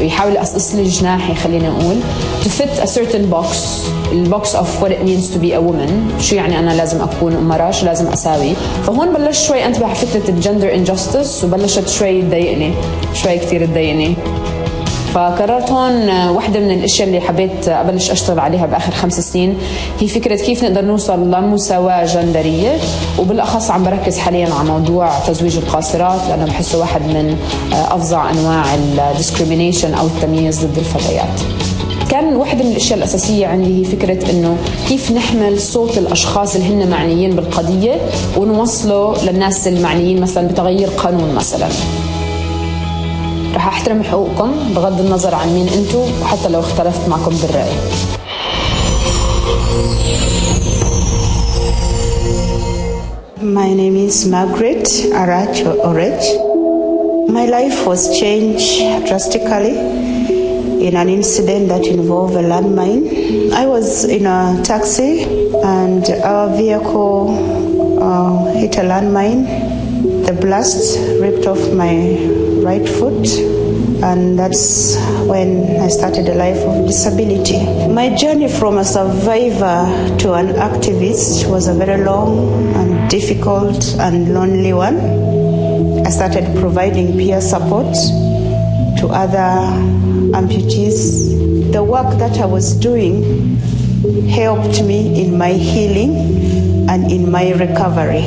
يحاول يقصقص لي جناحي خلينا نقول to fit a certain box البوكس of what it means to be a woman شو يعني أنا لازم أكون امراه شو لازم أساوي فهون بلشت شوي انتبه على فكرة الجندر انجستس وبلشت شوي تضايقني شوي كثير تضايقني فقررت هون واحدة من الأشياء اللي حبيت أبلش أشتغل عليها بآخر خمس سنين هي فكرة كيف نقدر نوصل لمساواة جندرية وبالأخص عم بركز حاليا على موضوع تزويج القاصرات لأنه بحسه واحد من أفظع أنواع الديسكريمينيشن أو التمييز ضد الفتيات كان واحدة من الأشياء الأساسية عندي هي فكرة إنه كيف نحمل صوت الأشخاص اللي هن معنيين بالقضية ونوصله للناس المعنيين مثلا بتغيير قانون مثلا رح احترم حقوقكم بغض النظر عن مين انتو وحتى لو اختلفت معكم بالرأي My name is Margaret Arach Orech. My life was changed drastically in an incident that involved a landmine. I was in a taxi and our vehicle uh, hit a landmine. The blast ripped off my right foot, and that's when I started a life of disability. My journey from a survivor to an activist was a very long and difficult and lonely one. I started providing peer support to other amputees. The work that I was doing helped me in my healing and in my recovery.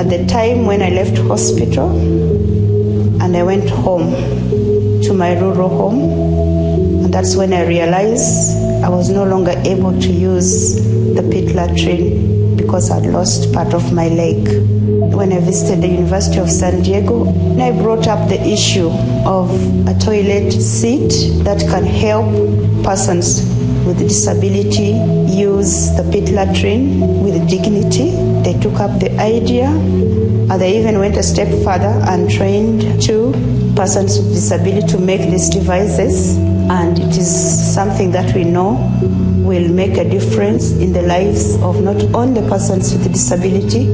At the time when I left hospital, and I went home to my rural home. And that's when I realized I was no longer able to use the pit latrine because I'd lost part of my leg. When I visited the University of San Diego, I brought up the issue of a toilet seat that can help persons with disability use the pit latrine with dignity. They took up the idea Uh, they even went a step further and trained two persons with disability to make these devices. And it is something that we know will make a difference in the lives of not only persons with disability,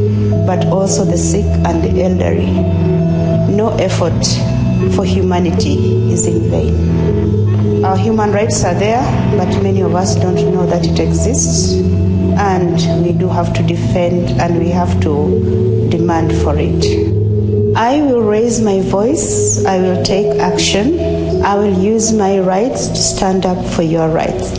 but also the sick and the elderly. No effort for humanity is in vain. Our human rights are there, but many of us don't know that it exists. And we do have to defend and we have to demand for it. I will raise my voice, I will take action, I will use my rights to stand up for your rights.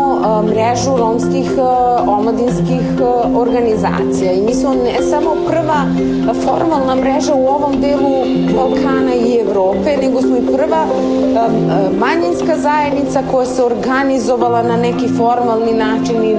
mrežu romskih e, omladinskih e, organizacija i mi smo ne samo prva formalna mreža u ovom delu Balkana i Evrope, nego smo i prva e, manjinska zajednica koja se organizovala na neki formalni način i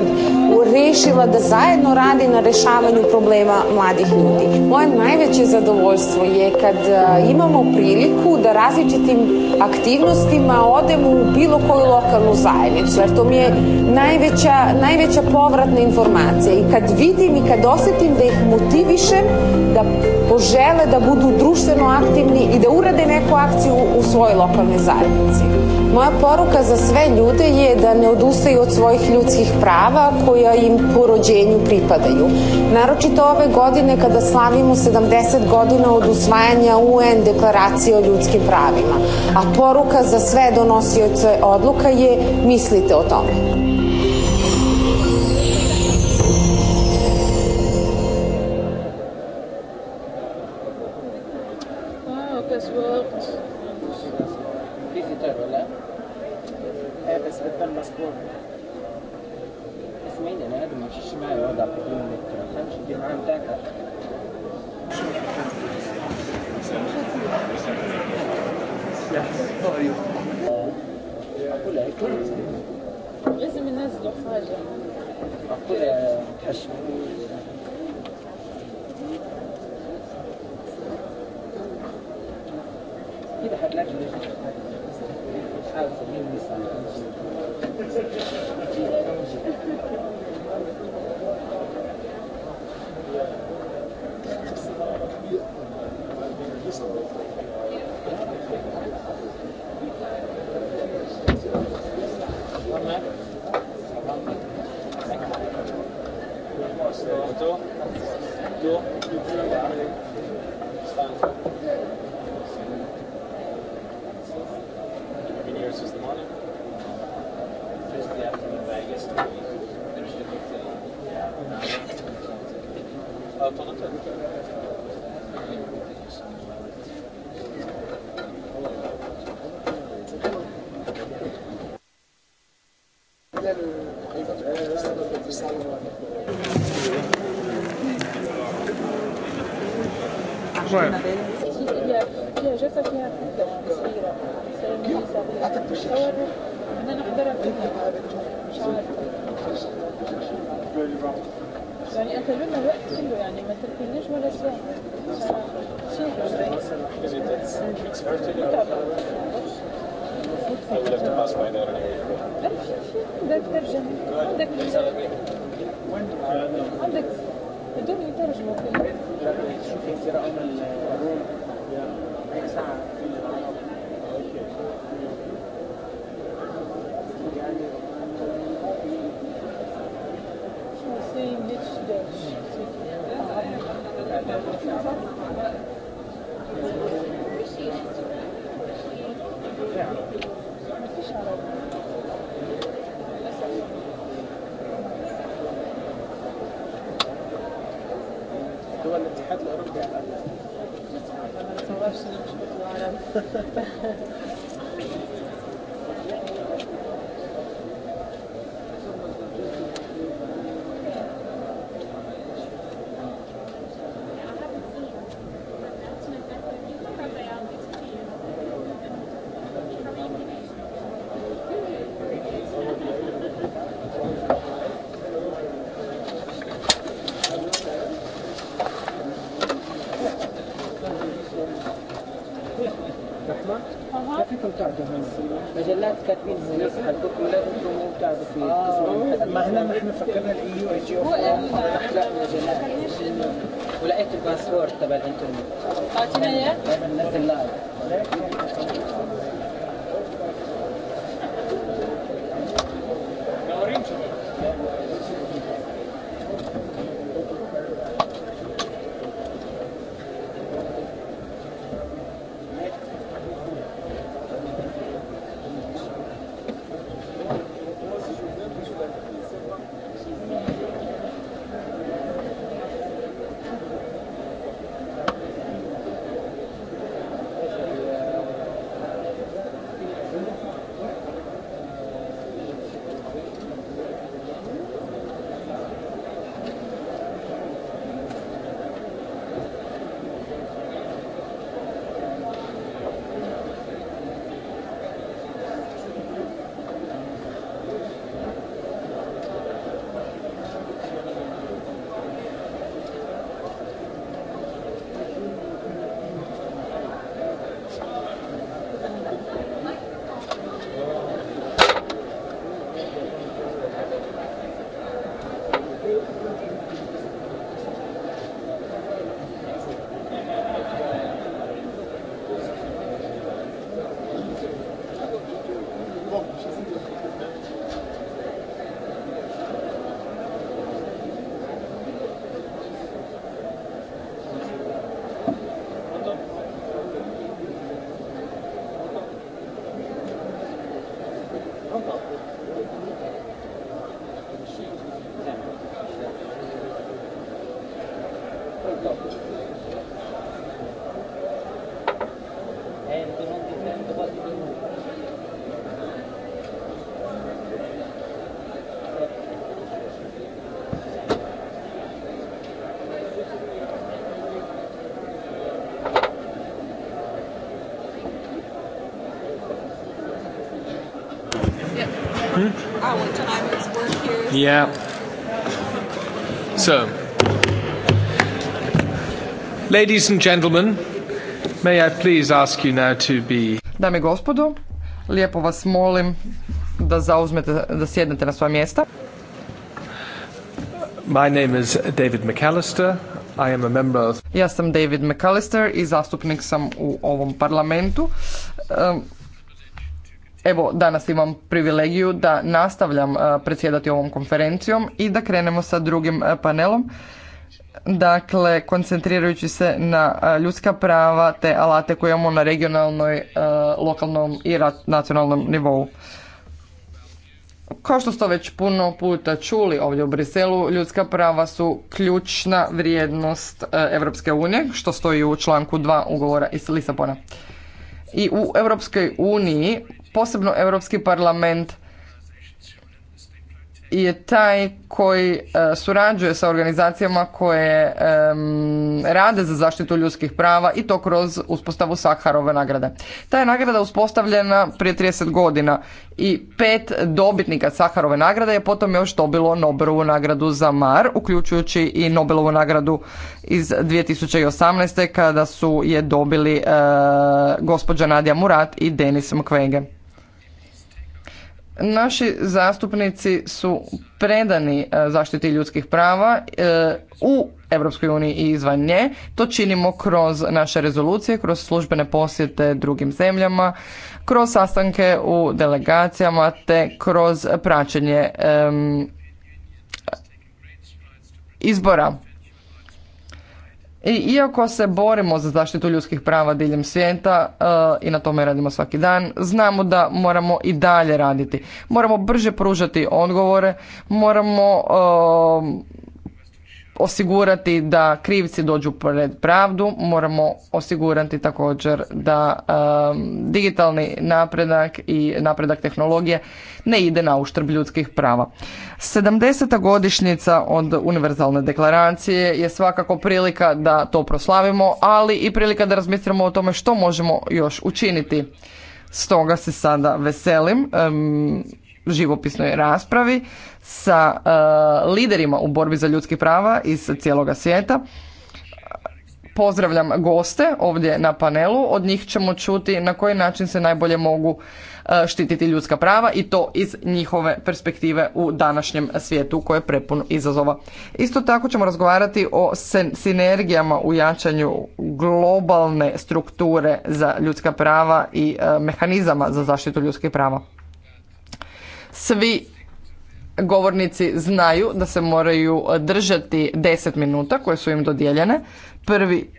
rešila da zajedno radi na rešavanju problema mladih ljudi. Moje najveće zadovoljstvo je kad e, imamo priliku da različitim aktivnostima odemo u bilo koju lokalnu zajednicu, jer to mi je najveća, najveća povratna informacija. I kad vidim i kad osetim da ih motivišem da požele da budu društveno aktivni i da urade neku akciju u svojoj lokalnoj zajednici. Moja poruka za sve ljude je da ne odustaju od svojih ljudskih prava koje koja im po rođenju pripadaju. Naročito ove godine kada slavimo 70 godina od usvajanja UN deklaracije o ljudskim pravima, a poruka za sve donosioce odluka je mislite o tome. Tá, Yeah. So, ladies and gentlemen, may I please ask you now to be... Dame i gospodo, lijepo vas molim da zauzmete, da sjednete na svoja mjesta. My name is David McAllister. I am a member of... Ja sam David McAllister i zastupnik sam u ovom parlamentu. Evo, danas imam privilegiju da nastavljam e, predsjedati ovom konferencijom i da krenemo sa drugim e, panelom. Dakle, koncentrirajući se na e, ljudska prava te alate koje imamo na regionalnoj, lokalnom i nacionalnom nivou. Kao što ste već puno puta čuli ovdje u Briselu, ljudska prava su ključna vrijednost Europske unije, što stoji u članku 2 ugovora iz Lisabona. I u Europskoj uniji posebno Europski parlament je taj koji e, surađuje sa organizacijama koje e, rade za zaštitu ljudskih prava i to kroz uspostavu Saharove nagrade. Ta je nagrada uspostavljena prije 30 godina i pet dobitnika Saharove nagrade je potom još dobilo Nobelovu nagradu za Mar, uključujući i Nobelovu nagradu iz 2018. kada su je dobili e, gospođa Nadja Murat i Denis Mkvege. Naši zastupnici su predani e, zaštiti ljudskih prava e, u Europskoj uniji i izvan nje. To činimo kroz naše rezolucije, kroz službene posjete drugim zemljama, kroz sastanke u delegacijama te kroz praćenje izbora i iako se borimo za zaštitu ljudskih prava diljem svijeta eh, i na tome radimo svaki dan, znamo da moramo i dalje raditi. Moramo brže pružati odgovore, moramo eh, osigurati da krivci dođu pred pravdu, moramo osigurati također da um, digitalni napredak i napredak tehnologije ne ide na uštrb ljudskih prava. 70. godišnjica od Univerzalne deklaracije je svakako prilika da to proslavimo, ali i prilika da razmislimo o tome što možemo još učiniti. Stoga se sada veselim um, živopisnoj raspravi sa eh, liderima u borbi za ljudskih prava iz cijeloga svijeta. Pozdravljam goste ovdje na panelu. Od njih ćemo čuti na koji način se najbolje mogu eh, štititi ljudska prava i to iz njihove perspektive u današnjem svijetu koje je prepun izazova. Isto tako ćemo razgovarati o sinergijama u jačanju globalne strukture za ljudska prava i eh, mehanizama za zaštitu ljudskih prava. Svi govornici znaju da se moraju držati deset minuta koje su im dodijeljene. Prvi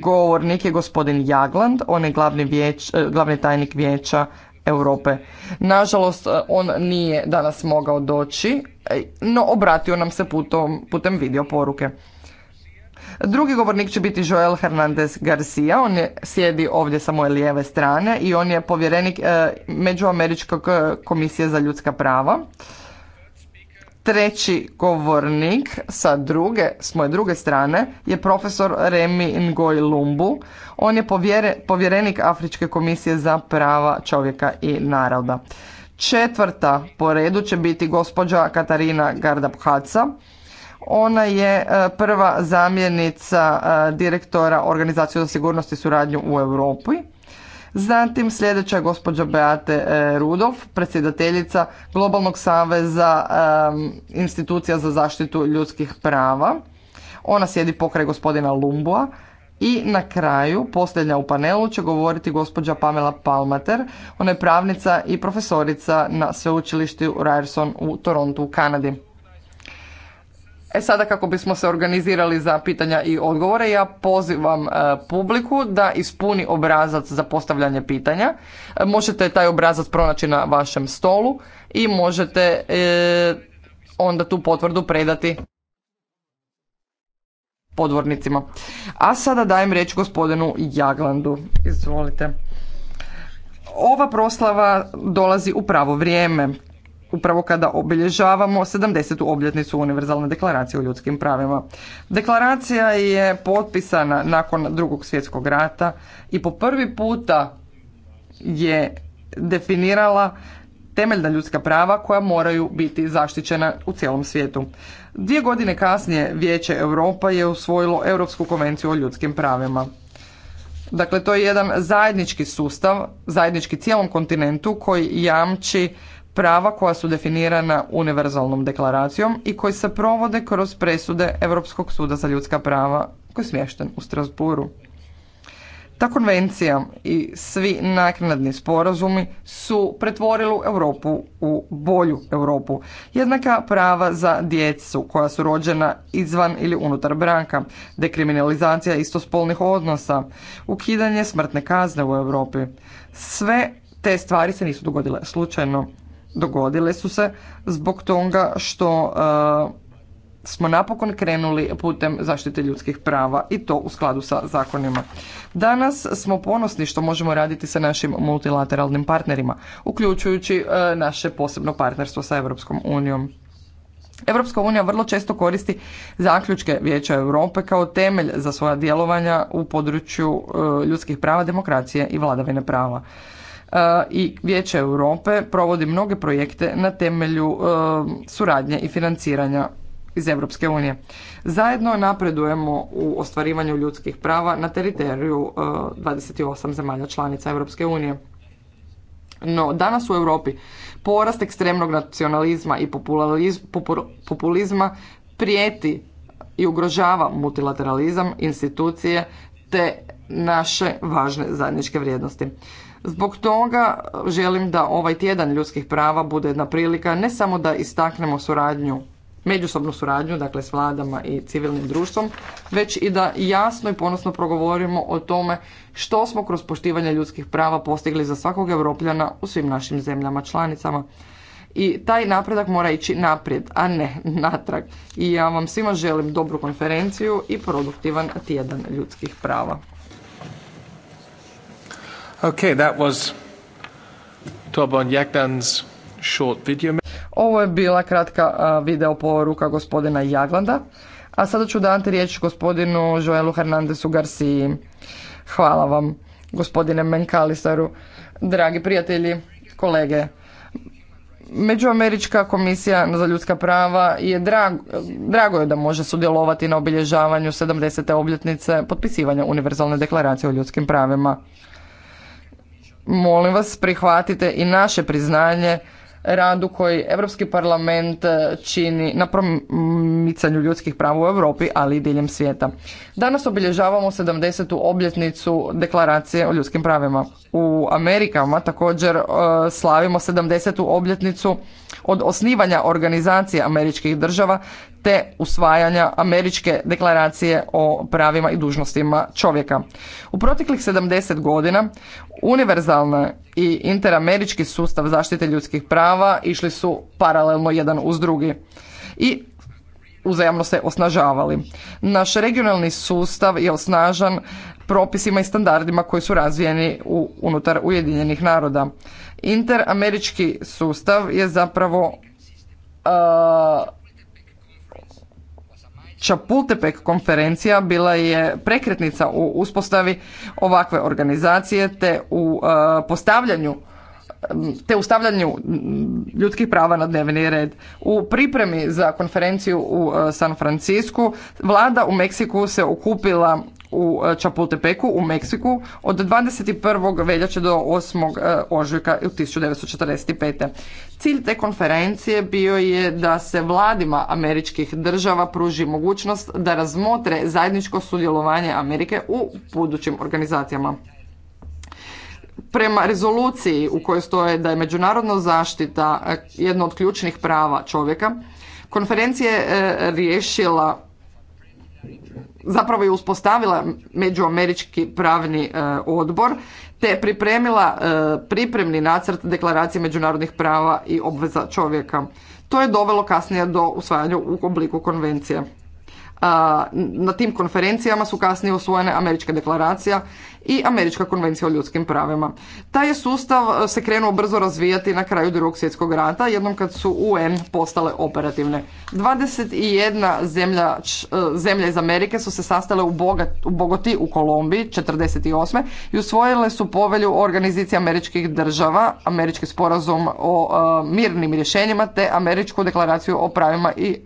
govornik je gospodin Jagland, on je glavni, e, glavni tajnik vijeća Europe. Nažalost, e, on nije danas mogao doći, e, no obratio nam se putem video poruke. Drugi govornik će biti Joel Hernandez Garcia, on je, sjedi ovdje sa moje lijeve strane i on je povjerenik e, Međuameričkog e, komisije za ljudska prava. Treći govornik sa druge, s moje druge strane je profesor Remy Ngoj Lumbu. On je povjerenik Afričke komisije za prava čovjeka i naroda. Četvrta po redu će biti gospođa Katarina Gardabhaca ona je e, prva zamjenica e, direktora Organizacije za sigurnost i suradnju u Europi. Zatim sljedeća je gospođa Beate e, Rudolf, predsjedateljica Globalnog saveza institucija za zaštitu ljudskih prava. Ona sjedi pokraj gospodina Lumboa. I na kraju, posljednja u panelu, će govoriti gospođa Pamela Palmater. Ona je pravnica i profesorica na sveučilištu Ryerson u Torontu u Kanadi. E sada kako bismo se organizirali za pitanja i odgovore, ja pozivam e, publiku da ispuni obrazac za postavljanje pitanja. E, možete taj obrazac pronaći na vašem stolu i možete e, onda tu potvrdu predati podvornicima. A sada dajem riječ gospodinu Jaglandu. Izvolite. Ova proslava dolazi u pravo vrijeme upravo kada obilježavamo 70. obljetnicu Univerzalne deklaracije o ljudskim pravima. Deklaracija je potpisana nakon drugog svjetskog rata i po prvi puta je definirala temeljna ljudska prava koja moraju biti zaštićena u cijelom svijetu. Dvije godine kasnije Vijeće Europa je usvojilo Europsku konvenciju o ljudskim pravima. Dakle, to je jedan zajednički sustav, zajednički cijelom kontinentu koji jamči prava koja su definirana univerzalnom deklaracijom i koji se provode kroz presude Europskog suda za ljudska prava koji je smješten u Strasburu. Ta konvencija i svi naknadni sporazumi su pretvorili Europu u bolju Europu. Jednaka prava za djecu koja su rođena izvan ili unutar branka, dekriminalizacija istospolnih odnosa, ukidanje smrtne kazne u Europi. Sve te stvari se nisu dogodile slučajno dogodile su se zbog toga što e, smo napokon krenuli putem zaštite ljudskih prava i to u skladu sa zakonima. Danas smo ponosni što možemo raditi sa našim multilateralnim partnerima, uključujući e, naše posebno partnerstvo sa Europskom unijom. Europska unija vrlo često koristi zaključke Vijeća Europe kao temelj za svoja djelovanja u području e, ljudskih prava, demokracije i vladavine prava. E, i Vijeće Europe provodi mnoge projekte na temelju e, suradnje i financiranja iz Europske unije. Zajedno napredujemo u ostvarivanju ljudskih prava na teritoriju 28 e, zemalja članica Europske unije. No, danas u Europi porast ekstremnog nacionalizma i populizma prijeti i ugrožava multilateralizam, institucije te naše važne zajedničke vrijednosti. Zbog toga želim da ovaj tjedan ljudskih prava bude jedna prilika ne samo da istaknemo suradnju, međusobnu suradnju, dakle s vladama i civilnim društvom, već i da jasno i ponosno progovorimo o tome što smo kroz poštivanje ljudskih prava postigli za svakog europljana u svim našim zemljama članicama. I taj napredak mora ići naprijed, a ne natrag. I ja vam svima želim dobru konferenciju i produktivan tjedan ljudskih prava. Okay, that was short video. Ovo je bila kratka video poruka gospodina Jaglanda. A sada ću dati riječ gospodinu Joelu Hernandezu Garciji. Hvala vam, gospodine Menkalisaru. Dragi prijatelji, kolege, Međuamerička komisija za ljudska prava je drago, drago je da može sudjelovati na obilježavanju 70. obljetnice potpisivanja Univerzalne deklaracije o ljudskim pravima molim vas prihvatite i naše priznanje radu koji Europski parlament eh, čini na promicanju ljudskih prava u Europi, ali i diljem svijeta. Danas obilježavamo 70. obljetnicu deklaracije o ljudskim pravima. U Amerikama također eh, slavimo 70. obljetnicu od osnivanja organizacije američkih država te usvajanja američke deklaracije o pravima i dužnostima čovjeka. U proteklih 70 godina univerzalna i interamerički sustav zaštite ljudskih prava išli su paralelno jedan uz drugi i uzajamno se osnažavali. Naš regionalni sustav je osnažan propisima i standardima koji su razvijeni u, unutar Ujedinjenih naroda. Interamerički sustav je zapravo Čapultepek konferencija bila je prekretnica u uspostavi ovakve organizacije te u e, postavljanju te u stavljanju ljudskih prava na dnevni red. U pripremi za konferenciju u e, San Francisku vlada u Meksiku se okupila u Čapultepeku e, u Meksiku od 21. veljače do 8. E, ožujka 1945. Cilj te konferencije bio je da se vladima američkih država pruži mogućnost da razmotre zajedničko sudjelovanje Amerike u budućim organizacijama prema rezoluciji u kojoj stoje da je međunarodna zaštita e, jedno od ključnih prava čovjeka, konferencija je e, riješila zapravo je uspostavila međuamerički pravni e, odbor te pripremila pripremni nacrt deklaracije međunarodnih prava i obveza čovjeka. To je dovelo kasnije do usvajanja u obliku konvencije a, na tim konferencijama su kasnije usvojene američka deklaracija i američka konvencija o ljudskim pravima. Taj je sustav e, se krenuo brzo razvijati na kraju drugog svjetskog rata, jednom kad su UN postale operativne. 21 zemlja, e, zemlja iz Amerike su se sastale u, Bogat, u Bogoti u Kolumbiji 48. i usvojile su povelju organizacije američkih država, američki sporazum o e, mirnim rješenjima te američku deklaraciju o pravima i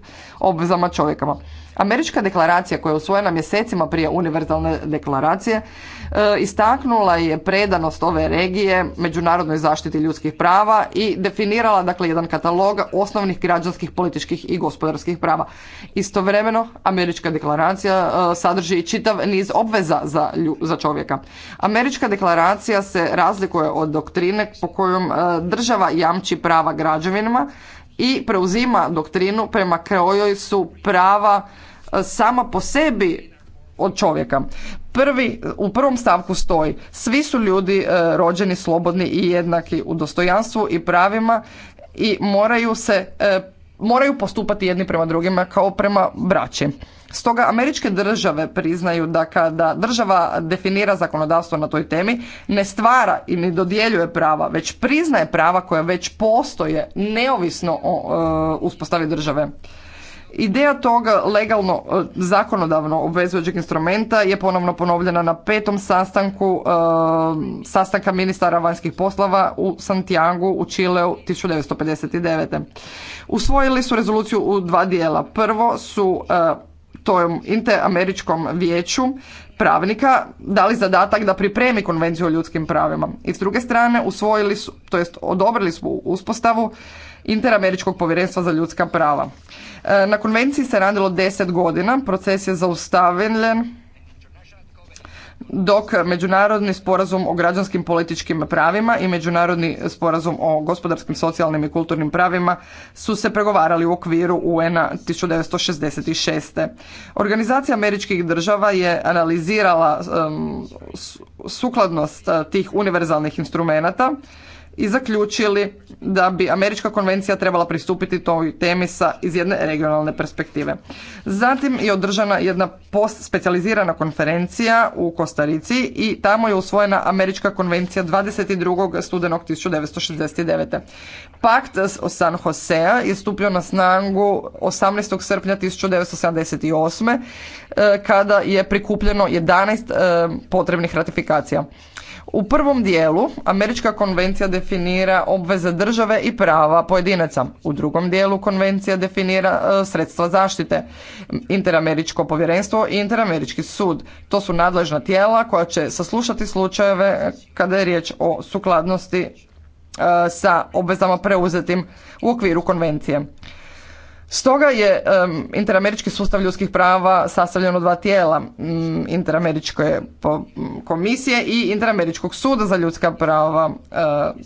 obvezama čovjekama. Američka deklaracija koja je usvojena mjesecima prije univerzalne deklaracije e, istaknula je predanost ove regije međunarodnoj zaštiti ljudskih prava i definirala dakle jedan katalog osnovnih građanskih, političkih i gospodarskih prava. Istovremeno Američka deklaracija e, sadrži i čitav niz obveza za, za čovjeka. Američka deklaracija se razlikuje od doktrine po kojom e, država jamči prava građevinama i preuzima doktrinu prema kojoj su prava e, sama po sebi od čovjeka. Prvi, u prvom stavku stoji svi su ljudi e, rođeni slobodni i jednaki u dostojanstvu i pravima i moraju se e, moraju postupati jedni prema drugima kao prema braći. Stoga američke države priznaju da kada država definira zakonodavstvo na toj temi, ne stvara i ne dodjeljuje prava, već priznaje prava koja već postoje neovisno o e, uspostavi države. Ideja toga legalno e, zakonodavno obvezujućeg instrumenta je ponovno ponovljena na petom sastanku e, sastanka ministara vanjskih poslova u Santiago u Čileu 1959. Usvojili su rezoluciju u dva dijela. Prvo su e, tom interameričkom vijeću pravnika dali zadatak da pripremi konvenciju o ljudskim pravima. I s druge strane usvojili su, to jest odobrili su uspostavu Interameričkog povjerenstva za ljudska prava. E, na konvenciji se radilo deset godina, proces je zaustavljen dok međunarodni sporazum o građanskim političkim pravima i međunarodni sporazum o gospodarskim, socijalnim i kulturnim pravima su se pregovarali u okviru UN-a 1966. Organizacija američkih država je analizirala sukladnost eh, tih univerzalnih instrumenata i zaključili da bi Američka konvencija trebala pristupiti toj temi sa iz jedne regionalne perspektive. Zatim je održana jedna post specijalizirana konferencija u Kostarici i tamo je usvojena Američka konvencija 22. studenog 1969. Pakt o San Josea je stupio na snagu 18. srpnja 1978. E, kada je prikupljeno 11 e, potrebnih ratifikacija. U prvom dijelu Američka konvencija definira obveze države i prava pojedinaca. U drugom dijelu konvencija definira e, sredstva zaštite. Interameričko povjerenstvo i Interamerički sud. To su nadležna tijela koja će saslušati slučajeve kada je riječ o sukladnosti e, sa obvezama preuzetim u okviru konvencije. Stoga je interamerički sustav ljudskih prava sastavljen od dva tijela, um, interameričke komisije i interameričkog suda za ljudska prava. E,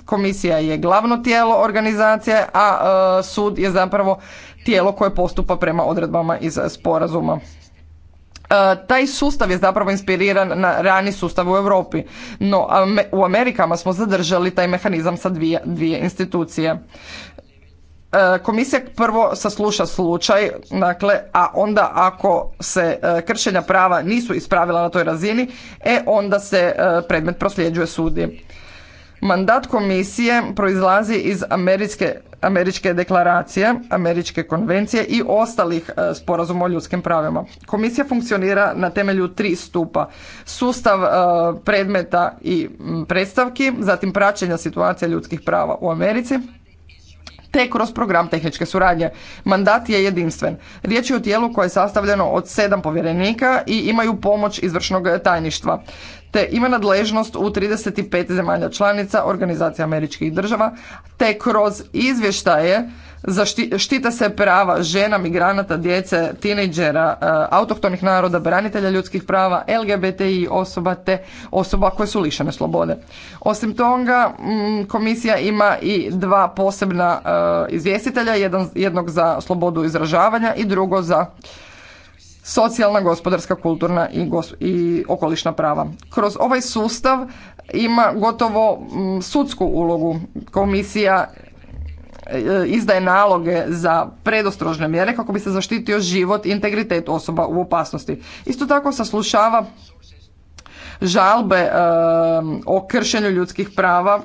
komisija je glavno tijelo organizacije, a e, sud je zapravo tijelo koje postupa prema odredbama iz sporazuma. E, taj sustav je zapravo inspiriran na rani sustav u Europi, no u Amerikama smo zadržali taj mehanizam sa dvije, dvije institucije. E, komisija prvo sasluša slučaj, dakle, a onda ako se e, kršenja prava nisu ispravila na toj razini, e onda se e, predmet prosljeđuje sudi. Mandat komisije proizlazi iz američke, američke deklaracije, američke konvencije i ostalih sporazuma o ljudskim pravima. Komisija funkcionira na temelju tri stupa. Sustav predmeta i predstavki, zatim praćenja situacije ljudskih prava u Americi, te kroz program tehničke suradnje. Mandat je jedinstven. Riječ je o tijelu koje je sastavljeno od sedam povjerenika i imaju pomoć izvršnog tajništva te ima nadležnost u 35 zemalja članica Organizacije američkih država, te kroz izvještaje štite se prava žena, migranata, djece, tinejdžera, e, autohtonih naroda, branitelja ljudskih prava, LGBTI osoba te osoba koje su lišene slobode. Osim toga, mm, komisija ima i dva posebna e, izvjestitelja, jednog za slobodu izražavanja i drugo za socijalna, gospodarska, kulturna i, gos i okolišna prava. Kroz ovaj sustav ima gotovo mm, sudsku ulogu. Komisija e, izdaje naloge za predostrožne mjere kako bi se zaštitio život i integritet osoba u opasnosti. Isto tako saslušava žalbe e, o kršenju ljudskih prava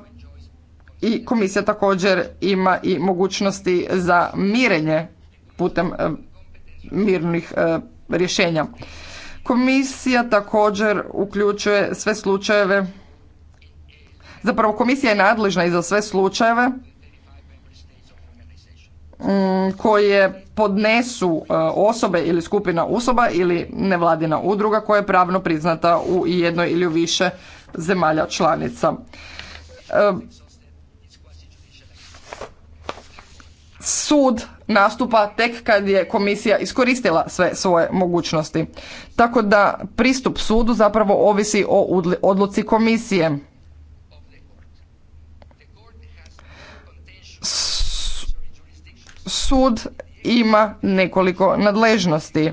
i komisija također ima i mogućnosti za mirenje putem e, mirnih rješenja. Komisija također uključuje sve slučajeve, zapravo komisija je nadležna i za sve slučajeve mm, koje podnesu e, osobe ili skupina osoba ili nevladina udruga koja je pravno priznata u jednoj ili više zemalja članica. E, sud nastupa tek kad je komisija iskoristila sve svoje mogućnosti. Tako da pristup sudu zapravo ovisi o odluci komisije. Sud ima nekoliko nadležnosti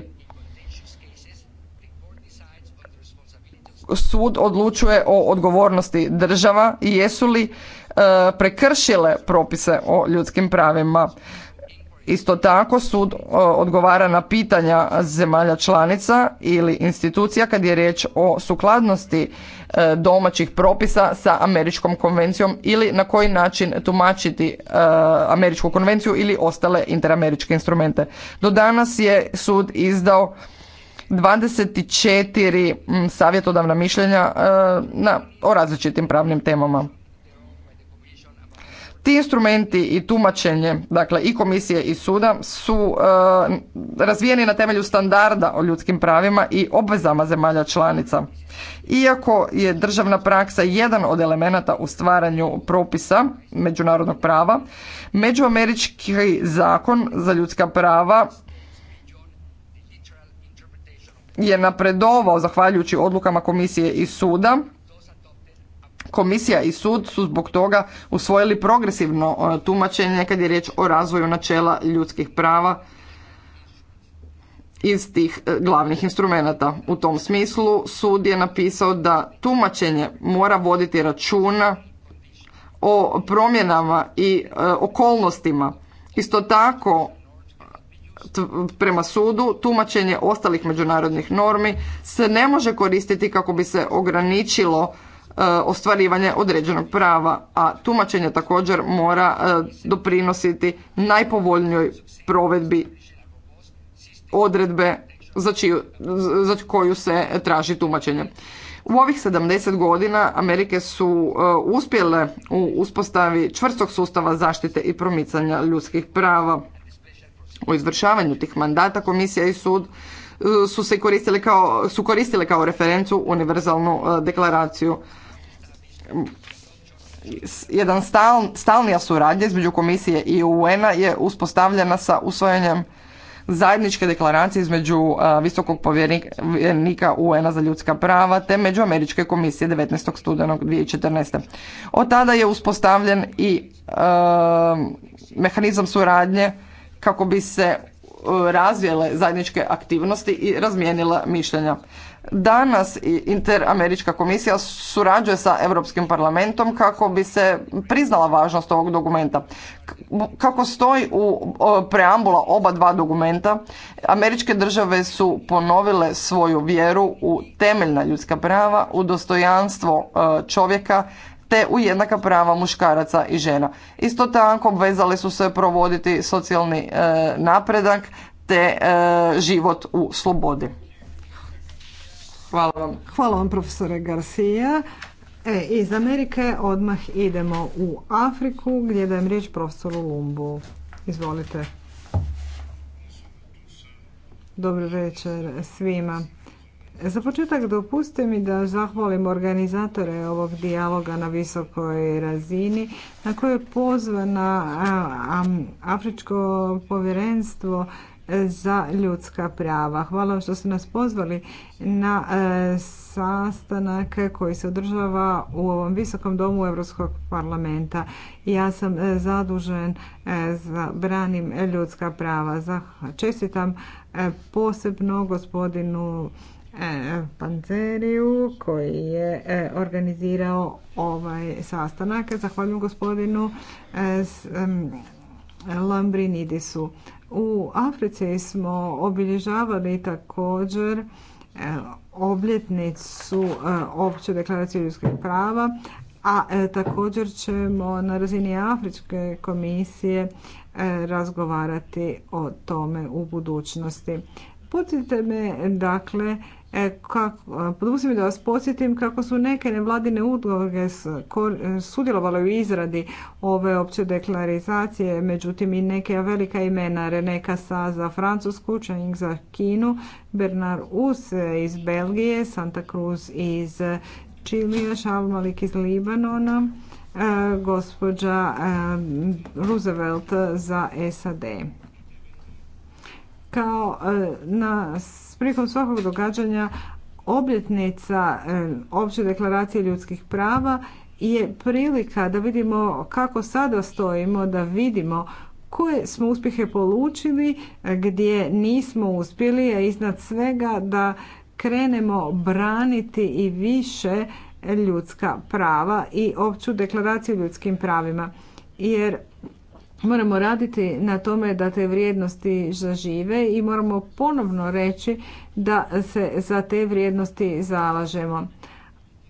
sud odlučuje o odgovornosti država i jesu li e, prekršile propise o ljudskim pravima. Isto tako sud e, odgovara na pitanja zemalja članica ili institucija kad je riječ o sukladnosti e, domaćih propisa sa američkom konvencijom ili na koji način tumačiti američku konvenciju ili ostale interameričke instrumente. Do danas je sud izdao 24 mm, savjetodavna mišljenja e, na, o različitim pravnim temama. Ti instrumenti i tumačenje, dakle i komisije i suda, su e, razvijeni na temelju standarda o ljudskim pravima i obvezama zemalja članica. Iako je državna praksa jedan od elemenata u stvaranju propisa međunarodnog prava, međuamerički zakon za ljudska prava je napredovao zahvaljujući odlukama komisije i suda. Komisija i sud su zbog toga usvojili progresivno e, tumačenje kad je riječ o razvoju načela ljudskih prava iz tih e, glavnih instrumenata. U tom smislu sud je napisao da tumačenje mora voditi računa o promjenama i e, okolnostima. Isto tako prema sudu tumačenje ostalih međunarodnih normi se ne može koristiti kako bi se ograničilo e, ostvarivanje određenog prava, a tumačenje također mora e, doprinositi najpovoljnijoj provedbi odredbe za, koju se traži tumačenje. U ovih 70 godina Amerike su e, uspjele u uspostavi čvrstog sustava zaštite i promicanja ljudskih prava o izvršavanju tih mandata komisija i sud e, su se koristile kao, su koristile kao referencu univerzalnu e, deklaraciju. Jedan stal, stalnija suradnja između komisije i UN-a je uspostavljena sa usvojenjem zajedničke deklaracije između e, visokog povjerenika UN-a za ljudska prava te Međuameričke komisije 19. studenog 2014. Od tada je uspostavljen i mehanizam suradnje kako bi se e, razvijele zajedničke aktivnosti i razmijenila mišljenja. Danas Interamerička komisija surađuje sa Europskim parlamentom kako bi se priznala važnost ovog dokumenta. Kako stoji u preambula oba dva dokumenta, američke države su ponovile svoju vjeru u temeljna ljudska prava, u dostojanstvo e, čovjeka te u jednaka prava muškaraca i žena. Isto tako obvezali su se provoditi socijalni e, napredak te e, život u slobodi. Hvala vam. Hvala vam profesore Garcia. E, iz Amerike odmah idemo u Afriku gdje dajem riječ profesoru Lumbu. Izvolite. Dobro večer svima. Za početak dopustite mi da zahvalim organizatore ovog dijaloga na visokoj razini na koje je pozvana Afričko povjerenstvo za ljudska prava. Hvala vam što ste nas pozvali na e, sastanak koji se održava u ovom visokom domu Europskog parlamenta. Ja sam e, zadužen e, za branim ljudska prava. Čestitam posebno gospodinu E, Panzeriju koji je e, organizirao ovaj sastanak. Zahvaljujem gospodinu e, Lambrinidisu. U Africi smo obilježavali također obljetnicu opće deklaracije ljudskih prava, a također ćemo na razini Afričke komisije razgovarati o tome u budućnosti. podsjetite me dakle E, kako, da vas podsjetim kako su neke nevladine udruge e, sudjelovale u izradi ove opće deklarizacije, međutim i neke velika imena, Rene Sa za Francusku, Čeng za Kinu, Bernard Us iz Belgije, Santa Cruz iz Čilija, Šalmalik iz Libanona, e, gospođa Roosevelt za SAD. Kao nas prilikom svakog događanja obljetnica e, opće deklaracije ljudskih prava je prilika da vidimo kako sada stojimo, da vidimo koje smo uspjehe polučili, gdje nismo uspjeli, a iznad svega da krenemo braniti i više ljudska prava i opću deklaraciju ljudskim pravima. Jer Moramo raditi na tome da te vrijednosti zažive i moramo ponovno reći da se za te vrijednosti zalažemo.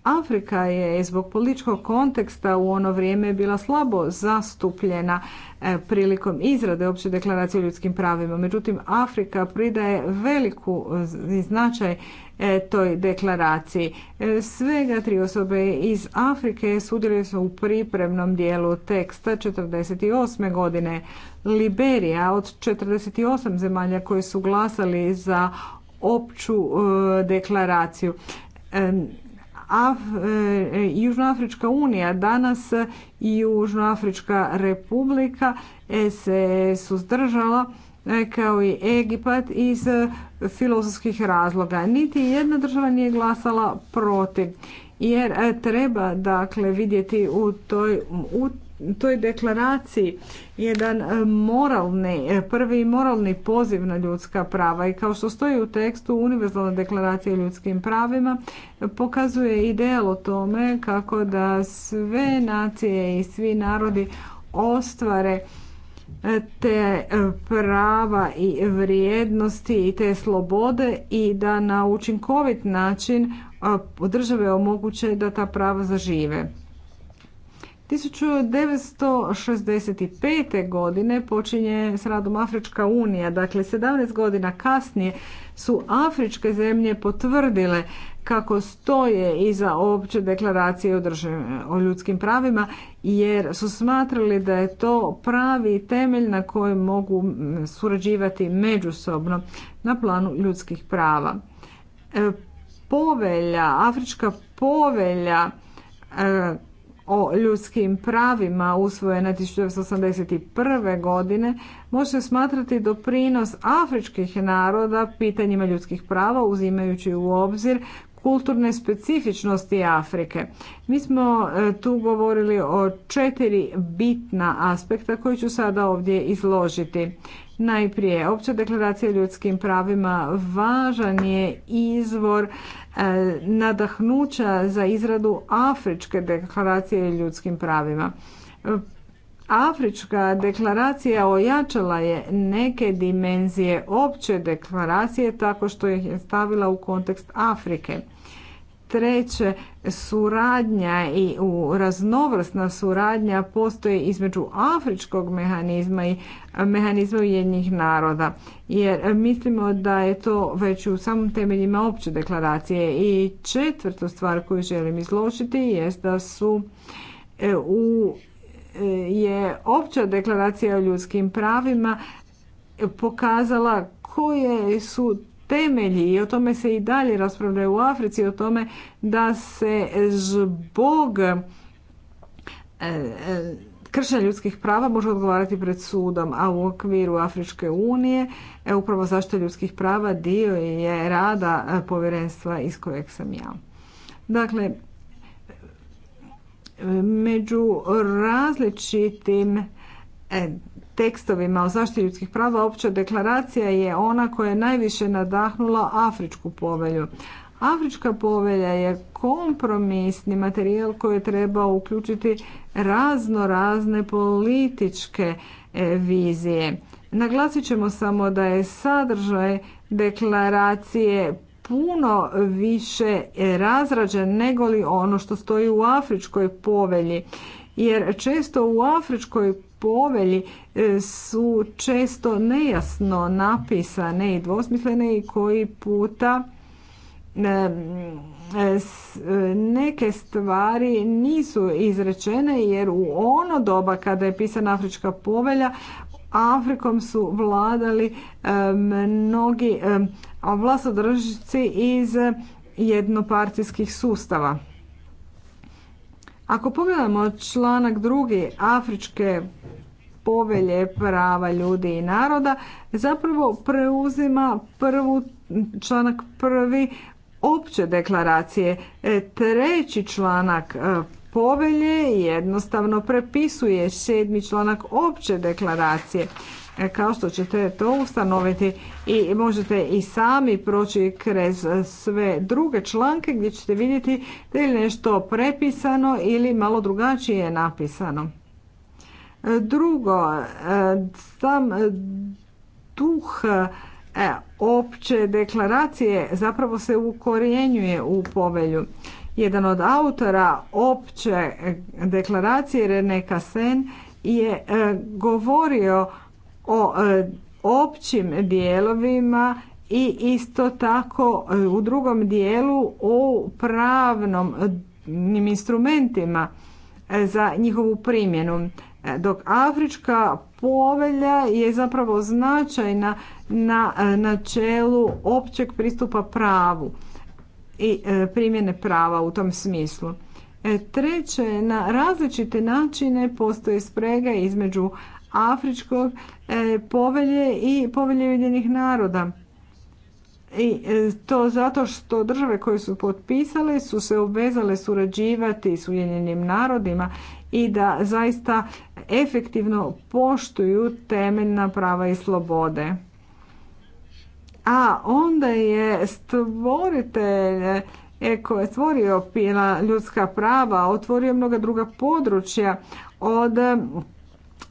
Afrika je zbog političkog konteksta u ono vrijeme bila slabo zastupljena e, prilikom izrade opće deklaracije o ljudskim pravima. Međutim, Afrika pridaje veliku e, značaj E, toj deklaraciji. E, svega tri osobe iz Afrike sudjeli su u pripremnom dijelu teksta 48. godine. Liberija od 48 zemalja koje su glasali za opću e, deklaraciju. Af, e, Južnoafrička unija danas i Južnoafrička republika e, se suzdržala E, kao i Egipat iz e, filozofskih razloga. Niti jedna država nije glasala protiv jer e, treba dakle vidjeti u toj, u toj deklaraciji jedan moralni, prvi moralni poziv na ljudska prava i kao što stoji u tekstu Univerzalna deklaracija o ljudskim pravima pokazuje ideal o tome kako da sve nacije i svi narodi ostvare te e, prava i vrijednosti i te slobode i da na učinkovit način e, države omoguće da ta prava zažive. 1965. godine počinje s radom Afrička unija, dakle 17 godina kasnije su afričke zemlje potvrdile kako stoje iza opće deklaracije o ljudskim pravima jer su smatrali da je to pravi temelj na kojem mogu surađivati međusobno na planu ljudskih prava. E, povelja, Afrička povelja e, o ljudskim pravima usvojena 1981. godine može smatrati doprinos afričkih naroda pitanjima ljudskih prava uzimajući u obzir kulturne specifičnosti Afrike. Mi smo e, tu govorili o četiri bitna aspekta koji ću sada ovdje izložiti. Najprije, opća deklaracija o ljudskim pravima važan je izvor e, nadahnuća za izradu Afričke deklaracije o ljudskim pravima. Afrička deklaracija ojačala je neke dimenzije opće deklaracije tako što ih je stavila u kontekst Afrike. Treće, suradnja i u raznovrsna suradnja postoji između afričkog mehanizma i mehanizma ujednih naroda. Jer mislimo da je to već u samom temeljima opće deklaracije. I četvrtu stvar koju želim izložiti jest da su e, e, je opća deklaracija o ljudskim pravima pokazala koje su temelji i o tome se i dalje raspravlja u Africi, o tome da se zbog e, e, kršenja ljudskih prava može odgovarati pred sudom, a u okviru Afričke unije e, upravo zaštita ljudskih prava dio je rada povjerenstva iz kojeg sam ja. Dakle, među različitim tekstovima o zaštiti ljudskih prava opća deklaracija je ona koja je najviše nadahnula Afričku povelju. Afrička povelja je kompromisni materijal koji je treba uključiti razno razne političke e, vizije. Naglasit ćemo samo da je sadržaj deklaracije puno više e, razrađen nego li ono što stoji u Afričkoj povelji. Jer često u Afričkoj povelji su često nejasno napisane i dvosmislene i koji puta neke stvari nisu izrečene jer u ono doba kada je pisana Afrička povelja Afrikom su vladali mnogi vlastodržici iz jednopartijskih sustava. Ako pogledamo članak drugi Afričke povelje prava ljudi i naroda zapravo preuzima prvu članak prvi opće deklaracije. E, treći članak e, povelje jednostavno prepisuje sedmi članak opće deklaracije. E, kao što ćete to ustanoviti i možete i sami proći kroz sve druge članke gdje ćete vidjeti da je nešto prepisano ili malo drugačije napisano. Drugo, e, sam duh e, opće deklaracije zapravo se ukorjenjuje u povelju. Jedan od autora opće deklaracije René Cassin, je e, govorio o općim dijelovima i isto tako u drugom dijelu o pravnom instrumentima za njihovu primjenu. E, dok Afrička povelja je zapravo značajna na e, načelu općeg pristupa pravu i e, primjene prava u tom smislu. Treće, na različite načine postoje sprega između Afričkog povelje i povelje Ujedinjenih naroda. I to zato što države koje su potpisale su se obvezale surađivati s Ujedinjenim narodima i da zaista efektivno poštuju temeljna prava i slobode. A onda je stvoritelj eko je stvorio pila ljudska prava, otvorio mnoga druga područja od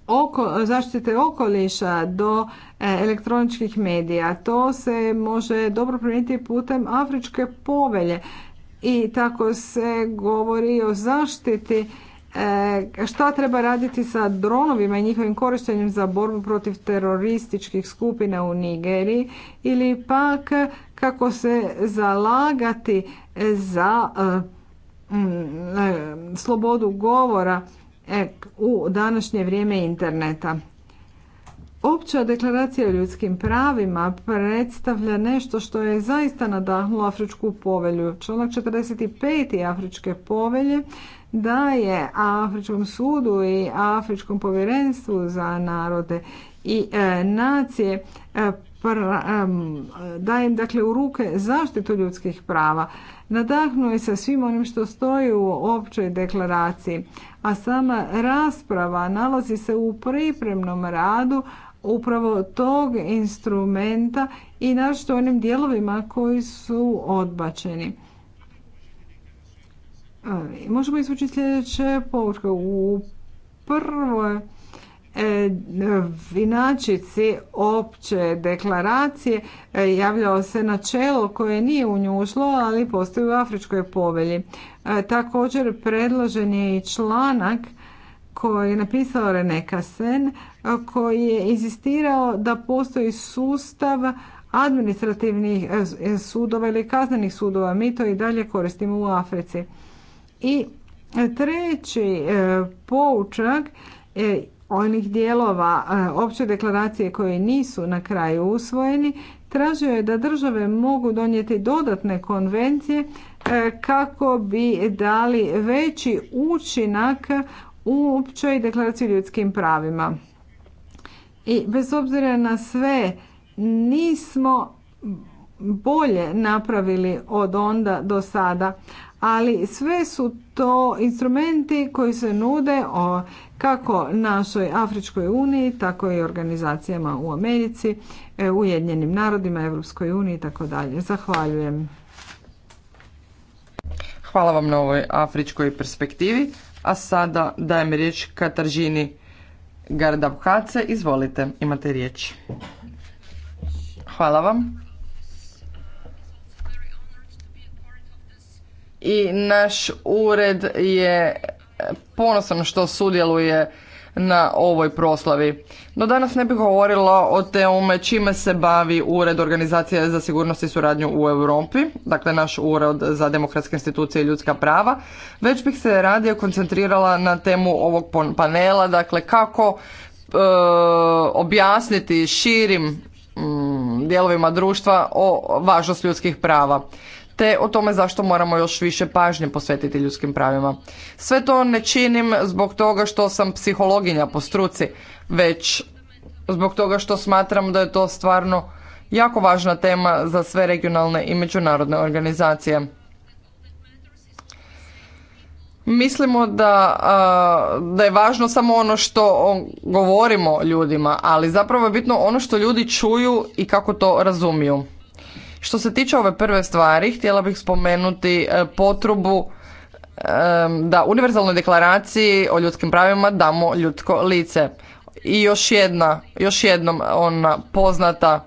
oko, zaštite okoliša do e, elektroničkih medija. To se može dobro primijeniti putem Afričke povelje i tako se govori o zaštiti E, šta treba raditi sa dronovima i njihovim korištenjem za borbu protiv terorističkih skupina u Nigeriji ili pak kako se zalagati za e, e, slobodu govora u današnje vrijeme interneta. Opća deklaracija o ljudskim pravima predstavlja nešto što je zaista nadahnulo Afričku povelju. Članak 45. Afričke povelje daje Afričkom sudu i Afričkom povjerenstvu za narode i e, nacije e, e, dajem dakle u ruke zaštitu ljudskih prava. Nadahnuo je sa svim onim što stoji u općoj deklaraciji, a sama rasprava nalazi se u pripremnom radu upravo tog instrumenta i našto onim dijelovima koji su odbačeni. Možemo izvući sljedeće poučke. U prvoj e, vinačici opće deklaracije e, javljao se načelo koje nije u nju ušlo, ali postoji u Afričkoj povelji. E, također predložen je i članak koji je napisao René Kassen, koji je insistirao da postoji sustav administrativnih sudova ili kaznenih sudova. Mi to i dalje koristimo u Africi. I treći e, poučak e, onih dijelova e, opće deklaracije koje nisu na kraju usvojeni, tražio je da države mogu donijeti dodatne konvencije kako bi dali veći učinak u općoj deklaraciji ljudskim pravima. I bez obzira na sve nismo bolje napravili od onda do sada, ali sve su to instrumenti koji se nude o kako našoj Afričkoj uniji, tako i organizacijama u Americi, e, Ujedinjenim narodima, Europskoj uniji i tako dalje. Zahvaljujem. Hvala vam na ovoj afričkoj perspektivi, a sada dajem riječ Kataržini Gardabhace. Izvolite, imate riječ. Hvala vam. i naš ured je ponosan što sudjeluje na ovoj proslavi. No danas ne bih govorila o tome čime se bavi Ured Organizacije za sigurnost i suradnju u Europi, dakle naš Ured za demokratske institucije i ljudska prava, već bih se radije koncentrirala na temu ovog panela, dakle kako e, objasniti širim mm, dijelovima društva o važnost ljudskih prava te o tome zašto moramo još više pažnje posvetiti ljudskim pravima. Sve to ne činim zbog toga što sam psihologinja po struci, već zbog toga što smatram da je to stvarno jako važna tema za sve regionalne i međunarodne organizacije. Mislimo da, da je važno samo ono što govorimo ljudima, ali zapravo je bitno ono što ljudi čuju i kako to razumiju. Što se tiče ove prve stvari, htjela bih spomenuti e, potrubu da univerzalnoj deklaraciji o ljudskim pravima damo ljudsko lice. I još jedna, još jednom ona poznata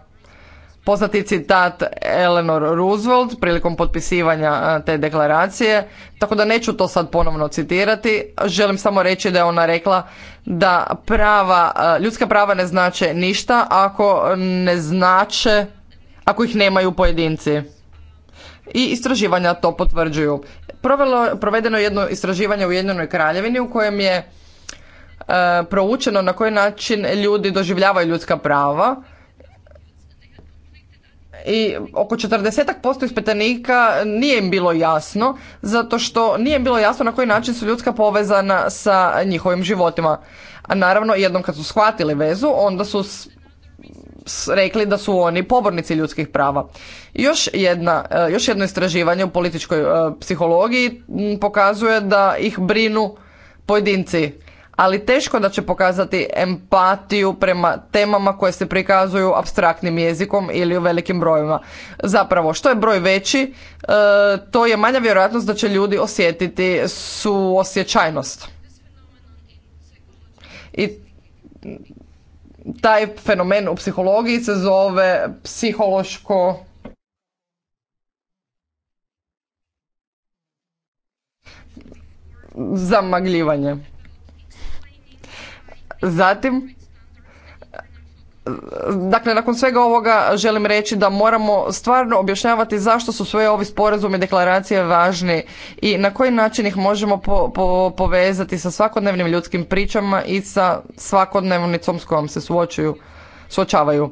Poznati citat Eleanor Roosevelt prilikom potpisivanja e, te deklaracije, tako da neću to sad ponovno citirati. Želim samo reći da je ona rekla da prava, e, ljudska prava ne znače ništa ako ne znače ako ih nemaju pojedinci. I istraživanja to potvrđuju. Provelo, provedeno je jedno istraživanje u Jedinoj kraljevini u kojem je e, proučeno na koji način ljudi doživljavaju ljudska prava i oko 40% ispitanika nije im bilo jasno, zato što nije im bilo jasno na koji način su ljudska povezana sa njihovim životima. A naravno, jednom kad su shvatili vezu, onda su rekli da su oni pobornici ljudskih prava. Još, jedna, e, još jedno istraživanje u političkoj e, psihologiji pokazuje da ih brinu pojedinci, ali teško da će pokazati empatiju prema temama koje se prikazuju abstraktnim jezikom ili u velikim brojima. Zapravo, što je broj veći, e, to je manja vjerojatnost da će ljudi osjetiti suosjećajnost. I taj fenomen u psihologiji se zove psihološko zamagljivanje. Zatim Dakle, nakon svega ovoga želim reći da moramo stvarno objašnjavati zašto su sve ovi sporazumi i deklaracije važni i na koji način ih možemo povezati sa svakodnevnim ljudskim pričama i sa svakodnevnicom s kojom se suočuju, suočavaju.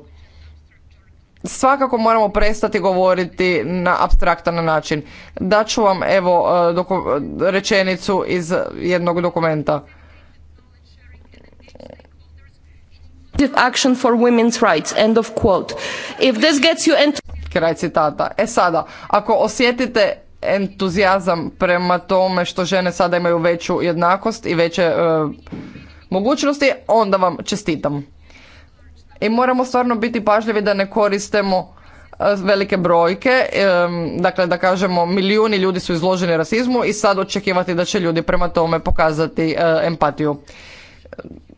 Svakako moramo prestati govoriti na apstraktan način. Daću vam evo e, rečenicu iz jednog dokumenta. action for women's rights, end of quote. Kraj citata. E sada, ako osjetite entuzijazam prema tome što žene sada imaju veću jednakost i veće e, mogućnosti, onda vam čestitam. I moramo stvarno biti pažljivi da ne koristimo e, velike brojke, e, dakle da kažemo milijuni ljudi su izloženi rasizmu i sad očekivati da će ljudi prema tome pokazati empatiju.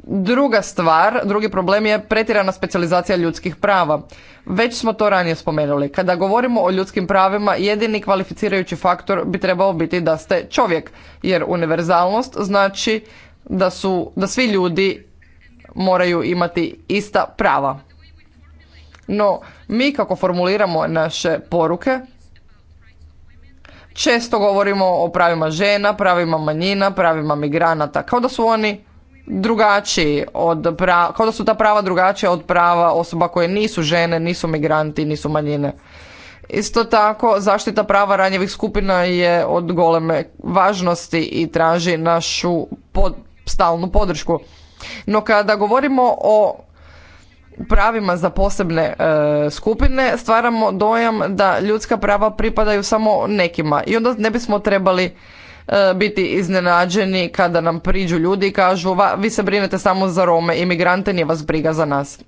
Druga stvar, drugi problem je pretjerana specijalizacija ljudskih prava. Već smo to ranije spomenuli. Kada govorimo o ljudskim pravima, jedini kvalificirajući faktor bi trebao biti da ste čovjek, jer univerzalnost znači da su da svi ljudi moraju imati ista prava. No, mi kako formuliramo naše poruke, često govorimo o pravima žena, pravima manjina, pravima migranata, kao da su oni drugačiji od prava, kao da su ta prava drugačija od prava osoba koje nisu žene, nisu migranti, nisu manjine. Isto tako, zaštita prava ranjivih skupina je od goleme važnosti i traži našu stalnu podršku. No kada govorimo o pravima za posebne e, skupine stvaramo dojam da ljudska prava pripadaju samo nekima i onda ne bismo trebali E, biti iznenađeni kada nam priđu ljudi i kažu vi se brinete samo za Rome, imigrante nije vas briga za nas.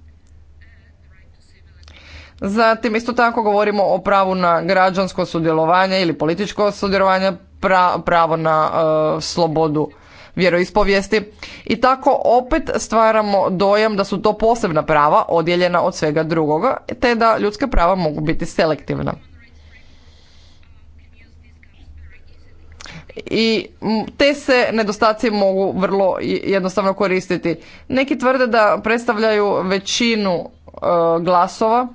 Zatim isto tako govorimo o pravu na građansko sudjelovanje ili političko sudjelovanje, pravo na e, slobodu vjeroispovijesti i tako opet stvaramo dojam da su to posebna prava odjeljena od svega drugoga te da ljudska prava mogu biti selektivna. i te se nedostaci mogu vrlo jednostavno koristiti. Neki tvrde da predstavljaju većinu e, glasova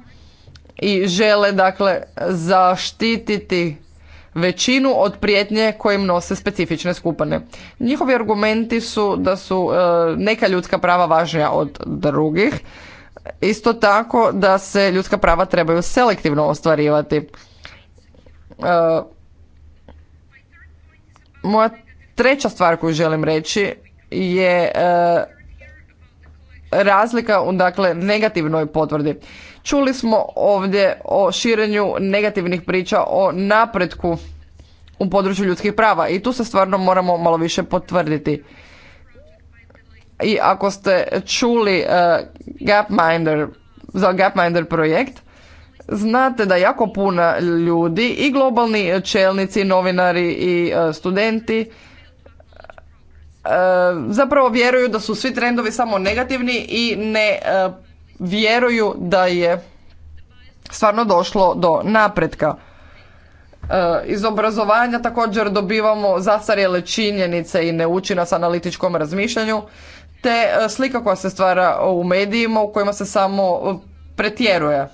i žele dakle zaštititi većinu od prijetnje kojim nose specifične skupine. Njihovi argumenti su da su e, neka ljudska prava važnija od drugih. Isto tako da se ljudska prava trebaju selektivno ostvarivati. E, moja treća stvar koju želim reći je e, razlika u dakle, negativnoj potvrdi. Čuli smo ovdje o širenju negativnih priča o napretku u području ljudskih prava i tu se stvarno moramo malo više potvrditi. I ako ste čuli e, Gapminder, za Gapminder projekt, Znate da jako puno ljudi i globalni čelnici, novinari i e, studenti e, zapravo vjeruju da su svi trendovi samo negativni i ne e, vjeruju da je stvarno došlo do napretka. Iz obrazovanja također dobivamo zastarjele činjenice i ne s analitičkom razmišljanju, te slika koja se stvara u medijima u kojima se samo pretjeruje.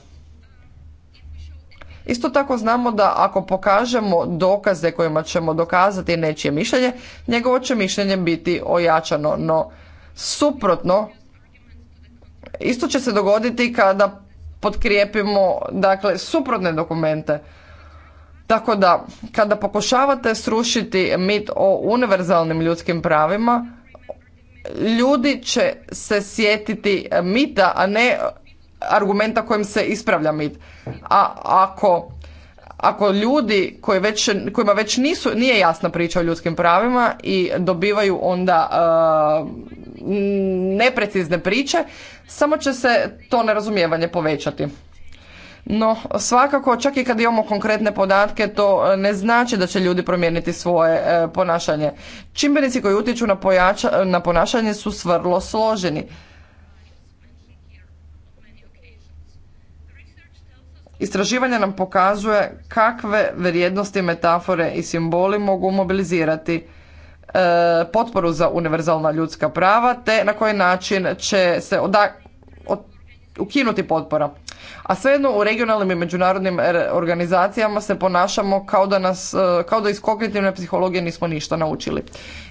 Isto tako znamo da ako pokažemo dokaze kojima ćemo dokazati nečije mišljenje, njegovo će mišljenje biti ojačano, no suprotno isto će se dogoditi kada potkrijepimo dakle suprotne dokumente. Tako da kada pokušavate srušiti mit o univerzalnim ljudskim pravima, ljudi će se sjetiti mita, a ne argumenta kojim se ispravlja mit. A ako ako ljudi koji već, kojima već nisu, nije jasna priča o ljudskim pravima i dobivaju onda e, neprecizne priče, samo će se to nerazumijevanje povećati. No, svakako, čak i kad imamo konkretne podatke, to ne znači da će ljudi promijeniti svoje e, ponašanje. Čimbenici koji utječu na, na ponašanje su vrlo složeni. Istraživanje nam pokazuje kakve vrijednosti, metafore i simboli mogu mobilizirati e, potporu za univerzalna ljudska prava te na koji način će se ukinuti potpora. A svejedno u regionalnim i međunarodnim organizacijama se ponašamo kao da, nas, e, kao da iz kognitivne psihologije nismo ništa naučili.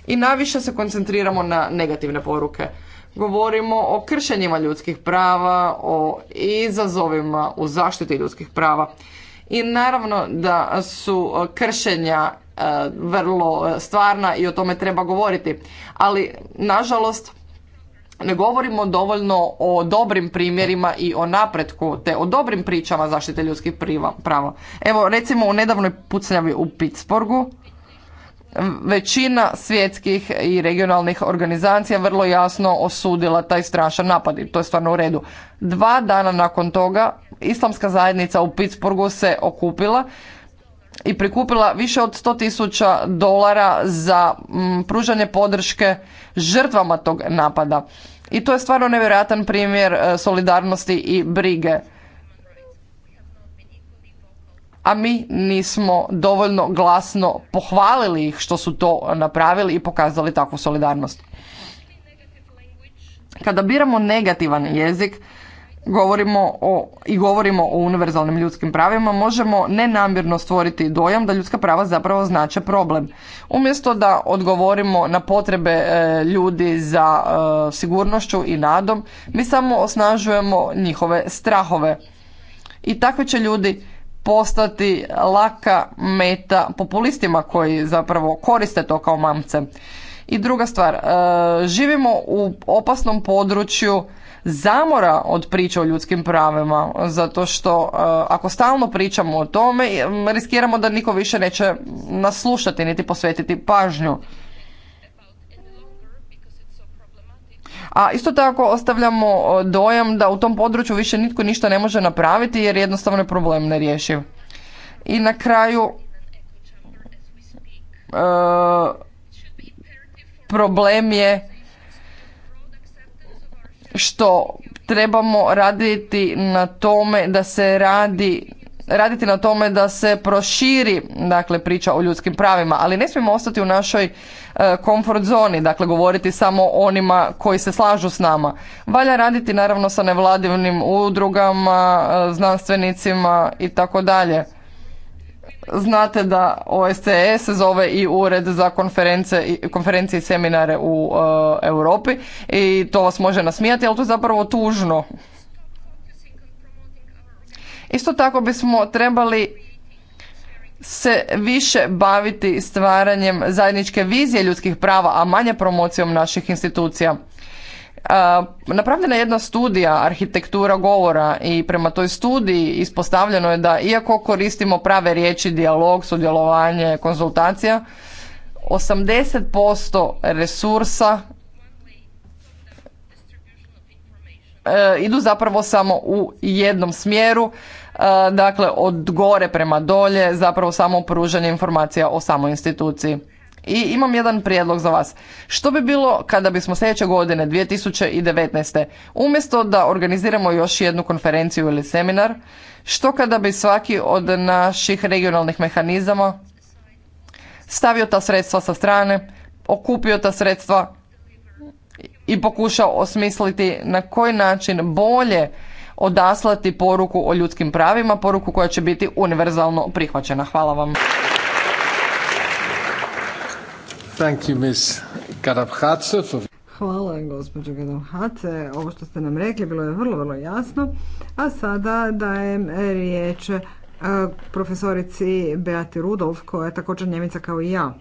I najviše se koncentriramo na negativne poruke govorimo o kršenjima ljudskih prava, o izazovima u zaštiti ljudskih prava. I naravno da su kršenja e, vrlo stvarna i o tome treba govoriti. Ali, nažalost, ne govorimo dovoljno o dobrim primjerima i o napretku, te o dobrim pričama zaštite ljudskih prava. Evo, recimo u nedavnoj pucnjavi u Pittsburghu, većina svjetskih i regionalnih organizacija vrlo jasno osudila taj strašan napad i to je stvarno u redu. Dva dana nakon toga islamska zajednica u Pittsburghu se okupila i prikupila više od sto tisuća dolara za pružanje podrške žrtvama tog napada. I to je stvarno nevjerojatan primjer e, solidarnosti i brige a mi nismo dovoljno glasno pohvalili ih što su to napravili i pokazali takvu solidarnost. Kada biramo negativan jezik, govorimo o, i govorimo o univerzalnim ljudskim pravima, možemo nenamjerno stvoriti dojam da ljudska prava zapravo znače problem. Umjesto da odgovorimo na potrebe e, ljudi za e, sigurnošću i nadom, mi samo osnažujemo njihove strahove. I takvi će ljudi postati laka meta populistima koji zapravo koriste to kao mamce. I druga stvar, e, živimo u opasnom području zamora od priče o ljudskim pravima, zato što e, ako stalno pričamo o tome, riskiramo da niko više neće naslušati niti posvetiti pažnju. a isto tako ostavljamo dojam da u tom području više nitko ništa ne može napraviti jer jednostavno je problem nerješiv. I na kraju e, problem je što trebamo raditi na tome da se radi raditi na tome da se proširi dakle priča o ljudskim pravima, ali ne smijemo ostati u našoj komfort e, zoni, dakle govoriti samo onima koji se slažu s nama. Valja raditi naravno sa nevladivnim udrugama, e, znanstvenicima i tako dalje. Znate da OSCE se zove i ured za konferencije i seminare u e, Europi i to vas može nasmijati, ali to je zapravo tužno. Isto tako bismo trebali se više baviti stvaranjem zajedničke vizije ljudskih prava, a manje promocijom naših institucija. E, napravljena je jedna studija arhitektura govora i prema toj studiji ispostavljeno je da iako koristimo prave riječi, dijalog, sudjelovanje, konzultacija, 80% resursa E, idu zapravo samo u jednom smjeru, e, dakle od gore prema dolje, zapravo samo pružanje informacija o samoj instituciji. I imam jedan prijedlog za vas. Što bi bilo kada bismo sljedeće godine 2019. umjesto da organiziramo još jednu konferenciju ili seminar, što kada bi svaki od naših regionalnih mehanizama stavio ta sredstva sa strane, okupio ta sredstva i pokušao osmisliti na koji način bolje odaslati poruku o ljudskim pravima, poruku koja će biti univerzalno prihvaćena. Hvala vam. Thank you, Hvala gospođo Gadamhace. Ovo što ste nam rekli bilo je vrlo, vrlo jasno. A sada dajem riječ eh, profesorici Beati Rudolf koja je također Njemica kao i ja.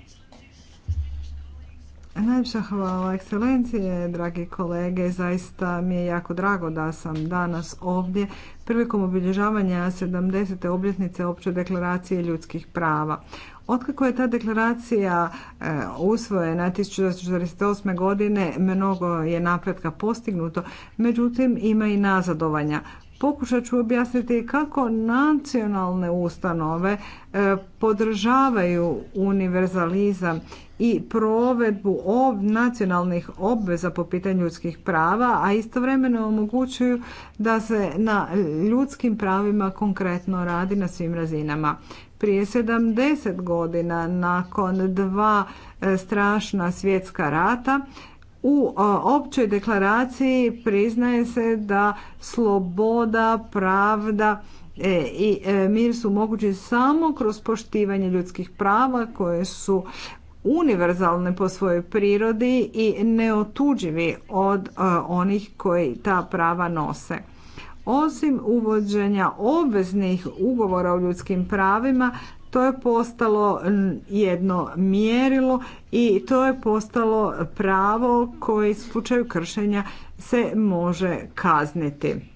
Najljepša hvala, ekscelencije, dragi kolege. Zaista mi je jako drago da sam danas ovdje prilikom obilježavanja 70. obljetnice Opće deklaracije ljudskih prava. Otkako je ta deklaracija e, usvojena 1948. godine, mnogo je napretka postignuto, međutim ima i nazadovanja. Pokušat ću objasniti kako nacionalne ustanove e, podržavaju univerzalizam i provedbu nacionalnih obveza po pitanju ljudskih prava, a istovremeno omogućuju da se na ljudskim pravima konkretno radi na svim razinama. Prije 70 godina nakon dva e, strašna svjetska rata u e, općoj deklaraciji priznaje se da sloboda, pravda e, i mir su mogući samo kroz poštivanje ljudskih prava koje su univerzalne po svojoj prirodi i neotuđivi od e, onih koji ta prava nose. Osim uvođenja obveznih ugovora o ljudskim pravima, to je postalo jedno mjerilo i to je postalo pravo koje u slučaju kršenja se može kazniti.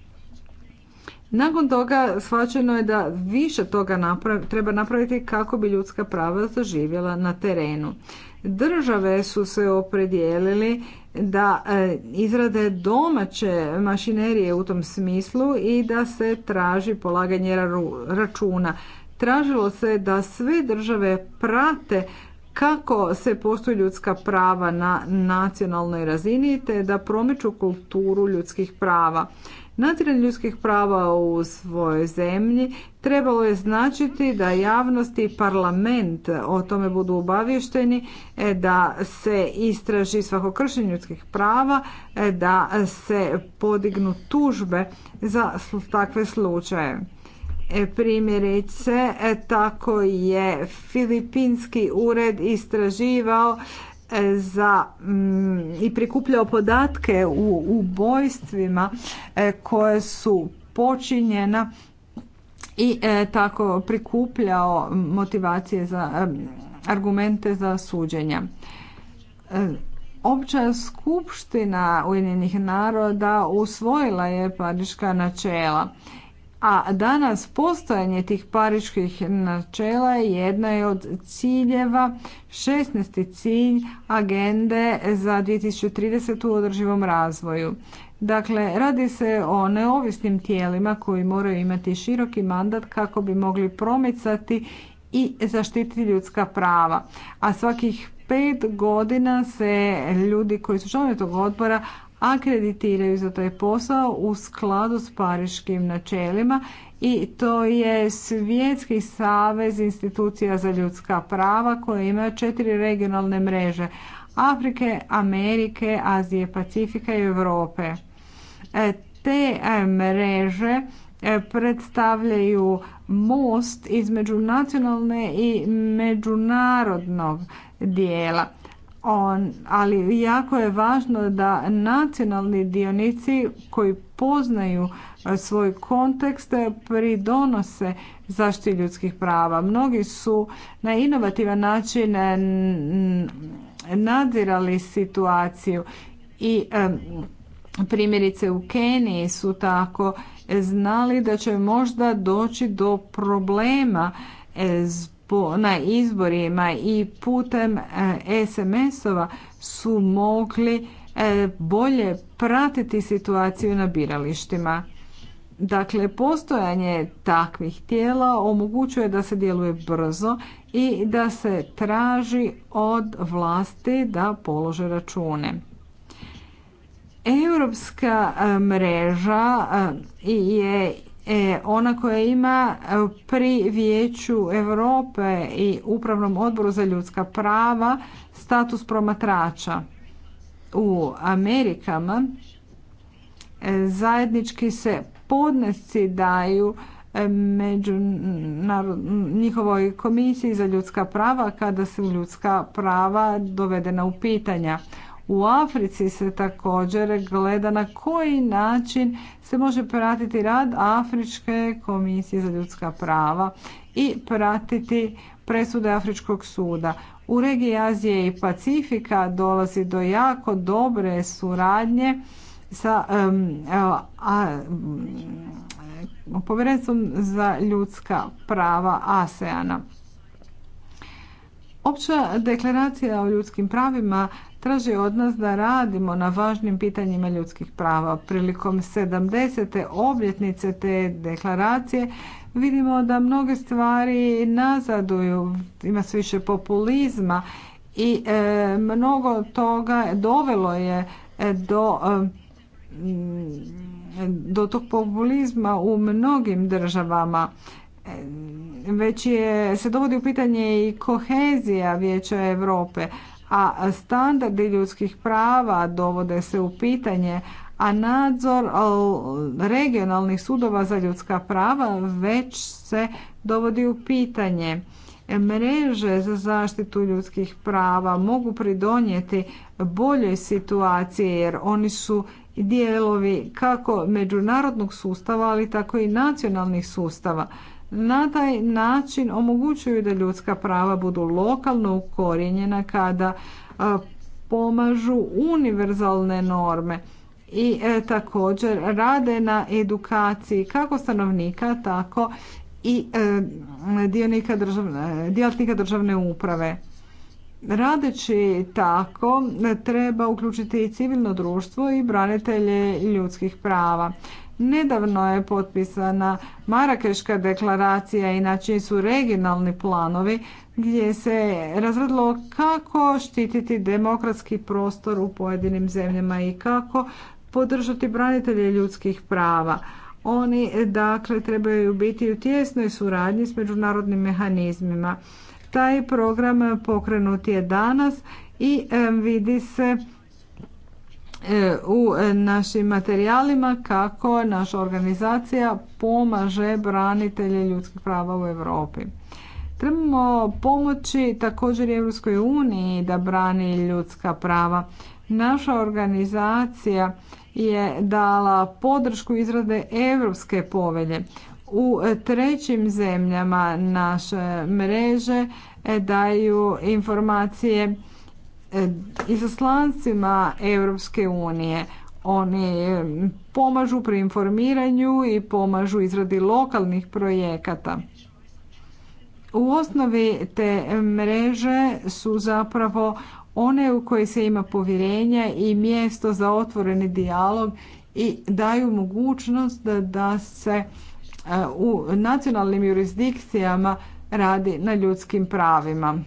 Nakon toga shvaćeno je da više toga treba napraviti kako bi ljudska prava zaživjela na terenu. Države su se opredijelili da e, izrade domaće mašinerije u tom smislu i da se traži polaganje računa. Tražilo se da sve države prate kako se postoji ljudska prava na nacionalnoj razini te da promiču kulturu ljudskih prava. Nadziranje ljudskih prava u svojoj zemlji trebalo je značiti da javnost i parlament o tome budu obavješteni, e, da se istraži svako kršenje ljudskih prava, e, da se podignu tužbe za takve slučaje. E, primjerice, tako je Filipinski ured istraživao za mm, i prikupljao podatke u ubojstvima e, koje su počinjena i e, tako prikupljao motivacije za e, argumente za suđenja. Opća skupština Ujedinjenih naroda usvojila je pariška načela a danas postojanje tih pariških načela jedna je od ciljeva, 16. cilj agende za 2030. u održivom razvoju. Dakle, radi se o neovisnim tijelima koji moraju imati široki mandat kako bi mogli promicati i zaštiti ljudska prava. A svakih pet godina se ljudi koji su članovi tog odbora akreditiraju za taj posao u skladu s pariškim načelima i to je Svjetski savez institucija za ljudska prava koja ima četiri regionalne mreže Afrike, Amerike, Azije, Pacifika i Europe. E, te e, mreže e, predstavljaju most između nacionalne i međunarodnog dijela on, ali jako je važno da nacionalni dionici koji poznaju e, svoj kontekst e, pridonose zaštiti ljudskih prava. Mnogi su na inovativan način e, nadzirali situaciju i primjerice u Keniji su tako znali da će možda doći do problema s na izborima i putem e, SMS-ova su mogli e, bolje pratiti situaciju na biralištima. Dakle, postojanje takvih tijela omogućuje da se djeluje brzo i da se traži od vlasti da polože račune. Europska e, mreža je E, ona koja ima e, pri Vijeću Europe i Upravnom odboru za ljudska prava status promatrača. U Amerikama e, zajednički se podnesci daju među njihovoj komisiji za ljudska prava kada su ljudska prava dovedena u pitanja. U Africi se također gleda na koji način se može pratiti rad Afričke komisije za ljudska prava i pratiti presude Afričkog suda. U regiji Azije i Pacifika dolazi do jako dobre suradnje sa povjerenstvom za ljudska prava ASEANA. Opća deklaracija o ljudskim pravima traži od nas da radimo na važnim pitanjima ljudskih prava. Prilikom 70. obljetnice te deklaracije vidimo da mnoge stvari nazaduju, ima sve više populizma i e, mnogo toga dovelo je e, do e, do tog populizma u mnogim državama već je, se dovodi u pitanje i kohezija Vijeća Europe, a standardi ljudskih prava dovode se u pitanje, a nadzor regionalnih sudova za ljudska prava već se dovodi u pitanje. Mreže za zaštitu ljudskih prava mogu pridonijeti boljoj situaciji jer oni su dijelovi kako međunarodnog sustava, ali tako i nacionalnih sustava na taj način omogućuju da ljudska prava budu lokalno ukorijenjena kada e, pomažu univerzalne norme i e, također rade na edukaciji kako stanovnika tako i e, dionika državne, djelatnika državne uprave. Radeći tako treba uključiti i civilno društvo i branitelje ljudskih prava. Nedavno je potpisana Marakeška deklaracija i način su regionalni planovi gdje se razredilo kako štititi demokratski prostor u pojedinim zemljama i kako podržati branitelje ljudskih prava. Oni dakle trebaju biti u tjesnoj suradnji s međunarodnim mehanizmima. Taj program pokrenut je danas i vidi se E, u e, našim materijalima kako naša organizacija pomaže branitelje ljudskih prava u Europi. Trebamo pomoći također i Europskoj uniji da brani ljudska prava. Naša organizacija je dala podršku izrade Europske povelje. U trećim zemljama naše mreže e, daju informacije izaslancima Europske unije. Oni pomažu pri informiranju i pomažu izradi lokalnih projekata. U osnovi te mreže su zapravo one u koje se ima povjerenja i mjesto za otvoreni dijalog i daju mogućnost da se e, u nacionalnim jurisdikcijama radi na ljudskim pravima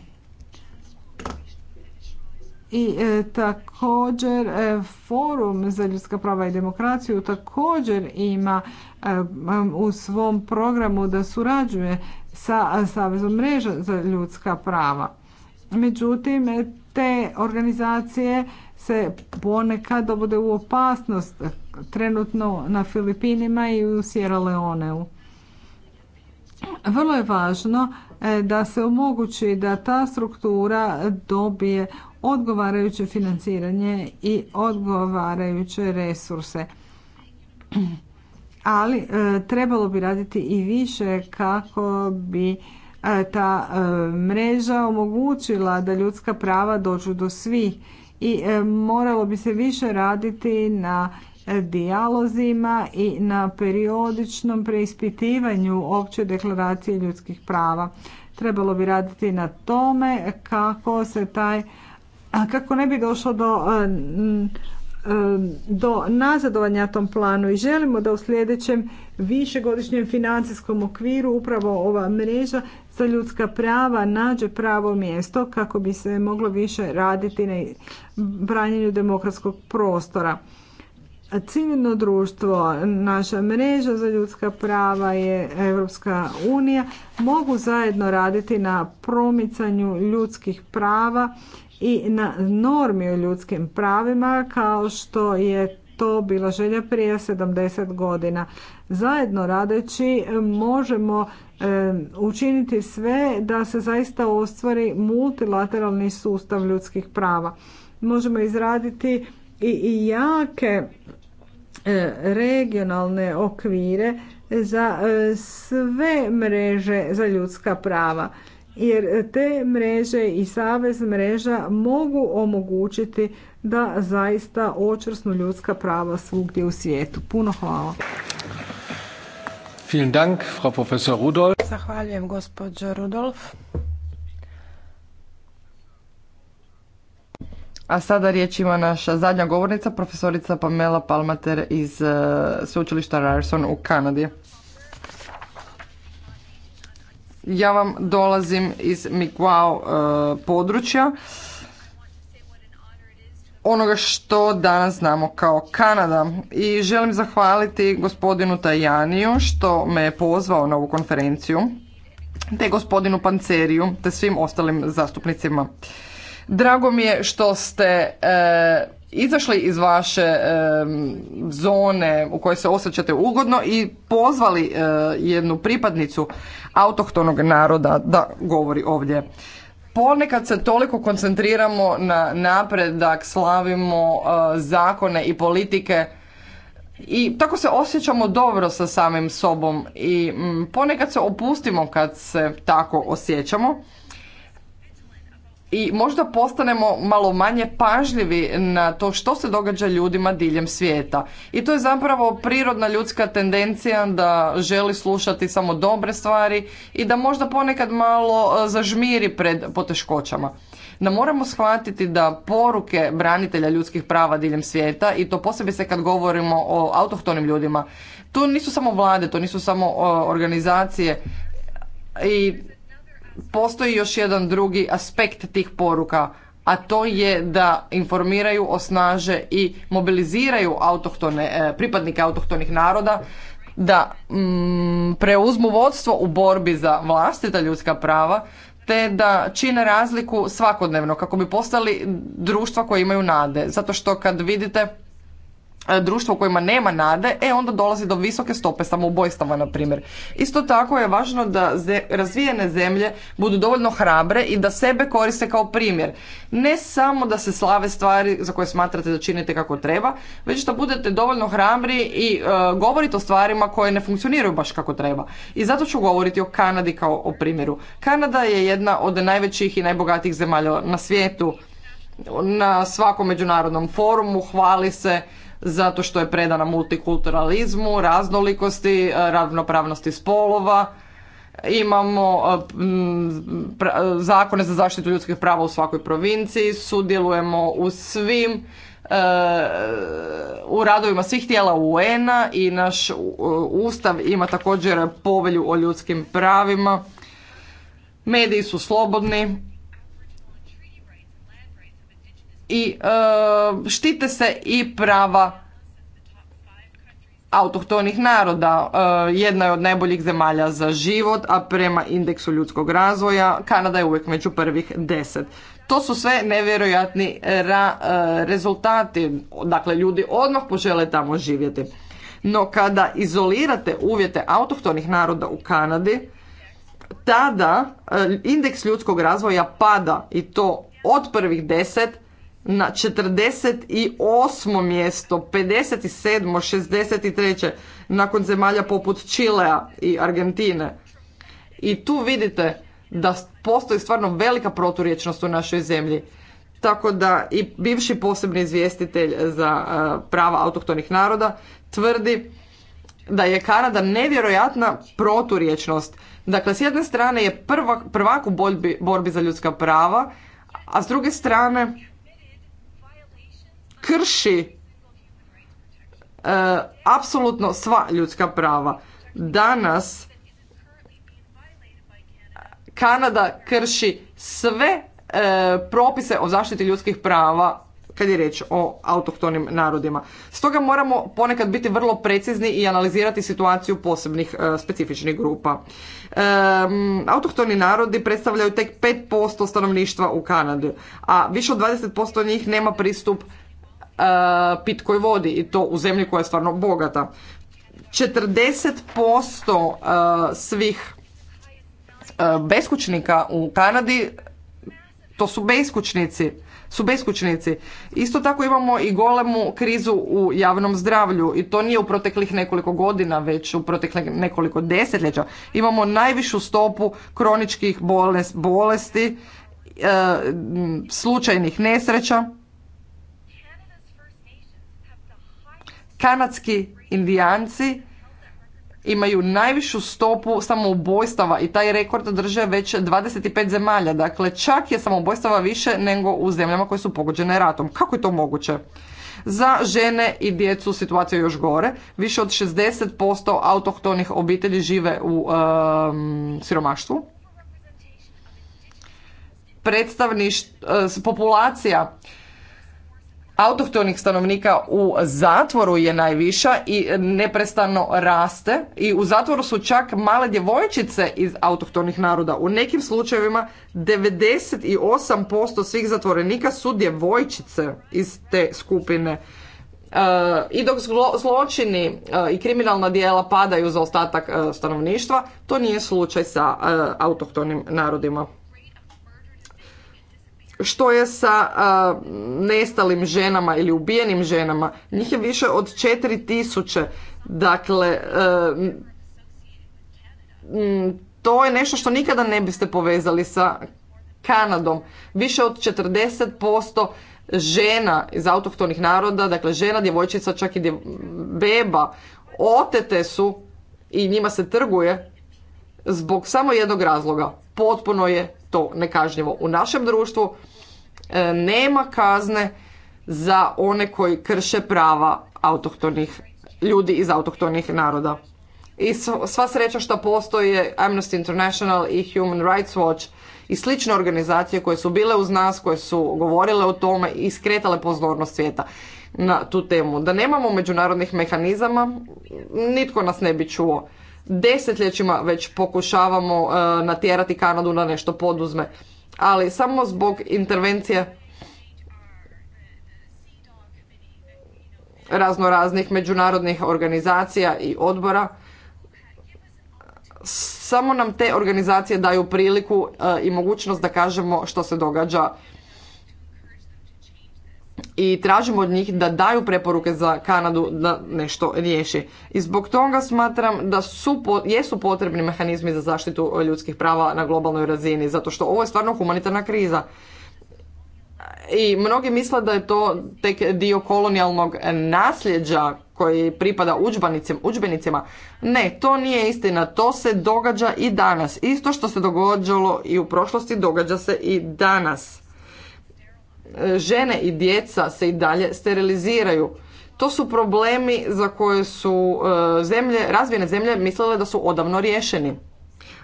i e, također e, forum za ljudska prava i demokraciju također ima e, u svom programu da surađuje sa Savezom mreža za ljudska prava. Međutim, te organizacije se ponekad dovode u opasnost trenutno na Filipinima i u Sierra Leoneu. Vrlo je važno E, da se omogući da ta struktura dobije odgovarajuće financiranje i odgovarajuće resurse. Ali e, trebalo bi raditi i više kako bi e, ta mreža omogućila da ljudska prava dođu do svih i moralo bi se više raditi na dijalozima i na periodičnom preispitivanju opće deklaracije ljudskih prava. Trebalo bi raditi na tome kako se taj kako ne bi došlo do do nazadovanja tom planu i želimo da u sljedećem višegodišnjem financijskom okviru upravo ova mreža za ljudska prava nađe pravo mjesto kako bi se moglo više raditi na branjenju demokratskog prostora civilno društvo, naša mreža za ljudska prava je Europska unija, mogu zajedno raditi na promicanju ljudskih prava i na normi o ljudskim pravima kao što je to bila želja prije 70 godina. Zajedno radeći možemo učiniti sve da se zaista ostvari multilateralni sustav ljudskih prava. Možemo izraditi i jake E, regionalne okvire za e, sve mreže za ljudska prava jer te mreže i savez mreža mogu omogućiti da zaista očvrsnu ljudska prava svugdje u svijetu. Puno hvala. Zahvaljujem, gospođo Rudolf. A sada riječ ima naša zadnja govornica, profesorica Pamela Palmater iz e, sveučilišta Ryerson u Kanadi. Ja vam dolazim iz Mikwao e, područja, onoga što danas znamo kao Kanada. I želim zahvaliti gospodinu Tajaniju što me je pozvao na ovu konferenciju, te gospodinu Panceriju, te svim ostalim zastupnicima. Drago mi je što ste e, izašli iz vaše e, zone u kojoj se osjećate ugodno i pozvali e, jednu pripadnicu autohtonog naroda da govori ovdje. Ponekad se toliko koncentriramo na napredak, slavimo zakone i politike i tako se osjećamo dobro sa samim sobom i ponekad se opustimo kad se tako osjećamo i možda postanemo malo manje pažljivi na to što se događa ljudima diljem svijeta. I to je zapravo prirodna ljudska tendencija da želi slušati samo dobre stvari i da možda ponekad malo e, zažmiri pred poteškoćama. Da moramo shvatiti da poruke branitelja ljudskih prava diljem svijeta i to se kad govorimo o autohtonim ljudima, to nisu samo vlade, to nisu samo e, organizacije i postoji još jedan drugi aspekt tih poruka, a to je da informiraju, osnaže i mobiliziraju autohtone, e, pripadnike autohtonih naroda da mm, preuzmu vodstvo u borbi za vlastita ljudska prava te da čine razliku svakodnevno kako bi postali društva koje imaju nade. Zato što kad vidite E, društva u kojima nema nade, e onda dolazi do visoke stope samoubojstava, na primjer. Isto tako je važno da razvijene zemlje budu dovoljno hrabre i da sebe koriste kao primjer. Ne samo da se slave stvari za koje smatrate da činite kako treba, već da budete dovoljno hrabri i e, govorite o stvarima koje ne funkcioniraju baš kako treba. I zato ću govoriti o Kanadi kao o primjeru. Kanada je jedna od najvećih i najbogatijih zemalja na svijetu. Na svakom međunarodnom forumu hvali se zato što je predana multikulturalizmu, raznolikosti, e, ravnopravnosti spolova. Imamo e, e, zakone za zaštitu ljudskih prava u svakoj provinciji, sudjelujemo u svim u radovima svih tijela UN-a i naš ustav ima također povelju o ljudskim pravima. Mediji su slobodni, i e, štite se i prava autohtonih naroda. E, jedna je od najboljih zemalja za život, a prema indeksu ljudskog razvoja Kanada je uvijek među prvih deset. To su sve nevjerojatni e, rezultati. Dakle, ljudi odmah požele tamo živjeti. No kada izolirate uvjete autohtonih naroda u Kanadi, tada indeks ljudskog razvoja pada i to od prvih deset na 48. mjesto, 57. 63. nakon zemalja poput Čilea i Argentine. I tu vidite da postoji stvarno velika proturječnost u našoj zemlji. Tako da i bivši posebni izvjestitelj za e, prava autohtonih naroda tvrdi da je Kanada nevjerojatna proturječnost. Dakle, s jedne strane je prvak, u borbi, borbi za ljudska prava, a s druge strane krši e, apsolutno sva ljudska prava. Danas Kanada krši sve e, propise o zaštiti ljudskih prava kad je riječ o autohtonim narodima. Stoga moramo ponekad biti vrlo precizni i analizirati situaciju posebnih e, specifičnih grupa. autohtoni narodi predstavljaju tek 5% stanovništva u Kanadi, a više od 20% njih nema pristup E, pitkoj vodi i to u zemlji koja je stvarno bogata. 40% e, svih e, beskućnika u Kanadi to su beskućnici su beskućnici. Isto tako imamo i golemu krizu u javnom zdravlju i to nije u proteklih nekoliko godina, već u proteklih nekoliko desetljeća. Imamo najvišu stopu kroničkih bolesti, slučajnih nesreća Kanadski indijanci imaju najvišu stopu samoubojstava i taj rekord drže već 25 zemalja. Dakle, čak je samoubojstava više nego u zemljama koje su pogođene ratom. Kako je to moguće? Za žene i djecu situacija je još gore. Više od 60% autohtonih obitelji žive u siromaštvu. uh, populacija autohtonih stanovnika u zatvoru je najviša i neprestano raste i u zatvoru su čak male djevojčice iz autohtonih naroda. U nekim slučajevima 98% svih zatvorenika su djevojčice iz te skupine. E, I dok zločini e, i kriminalna dijela padaju za ostatak e, stanovništva, to nije slučaj sa autohtonim narodima. Što je sa nestalim ženama ili ubijenim ženama? Njih je više od 4000. Dakle, to je nešto što nikada ne biste povezali sa Kanadom. Više od 40% žena iz autohtonih naroda, dakle žena, djevojčica, čak i beba, otete su i njima se trguje zbog samo jednog razloga. Potpuno je to nekažnjivo. U našem društvu E, nema kazne za one koji krše prava autohtonih ljudi iz autohtonih naroda. I sva sreća što postoje Amnesty International i Human Rights Watch i slične organizacije koje su bile uz nas, koje su govorile o tome i skretale pozornost svijeta na tu temu. Da nemamo međunarodnih mehanizama, nitko nas ne bi čuo. Desetljećima već pokušavamo e, natjerati Kanadu na nešto poduzme ali samo zbog intervencije razno raznih međunarodnih organizacija i odbora samo nam te organizacije daju priliku e, i mogućnost da kažemo što se događa i tražimo od njih da daju preporuke za Kanadu da nešto riješi. I zbog toga smatram da su, jesu potrebni mehanizmi za zaštitu ljudskih prava na globalnoj razini, zato što ovo je stvarno humanitarna kriza. I mnogi misle da je to tek dio kolonijalnog nasljeđa koji pripada udžbenicima. Ne, to nije istina. To se događa i danas. Isto što se događalo i u prošlosti, događa se i danas žene i djeca se i dalje steriliziraju. To su problemi za koje su e, zemlje, razvijene zemlje mislile da su odavno riješeni.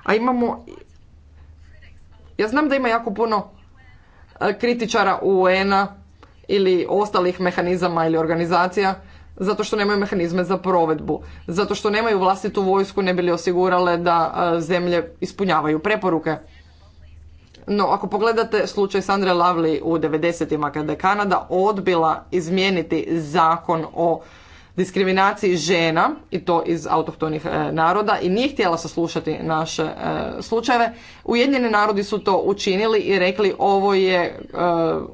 A imamo... Ja znam da ima jako puno e, kritičara UN-a ili ostalih mehanizama ili organizacija zato što nemaju mehanizme za provedbu, zato što nemaju vlastitu vojsku ne bi li osigurale da e, zemlje ispunjavaju preporuke. No, ako pogledate slučaj Sandre Lavli u 90-ima kada je Kanada odbila izmijeniti zakon o diskriminaciji žena i to iz autohtonih e, naroda i nije htjela saslušati naše e, slučajeve. Ujedinjeni narodi su to učinili i rekli ovo je e,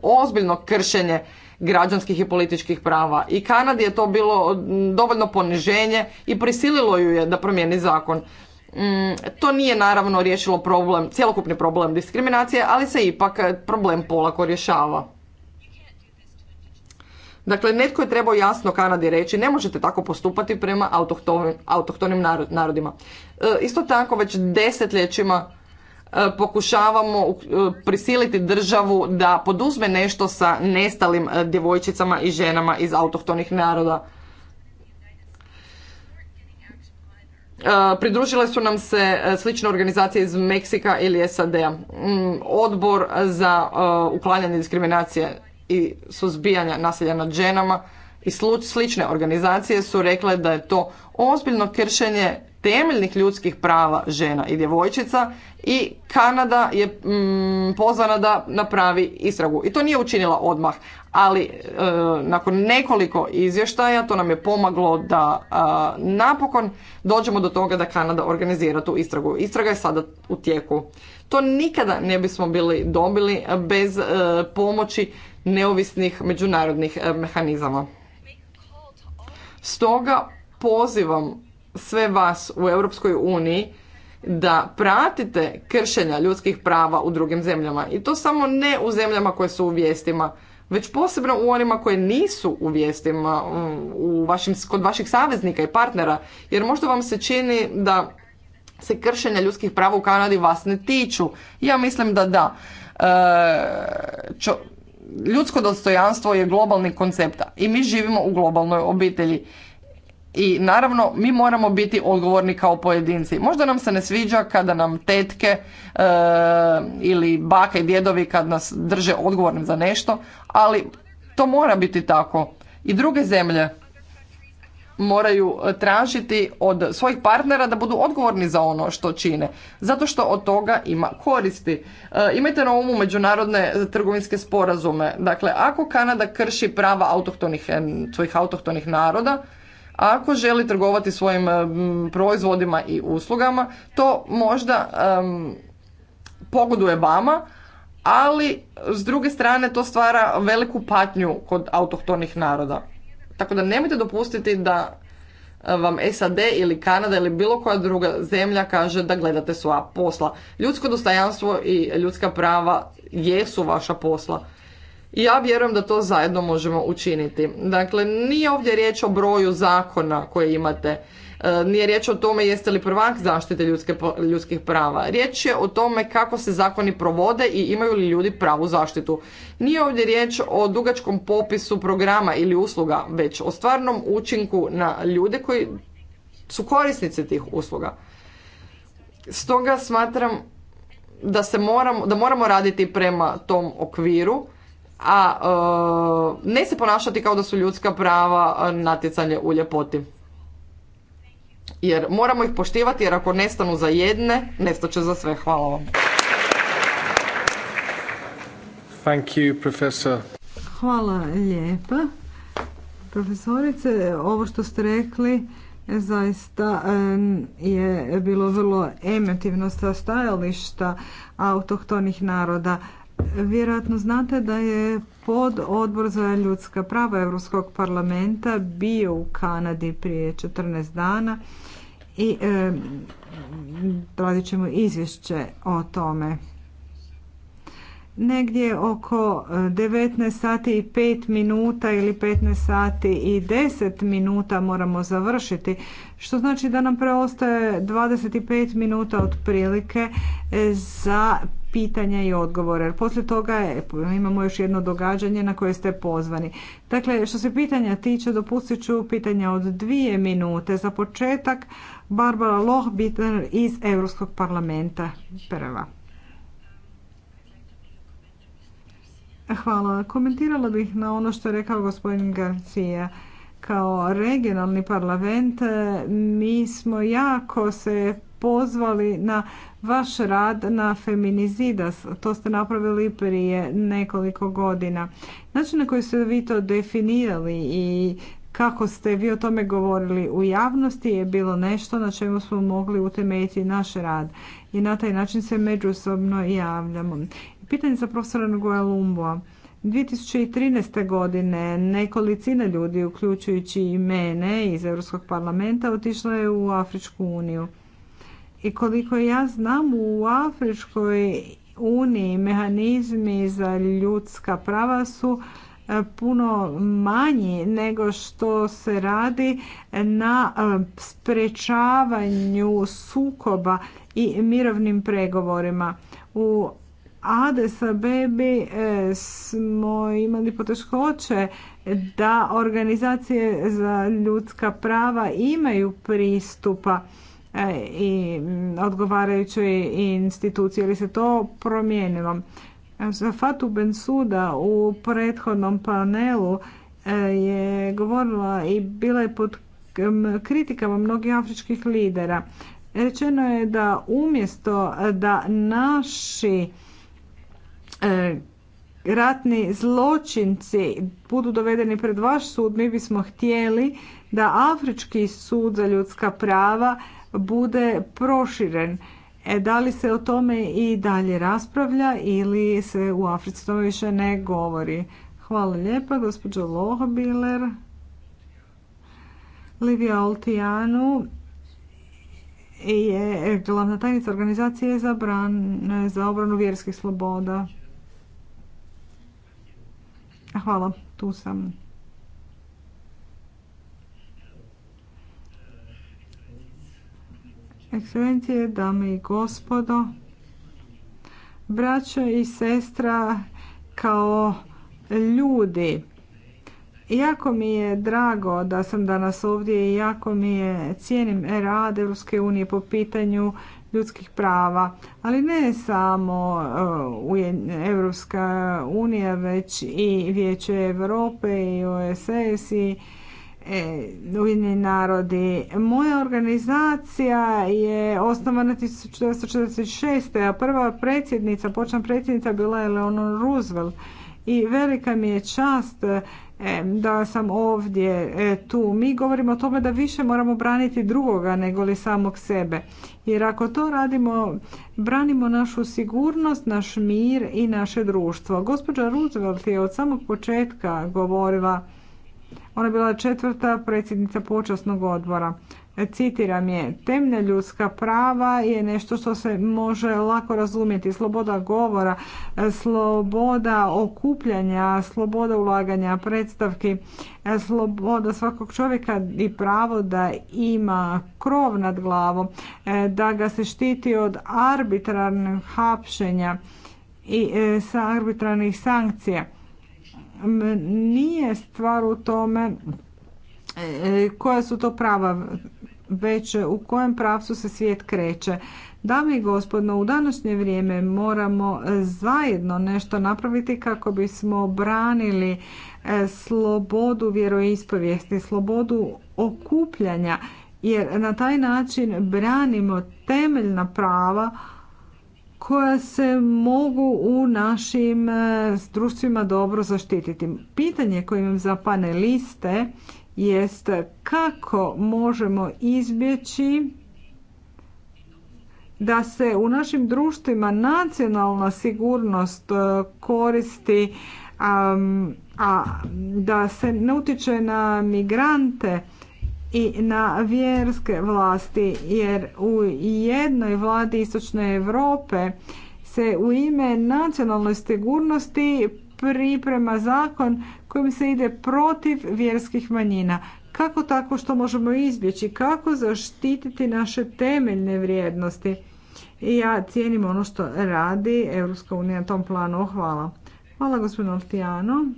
ozbiljno kršenje građanskih i političkih prava. I Kanadi je to bilo dovoljno poniženje i prisililo ju je da promijeni zakon. Mm, to nije naravno riješilo problem, cjelokupni problem diskriminacije, ali se ipak eh, problem polako rješava. Dakle, netko je trebao jasno Kanadi reći, ne možete tako postupati prema autohtonim narodima. Eh, isto tako, već desetljećima eh, pokušavamo prisiliti državu da poduzme nešto sa nestalim djevojčicama i ženama iz autohtonih naroda. E, pridružile su nam se e, slične organizacije iz Meksika ili SAD-a. Mm, Odbor za e, uklanjanje diskriminacije i suzbijanja nasilja nad ženama i slične organizacije su rekle da je to ozbiljno kršenje temeljnih ljudskih prava žena i djevojčica i Kanada je mm, pozvana da napravi istragu. I to nije učinila odmah, ali e, nakon nekoliko izvještaja to nam je pomaglo da napokon dođemo do toga da Kanada organizira tu istragu. Istraga je sada u tijeku. To nikada ne bismo bili dobili bez e, pomoći neovisnih međunarodnih e, mehanizama. Stoga pozivam sve vas u Europskoj uniji da pratite kršenja ljudskih prava u drugim zemljama i to samo ne u zemljama koje su u vijestima, već posebno u onima koje nisu u vijestima mm, u vašim, kod vaših saveznika i partnera, jer možda vam se čini da se kršenja ljudskih prava u Kanadi vas ne tiču. Ja mislim da da. E, ljudsko dostojanstvo je globalni koncept i mi živimo u globalnoj obitelji i naravno, mi moramo biti odgovorni kao pojedinci. Možda nam se ne sviđa kada nam tetke e, ili bake i djedovi kad nas drže odgovornim za nešto, ali to mora biti tako. I druge zemlje moraju tražiti od svojih partnera da budu odgovorni za ono što čine. Zato što od toga ima koristi. E, imajte na umu međunarodne trgovinske sporazume. Dakle, ako Kanada krši prava autohtonih, e, svojih autohtonih naroda, ako želi trgovati svojim eh, proizvodima i uslugama, to možda pogoduje vama, ali s druge strane to stvara veliku patnju kod autohtonih naroda. Tako da nemojte dopustiti da eh, vam SAD ili Kanada ili bilo koja druga zemlja kaže da gledate svoja posla. Ljudsko dostojanstvo i ljudska prava jesu vaša posla ja vjerujem da to zajedno možemo učiniti. Dakle, nije ovdje riječ o broju zakona koje imate, e, nije riječ o tome jeste li prvak zaštite ljudske, ljudskih prava. Riječ je o tome kako se zakoni provode i imaju li ljudi pravu zaštitu. Nije ovdje riječ o dugačkom popisu programa ili usluga, već o stvarnom učinku na ljude koji su korisnici tih usluga. Stoga smatram da, se da moramo raditi prema tom okviru a e, ne se ponašati kao da su ljudska prava e, natjecanje u ljepoti. Jer moramo ih poštivati jer ako nestanu za jedne, će za sve. Hvala vam. Hvala lijepa. Profesorice, ovo što ste rekli e, zaista je bilo vrlo emotivno sa stajališta autohtonih naroda. Vjerojatno znate da je pod odbor za ljudska prava Europskog parlamenta bio u Kanadi prije 14 dana i e, radit ćemo izvješće o tome. Negdje oko 19 e, sati i 5 minuta ili 15 sati i 10 minuta moramo završiti, što znači da nam preostaje 25 minuta otprilike za pitanja i odgovore. Poslije toga e, imamo još jedno događanje na koje ste pozvani. Dakle, što se pitanja tiče, dopustit ću pitanja od dvije minute. Za početak, Barbara Lohbitner iz Europskog parlamenta. Prva. Hvala. Komentirala bih na ono što je rekao gospodin Garcija. Kao regionalni parlament e, mi smo jako se pozvali na vaš rad na feminizidas. To ste napravili prije nekoliko godina. Način na koji ste vi to definirali i kako ste vi o tome govorili u javnosti je bilo nešto na čemu smo mogli utemeljiti naš rad i na taj način se međusobno javljamo. Pitanje za profesora Nguja Lumbua. 2013. godine nekolicina ljudi, uključujući i mene iz Europskog parlamenta, otišla je u Afričku uniju. I koliko ja znam u Afričkoj uniji mehanizmi za ljudska prava su e, puno manji nego što se radi na e, sprečavanju sukoba i mirovnim pregovorima. U Ades Bebi e, smo imali poteškoće da organizacije za ljudska prava imaju pristupa i odgovarajućoj instituciji ili se to promijenilo. Za Fatu Bensuda u prethodnom panelu e, je govorila i bila je pod kritikama mnogih afričkih lidera. Rečeno je da umjesto da naši e, ratni zločinci budu dovedeni pred vaš sud, mi bismo htjeli da Afrički sud za ljudska prava bude proširen. E, da li se o tome i dalje raspravlja ili se u Africi tome više ne govori? Hvala lijepa, gospođo Lohbiler. Livia Oltijanu je glavna tajnica organizacije za, za obranu vjerskih sloboda. Hvala, tu sam. Ekscelencije, dame i gospodo, braćo i sestra kao ljudi. Jako mi je drago da sam danas ovdje i jako mi je cijenim rad Europske unije po pitanju ljudskih prava, ali ne samo uh, Europska unija, već i Vijeće Europe i OSS i E, Ujedinjeni narodi. Moja organizacija je osnovana 1946. a prva predsjednica, počna predsjednica bila je Leonor Roosevelt i velika mi je čast da sam ovdje e, tu. Mi govorimo o tome da više moramo braniti drugoga nego li samog sebe. Jer ako to radimo, branimo našu sigurnost, naš mir i naše društvo. Gospođa Roosevelt je od samog početka govorila ona je bila četvrta predsjednica počasnog odbora. E, citiram je, temne ljudska prava je nešto što se može lako razumjeti. Sloboda govora, e, sloboda okupljanja, sloboda ulaganja predstavki, e, sloboda svakog čovjeka i pravo da ima krov nad glavom, da ga se štiti od arbitrarnih hapšenja i sa arbitrarnih sankcija nije stvar u tome e, e, koja su to prava, već u kojem pravcu se svijet kreće. Dame i gospodno, u današnje vrijeme moramo zajedno nešto napraviti kako bismo branili e, slobodu vjeroispovijesti, slobodu okupljanja, jer na taj način branimo temeljna prava koja se mogu u našim e, društvima dobro zaštititi. Pitanje koje imam za paneliste jest kako možemo izbjeći da se u našim društvima nacionalna sigurnost e, koristi a, a da se ne utječe na migrante i na vjerske vlasti, jer u jednoj vladi Istočne Europe se u ime nacionalnoj sigurnosti priprema zakon kojim se ide protiv vjerskih manjina. Kako tako što možemo izbjeći? Kako zaštititi naše temeljne vrijednosti? I ja cijenim ono što radi Europska unija na tom planu. Hvala. Hvala gospodinu Altijanu.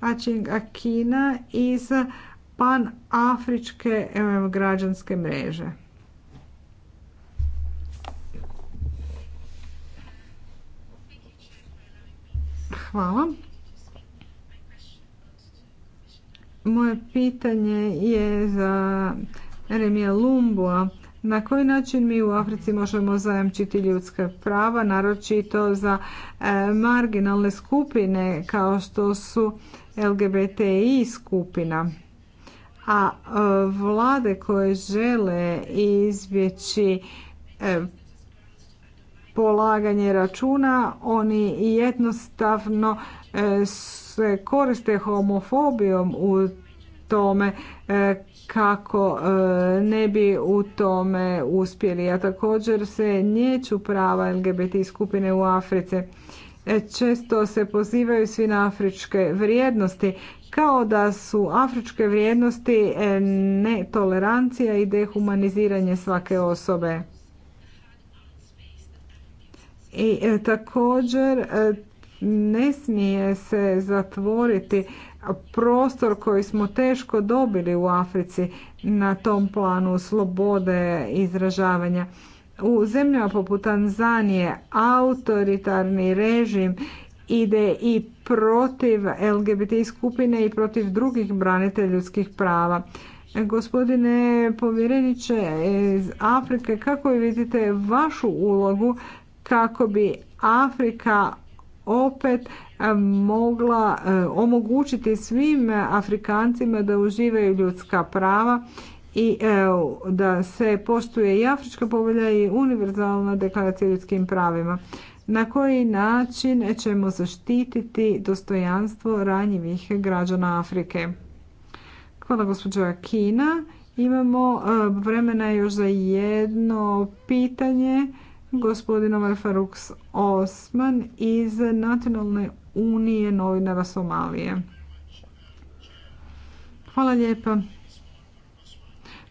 Ačing Akina iz panafričke građanske mreže. Hvala. Moje pitanje je za Remija Lumbua. Na koji način mi u Africi možemo zajamčiti ljudska prava, naročito za e, marginalne skupine kao što su LGBTI skupina? a e, vlade koje žele izbjeći e, polaganje računa, oni jednostavno e, se koriste homofobijom u tome kako ne bi u tome uspjeli. A također se nječu prava LGBT skupine u Africi. E, često se pozivaju svi na afričke vrijednosti kao da su afričke vrijednosti e, netolerancija i dehumaniziranje svake osobe. I e, također ne smije se zatvoriti prostor koji smo teško dobili u Africi na tom planu slobode izražavanja. U zemljama poput Tanzanije autoritarni režim ide i protiv LGBT skupine i protiv drugih branitelja ljudskih prava. Gospodine povjereniče iz Afrike, kako vidite vašu ulogu kako bi Afrika opet eh, mogla eh, omogućiti svim Afrikancima da uživaju ljudska prava i da se poštuje i Afrička povelja i univerzalna deklaracija ljudskim pravima. Na koji način ćemo zaštititi dostojanstvo ranjivih građana Afrike? Hvala gospođo Kina. Imamo e, vremena još za jedno pitanje. Gospodin Omar Osman iz Nacionalne unije novinara Somalije. Hvala lijepa.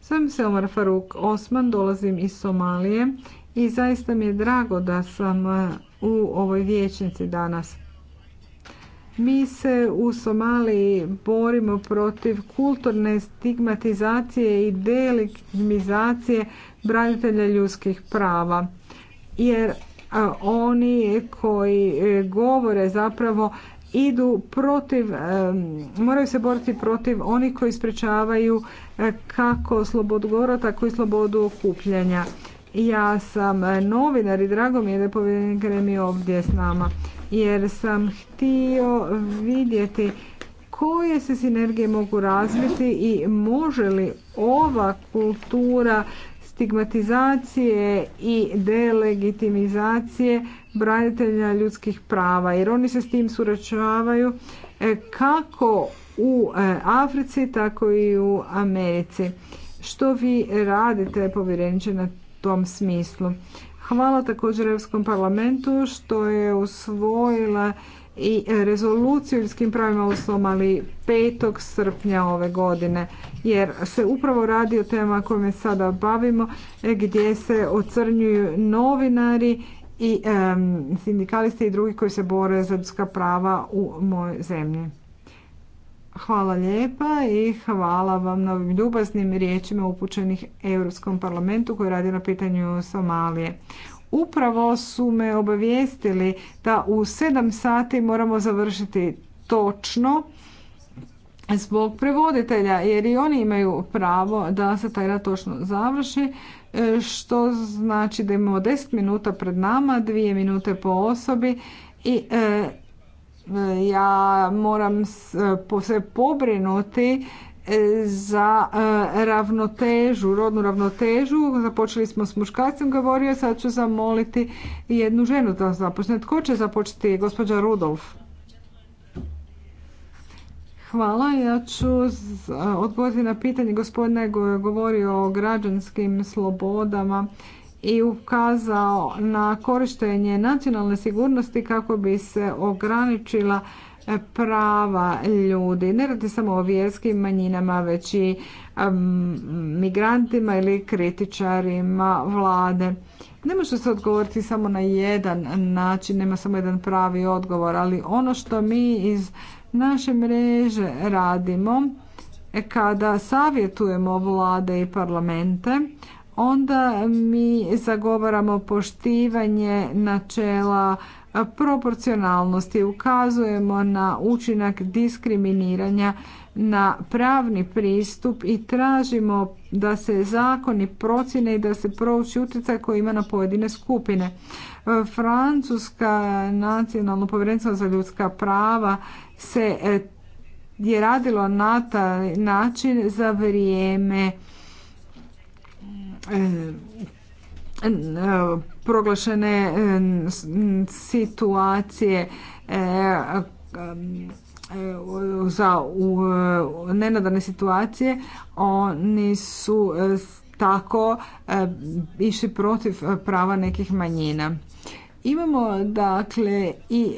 Sam Omar Faruk Osman, dolazim iz Somalije i zaista mi je drago da sam e, u ovoj vječnici danas. Mi se u Somaliji borimo protiv kulturne stigmatizacije i deliktimizacije branitelja ljudskih prava. Jer oni koji e, govore zapravo idu protiv, moraju se boriti protiv onih koji sprečavaju e, kako slobodu govora, tako i slobodu okupljanja. Ja sam novinar i drago mi je da je povjerenik Gremi ovdje s nama, jer sam htio vidjeti koje se sinergije mogu razviti i može li ova kultura stigmatizacije i delegitimizacije branitelja ljudskih prava jer oni se s tim suračavaju e, kako u e, Africi tako i u Americi. Što vi radite povjereniče na tom smislu? Hvala također Europskom parlamentu što je usvojila i rezoluciju ljudskim pravima u Somali 5. srpnja ove godine jer se upravo radi o tema koje sada bavimo e, gdje se ocrnjuju novinari i sindikalisti i drugi koji se bore za ljudska prava u mojoj zemlji. Hvala lijepa i hvala vam na ovim ljubaznim riječima upućenih Europskom parlamentu koji radi na pitanju Somalije. Upravo su me obavijestili da u 7 sati moramo završiti točno zbog prevoditelja jer i oni imaju pravo da se taj rad točno završi e, što znači da imamo 10 minuta pred nama, 2 minute po osobi i e, e, ja moram se pobrinuti za e, ravnotežu, rodnu ravnotežu. Započeli smo s muškarcem govorio, sad ću zamoliti jednu ženu da započne. Tko će započeti? Gospođa Rudolf. Hvala. Ja ću odgovoriti na pitanje gospodina je govorio o građanskim slobodama i ukazao na korištenje nacionalne sigurnosti kako bi se ograničila prava ljudi. Ne radi samo o vjerskim manjinama, već i migrantima ili kritičarima vlade. Ne može se odgovoriti samo na jedan način, nema samo jedan pravi odgovor, ali ono što mi iz naše mreže radimo, e, kada savjetujemo vlade i parlamente, onda mi zagovaramo poštivanje načela proporcionalnosti, ukazujemo na učinak diskriminiranja na pravni pristup i tražimo da se zakoni procjene i da se prouči utjecaj koji ima na pojedine skupine. Francuska nacionalno povjerenstvo za ljudska prava se e, je radilo na taj način za vrijeme e, e, proglašene e, situacije e, e, za nenadane situacije oni su tako išli protiv prava nekih manjina. Imamo dakle i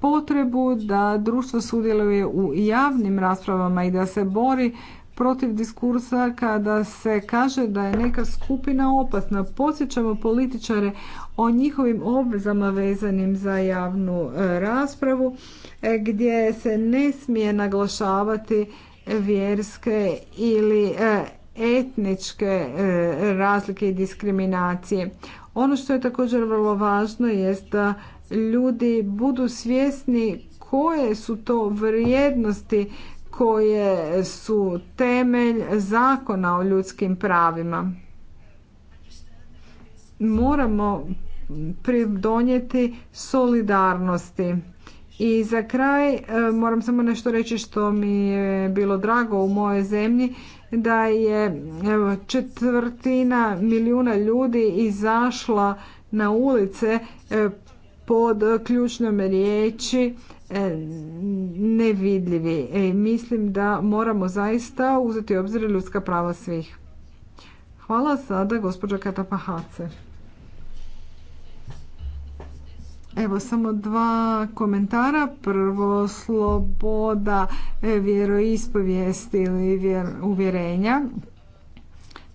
potrebu da društvo sudjeluje u javnim raspravama i da se bori protiv diskursa kada se kaže da je neka skupina opasna. Posjećamo političare o njihovim obvezama vezanim za javnu e, raspravu e, gdje se ne smije naglašavati vjerske ili e, etničke razlike i diskriminacije. Ono što je također vrlo važno jest da ljudi budu svjesni koje su to vrijednosti koje su temelj zakona o ljudskim pravima. Moramo pridonijeti solidarnosti. I za kraj e, moram samo nešto reći što mi je bilo drago u mojoj zemlji da je četvrtina milijuna ljudi izašla na ulice e, pod ključnom riječi E, nevidljivi. E, mislim da moramo zaista uzeti u obzir ljudska prava svih. Hvala sada gospođa Katapahace. Evo samo dva komentara. Prvo, sloboda e, vjeroispovijesti ili uvjerenja.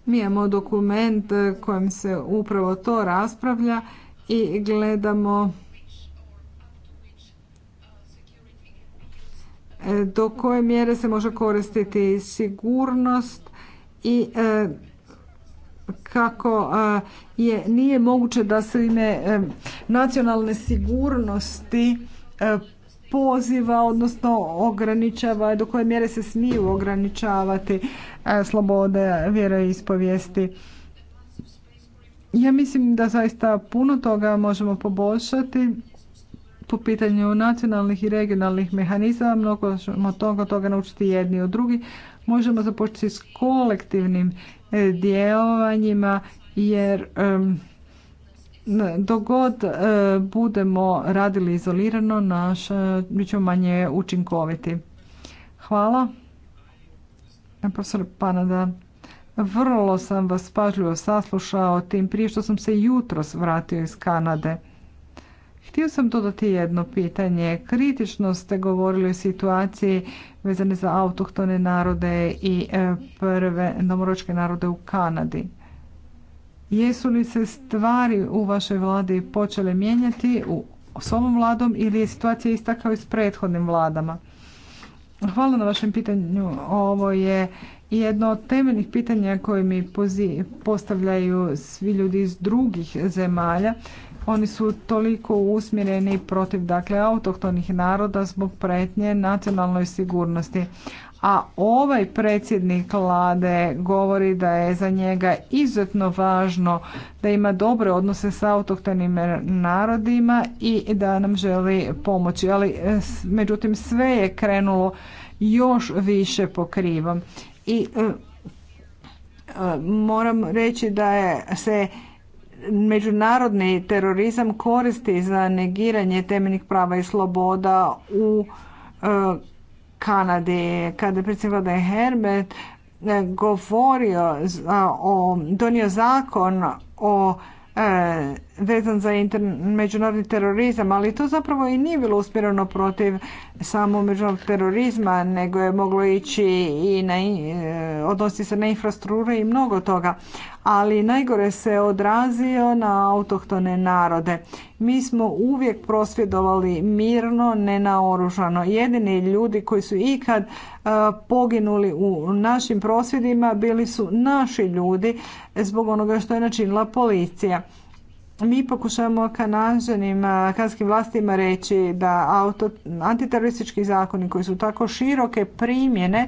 Mi imamo dokument kojem se upravo to raspravlja i gledamo do koje mjere se može koristiti sigurnost i e, kako e, je nije moguće da se ime e, nacionalne sigurnosti poziva odnosno ograničava do koje mjere se smiju ograničavati slobode ispovijesti. Ja mislim da zaista puno toga možemo poboljšati po pitanju nacionalnih i regionalnih mehanizama, mnogo ćemo toga, toga naučiti jedni od drugih. Možemo započeti s kolektivnim e, djelovanjima jer dogod e, budemo radili izolirano, naš, e, bit ćemo manje učinkoviti. Hvala. Profesor Panada, vrlo sam vas pažljivo saslušao, tim prije što sam se jutros vratio iz Kanade. Htio sam dodati jedno pitanje. Kritično ste govorili o situaciji vezane za autohtone narode i e, prve domoročke narode u Kanadi. Jesu li se stvari u vašoj vladi počele mijenjati u, s ovom vladom ili je situacija ista kao i s prethodnim vladama? Hvala na vašem pitanju. Ovo je jedno od temeljnih pitanja koje mi postavljaju svi ljudi iz drugih zemalja oni su toliko usmjereni protiv dakle autohtonih naroda zbog pretnje nacionalnoj sigurnosti. A ovaj predsjednik vlade govori da je za njega izuzetno važno da ima dobre odnose sa autohtonim narodima i da nam želi pomoći. Ali e, međutim sve je krenulo još više po I e, e, moram reći da je, se međunarodni terorizam koristi za negiranje temeljnih prava i sloboda u e, Kanadi. Kada je predsjednik je Herbert e, govorio o, donio zakon o e, vezan za međunarodni terorizam, ali to zapravo i nije bilo usmjereno protiv samo međunog terorizma, nego je moglo ići i na, e, odnosi se na infrastrukturu i mnogo toga. Ali najgore se odrazio na autohtone narode. Mi smo uvijek prosvjedovali mirno, naoružano. Jedini ljudi koji su ikad e, poginuli u našim prosvjedima bili su naši ljudi zbog onoga što je načinila policija mi pokušavamo kanadžanima, kanadskim vlastima reći da auto, antiteroristički zakoni koji su tako široke primjene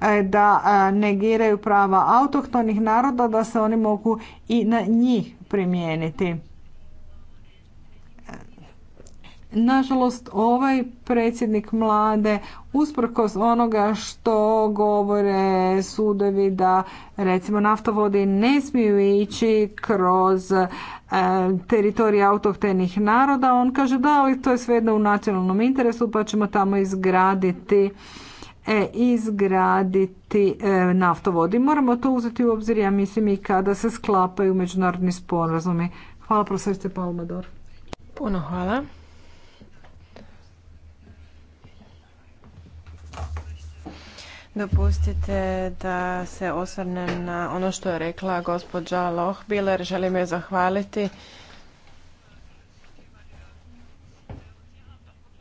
e, da negiraju prava autohtonih naroda da se oni mogu i na njih primijeniti. Nažalost, ovaj predsjednik mlade, usprkos onoga što govore sudovi da recimo naftovodi ne smiju ići kroz e, teritorij autohtenih naroda, on kaže da, ali to je svejedno u nacionalnom interesu pa ćemo tamo izgraditi e, izgraditi e, naftovodi. Moramo to uzeti u obzir, ja mislim, i kada se sklapaju međunarodni sporazumi. Hvala profesorice Palmador. Puno hvala. Dopustite da se osvrnem na ono što je rekla gospođa Lohbiler. Želim je zahvaliti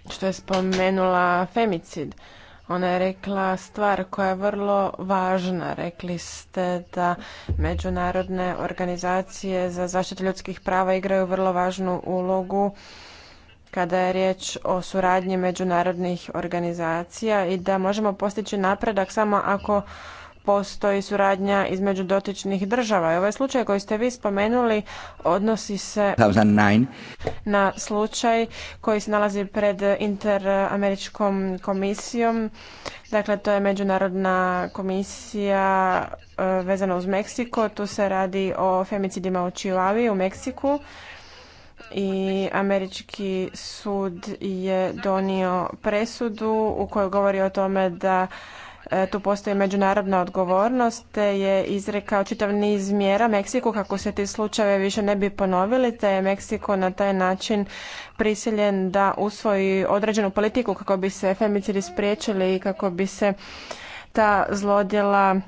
što je spomenula femicid. Ona je rekla stvar koja je vrlo važna. Rekli ste da međunarodne organizacije za zaštitu ljudskih prava igraju vrlo važnu ulogu kada je riječ o suradnji međunarodnih organizacija i da možemo postići napredak samo ako postoji suradnja između dotičnih država. I ovaj slučaj koji ste vi spomenuli odnosi se na slučaj koji se nalazi pred Interameričkom komisijom. Dakle, to je međunarodna komisija e, vezana uz Meksiko. Tu se radi o femicidima u Chihuahui u Meksiku i američki sud je donio presudu u kojoj govori o tome da e, tu postoji međunarodna odgovornost te je izrekao čitav niz mjera Meksiku kako se ti slučajevi više ne bi ponovili te je Meksiko na taj način prisiljen da usvoji određenu politiku kako bi se femicidi spriječili i kako bi se ta zlodjela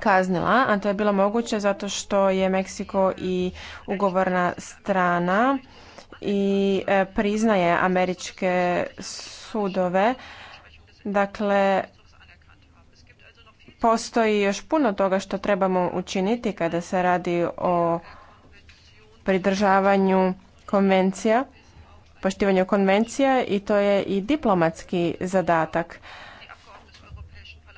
kaznila, a to je bilo moguće zato što je Meksiko i ugovorna strana i e, priznaje američke sudove. Dakle, postoji još puno toga što trebamo učiniti kada se radi o pridržavanju konvencija, poštivanju konvencija i to je i diplomatski zadatak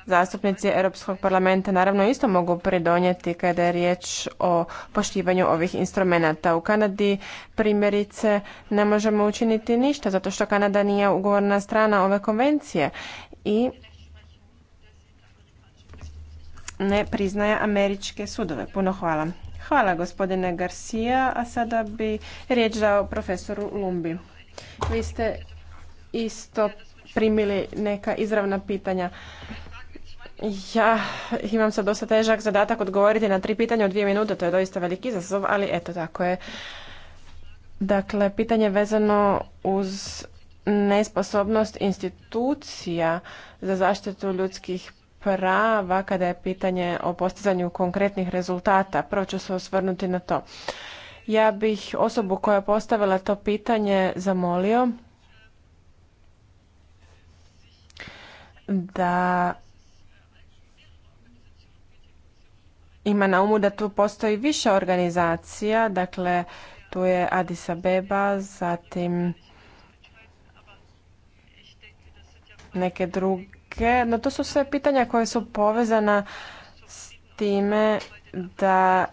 zastupnici Europskog parlamenta naravno isto mogu pridonijeti kada je riječ o poštivanju ovih instrumenata. U Kanadi primjerice ne možemo učiniti ništa zato što Kanada nije ugovorna strana ove konvencije i ne priznaje američke sudove. Puno hvala. Hvala gospodine Garcia, a sada bi riječ dao profesoru Lumbi. Vi ste isto primili neka izravna pitanja. Ja imam sad dosta težak zadatak odgovoriti na tri pitanja u dvije minute, to je doista veliki izazov, ali eto tako je. Dakle, pitanje vezano uz nesposobnost institucija za zaštitu ljudskih prava kada je pitanje o postizanju konkretnih rezultata. Prvo ću se osvrnuti na to. Ja bih osobu koja je postavila to pitanje zamolio da ima na umu da tu postoji više organizacija, dakle tu je Addis Abeba, zatim neke druge, no to su sve pitanja koje su povezana s time da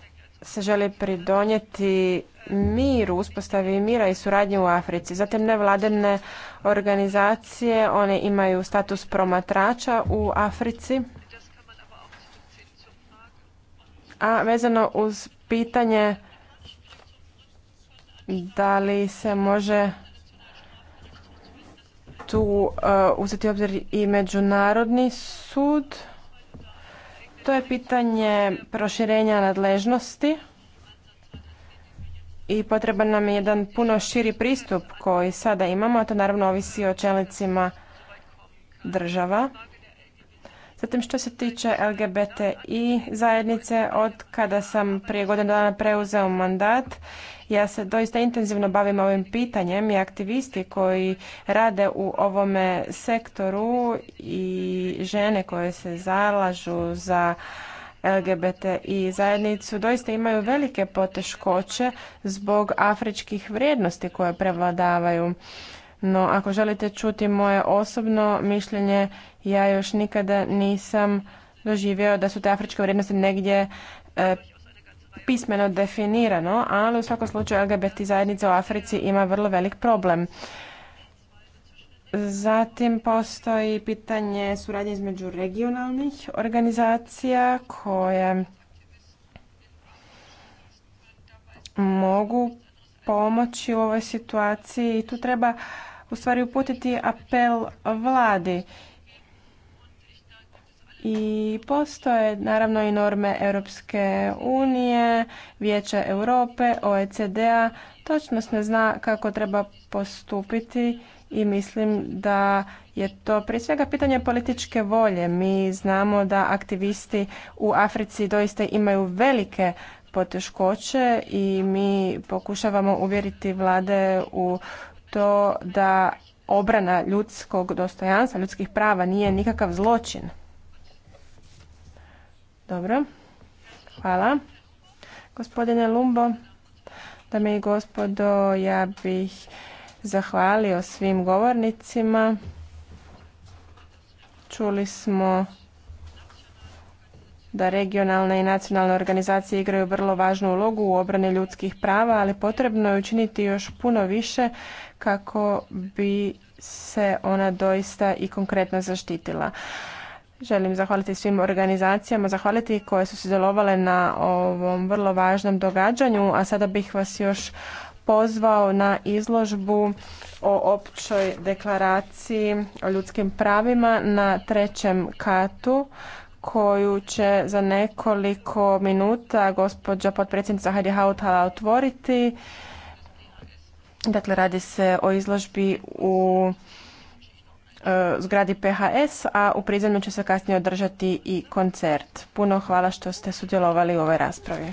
se želi pridonijeti miru, uspostavi mira i suradnje u Africi. Zatim nevladine organizacije, one imaju status promatrača u Africi a vezano uz pitanje da li se može tu uh, uzeti obzir i međunarodni sud. To je pitanje proširenja nadležnosti i potreban nam je jedan puno širi pristup koji sada imamo, a to naravno ovisi o čelnicima država. Zatim što se tiče LGBTI zajednice, od kada sam prije godinu dana preuzeo mandat, ja se doista intenzivno bavim ovim pitanjem i aktivisti koji rade u ovome sektoru i žene koje se zalažu za LGBT i zajednicu doista imaju velike poteškoće zbog afričkih vrijednosti koje prevladavaju. No, ako želite čuti moje osobno mišljenje, ja još nikada nisam doživio da su te afričke vrijednosti negdje e, pismeno definirano, ali u svakom slučaju LGBT zajednica u Africi ima vrlo velik problem. Zatim postoji pitanje suradnje između regionalnih organizacija koje mogu pomoći u ovoj situaciji i tu treba u stvari uputiti apel vladi i postoje naravno i norme Europske unije, Vijeća Europe, OECD-a. Točno se zna kako treba postupiti i mislim da je to prije svega pitanje političke volje. Mi znamo da aktivisti u Africi doista imaju velike poteškoće i mi pokušavamo uvjeriti vlade u to da obrana ljudskog dostojanstva, ljudskih prava nije nikakav zločin. Dobro. Hvala. Gospodine Lumbo, dame i gospodo, ja bih zahvalio svim govornicima. Čuli smo da regionalne i nacionalne organizacije igraju vrlo važnu ulogu u obrani ljudskih prava, ali potrebno je učiniti još puno više kako bi se ona doista i konkretno zaštitila. Želim zahvaliti svim organizacijama, zahvaliti koje su se sudjelovale na ovom vrlo važnom događanju, a sada bih vas još pozvao na izložbu o općoj deklaraciji o ljudskim pravima na trećem katu koju će za nekoliko minuta gospođa potpredsjednica Heidi Hautala otvoriti. Dakle, radi se o izložbi u Eh, zgradi PHS, a u prizemlju će se kasnije održati i koncert. Puno hvala što ste sudjelovali u ovoj raspravi.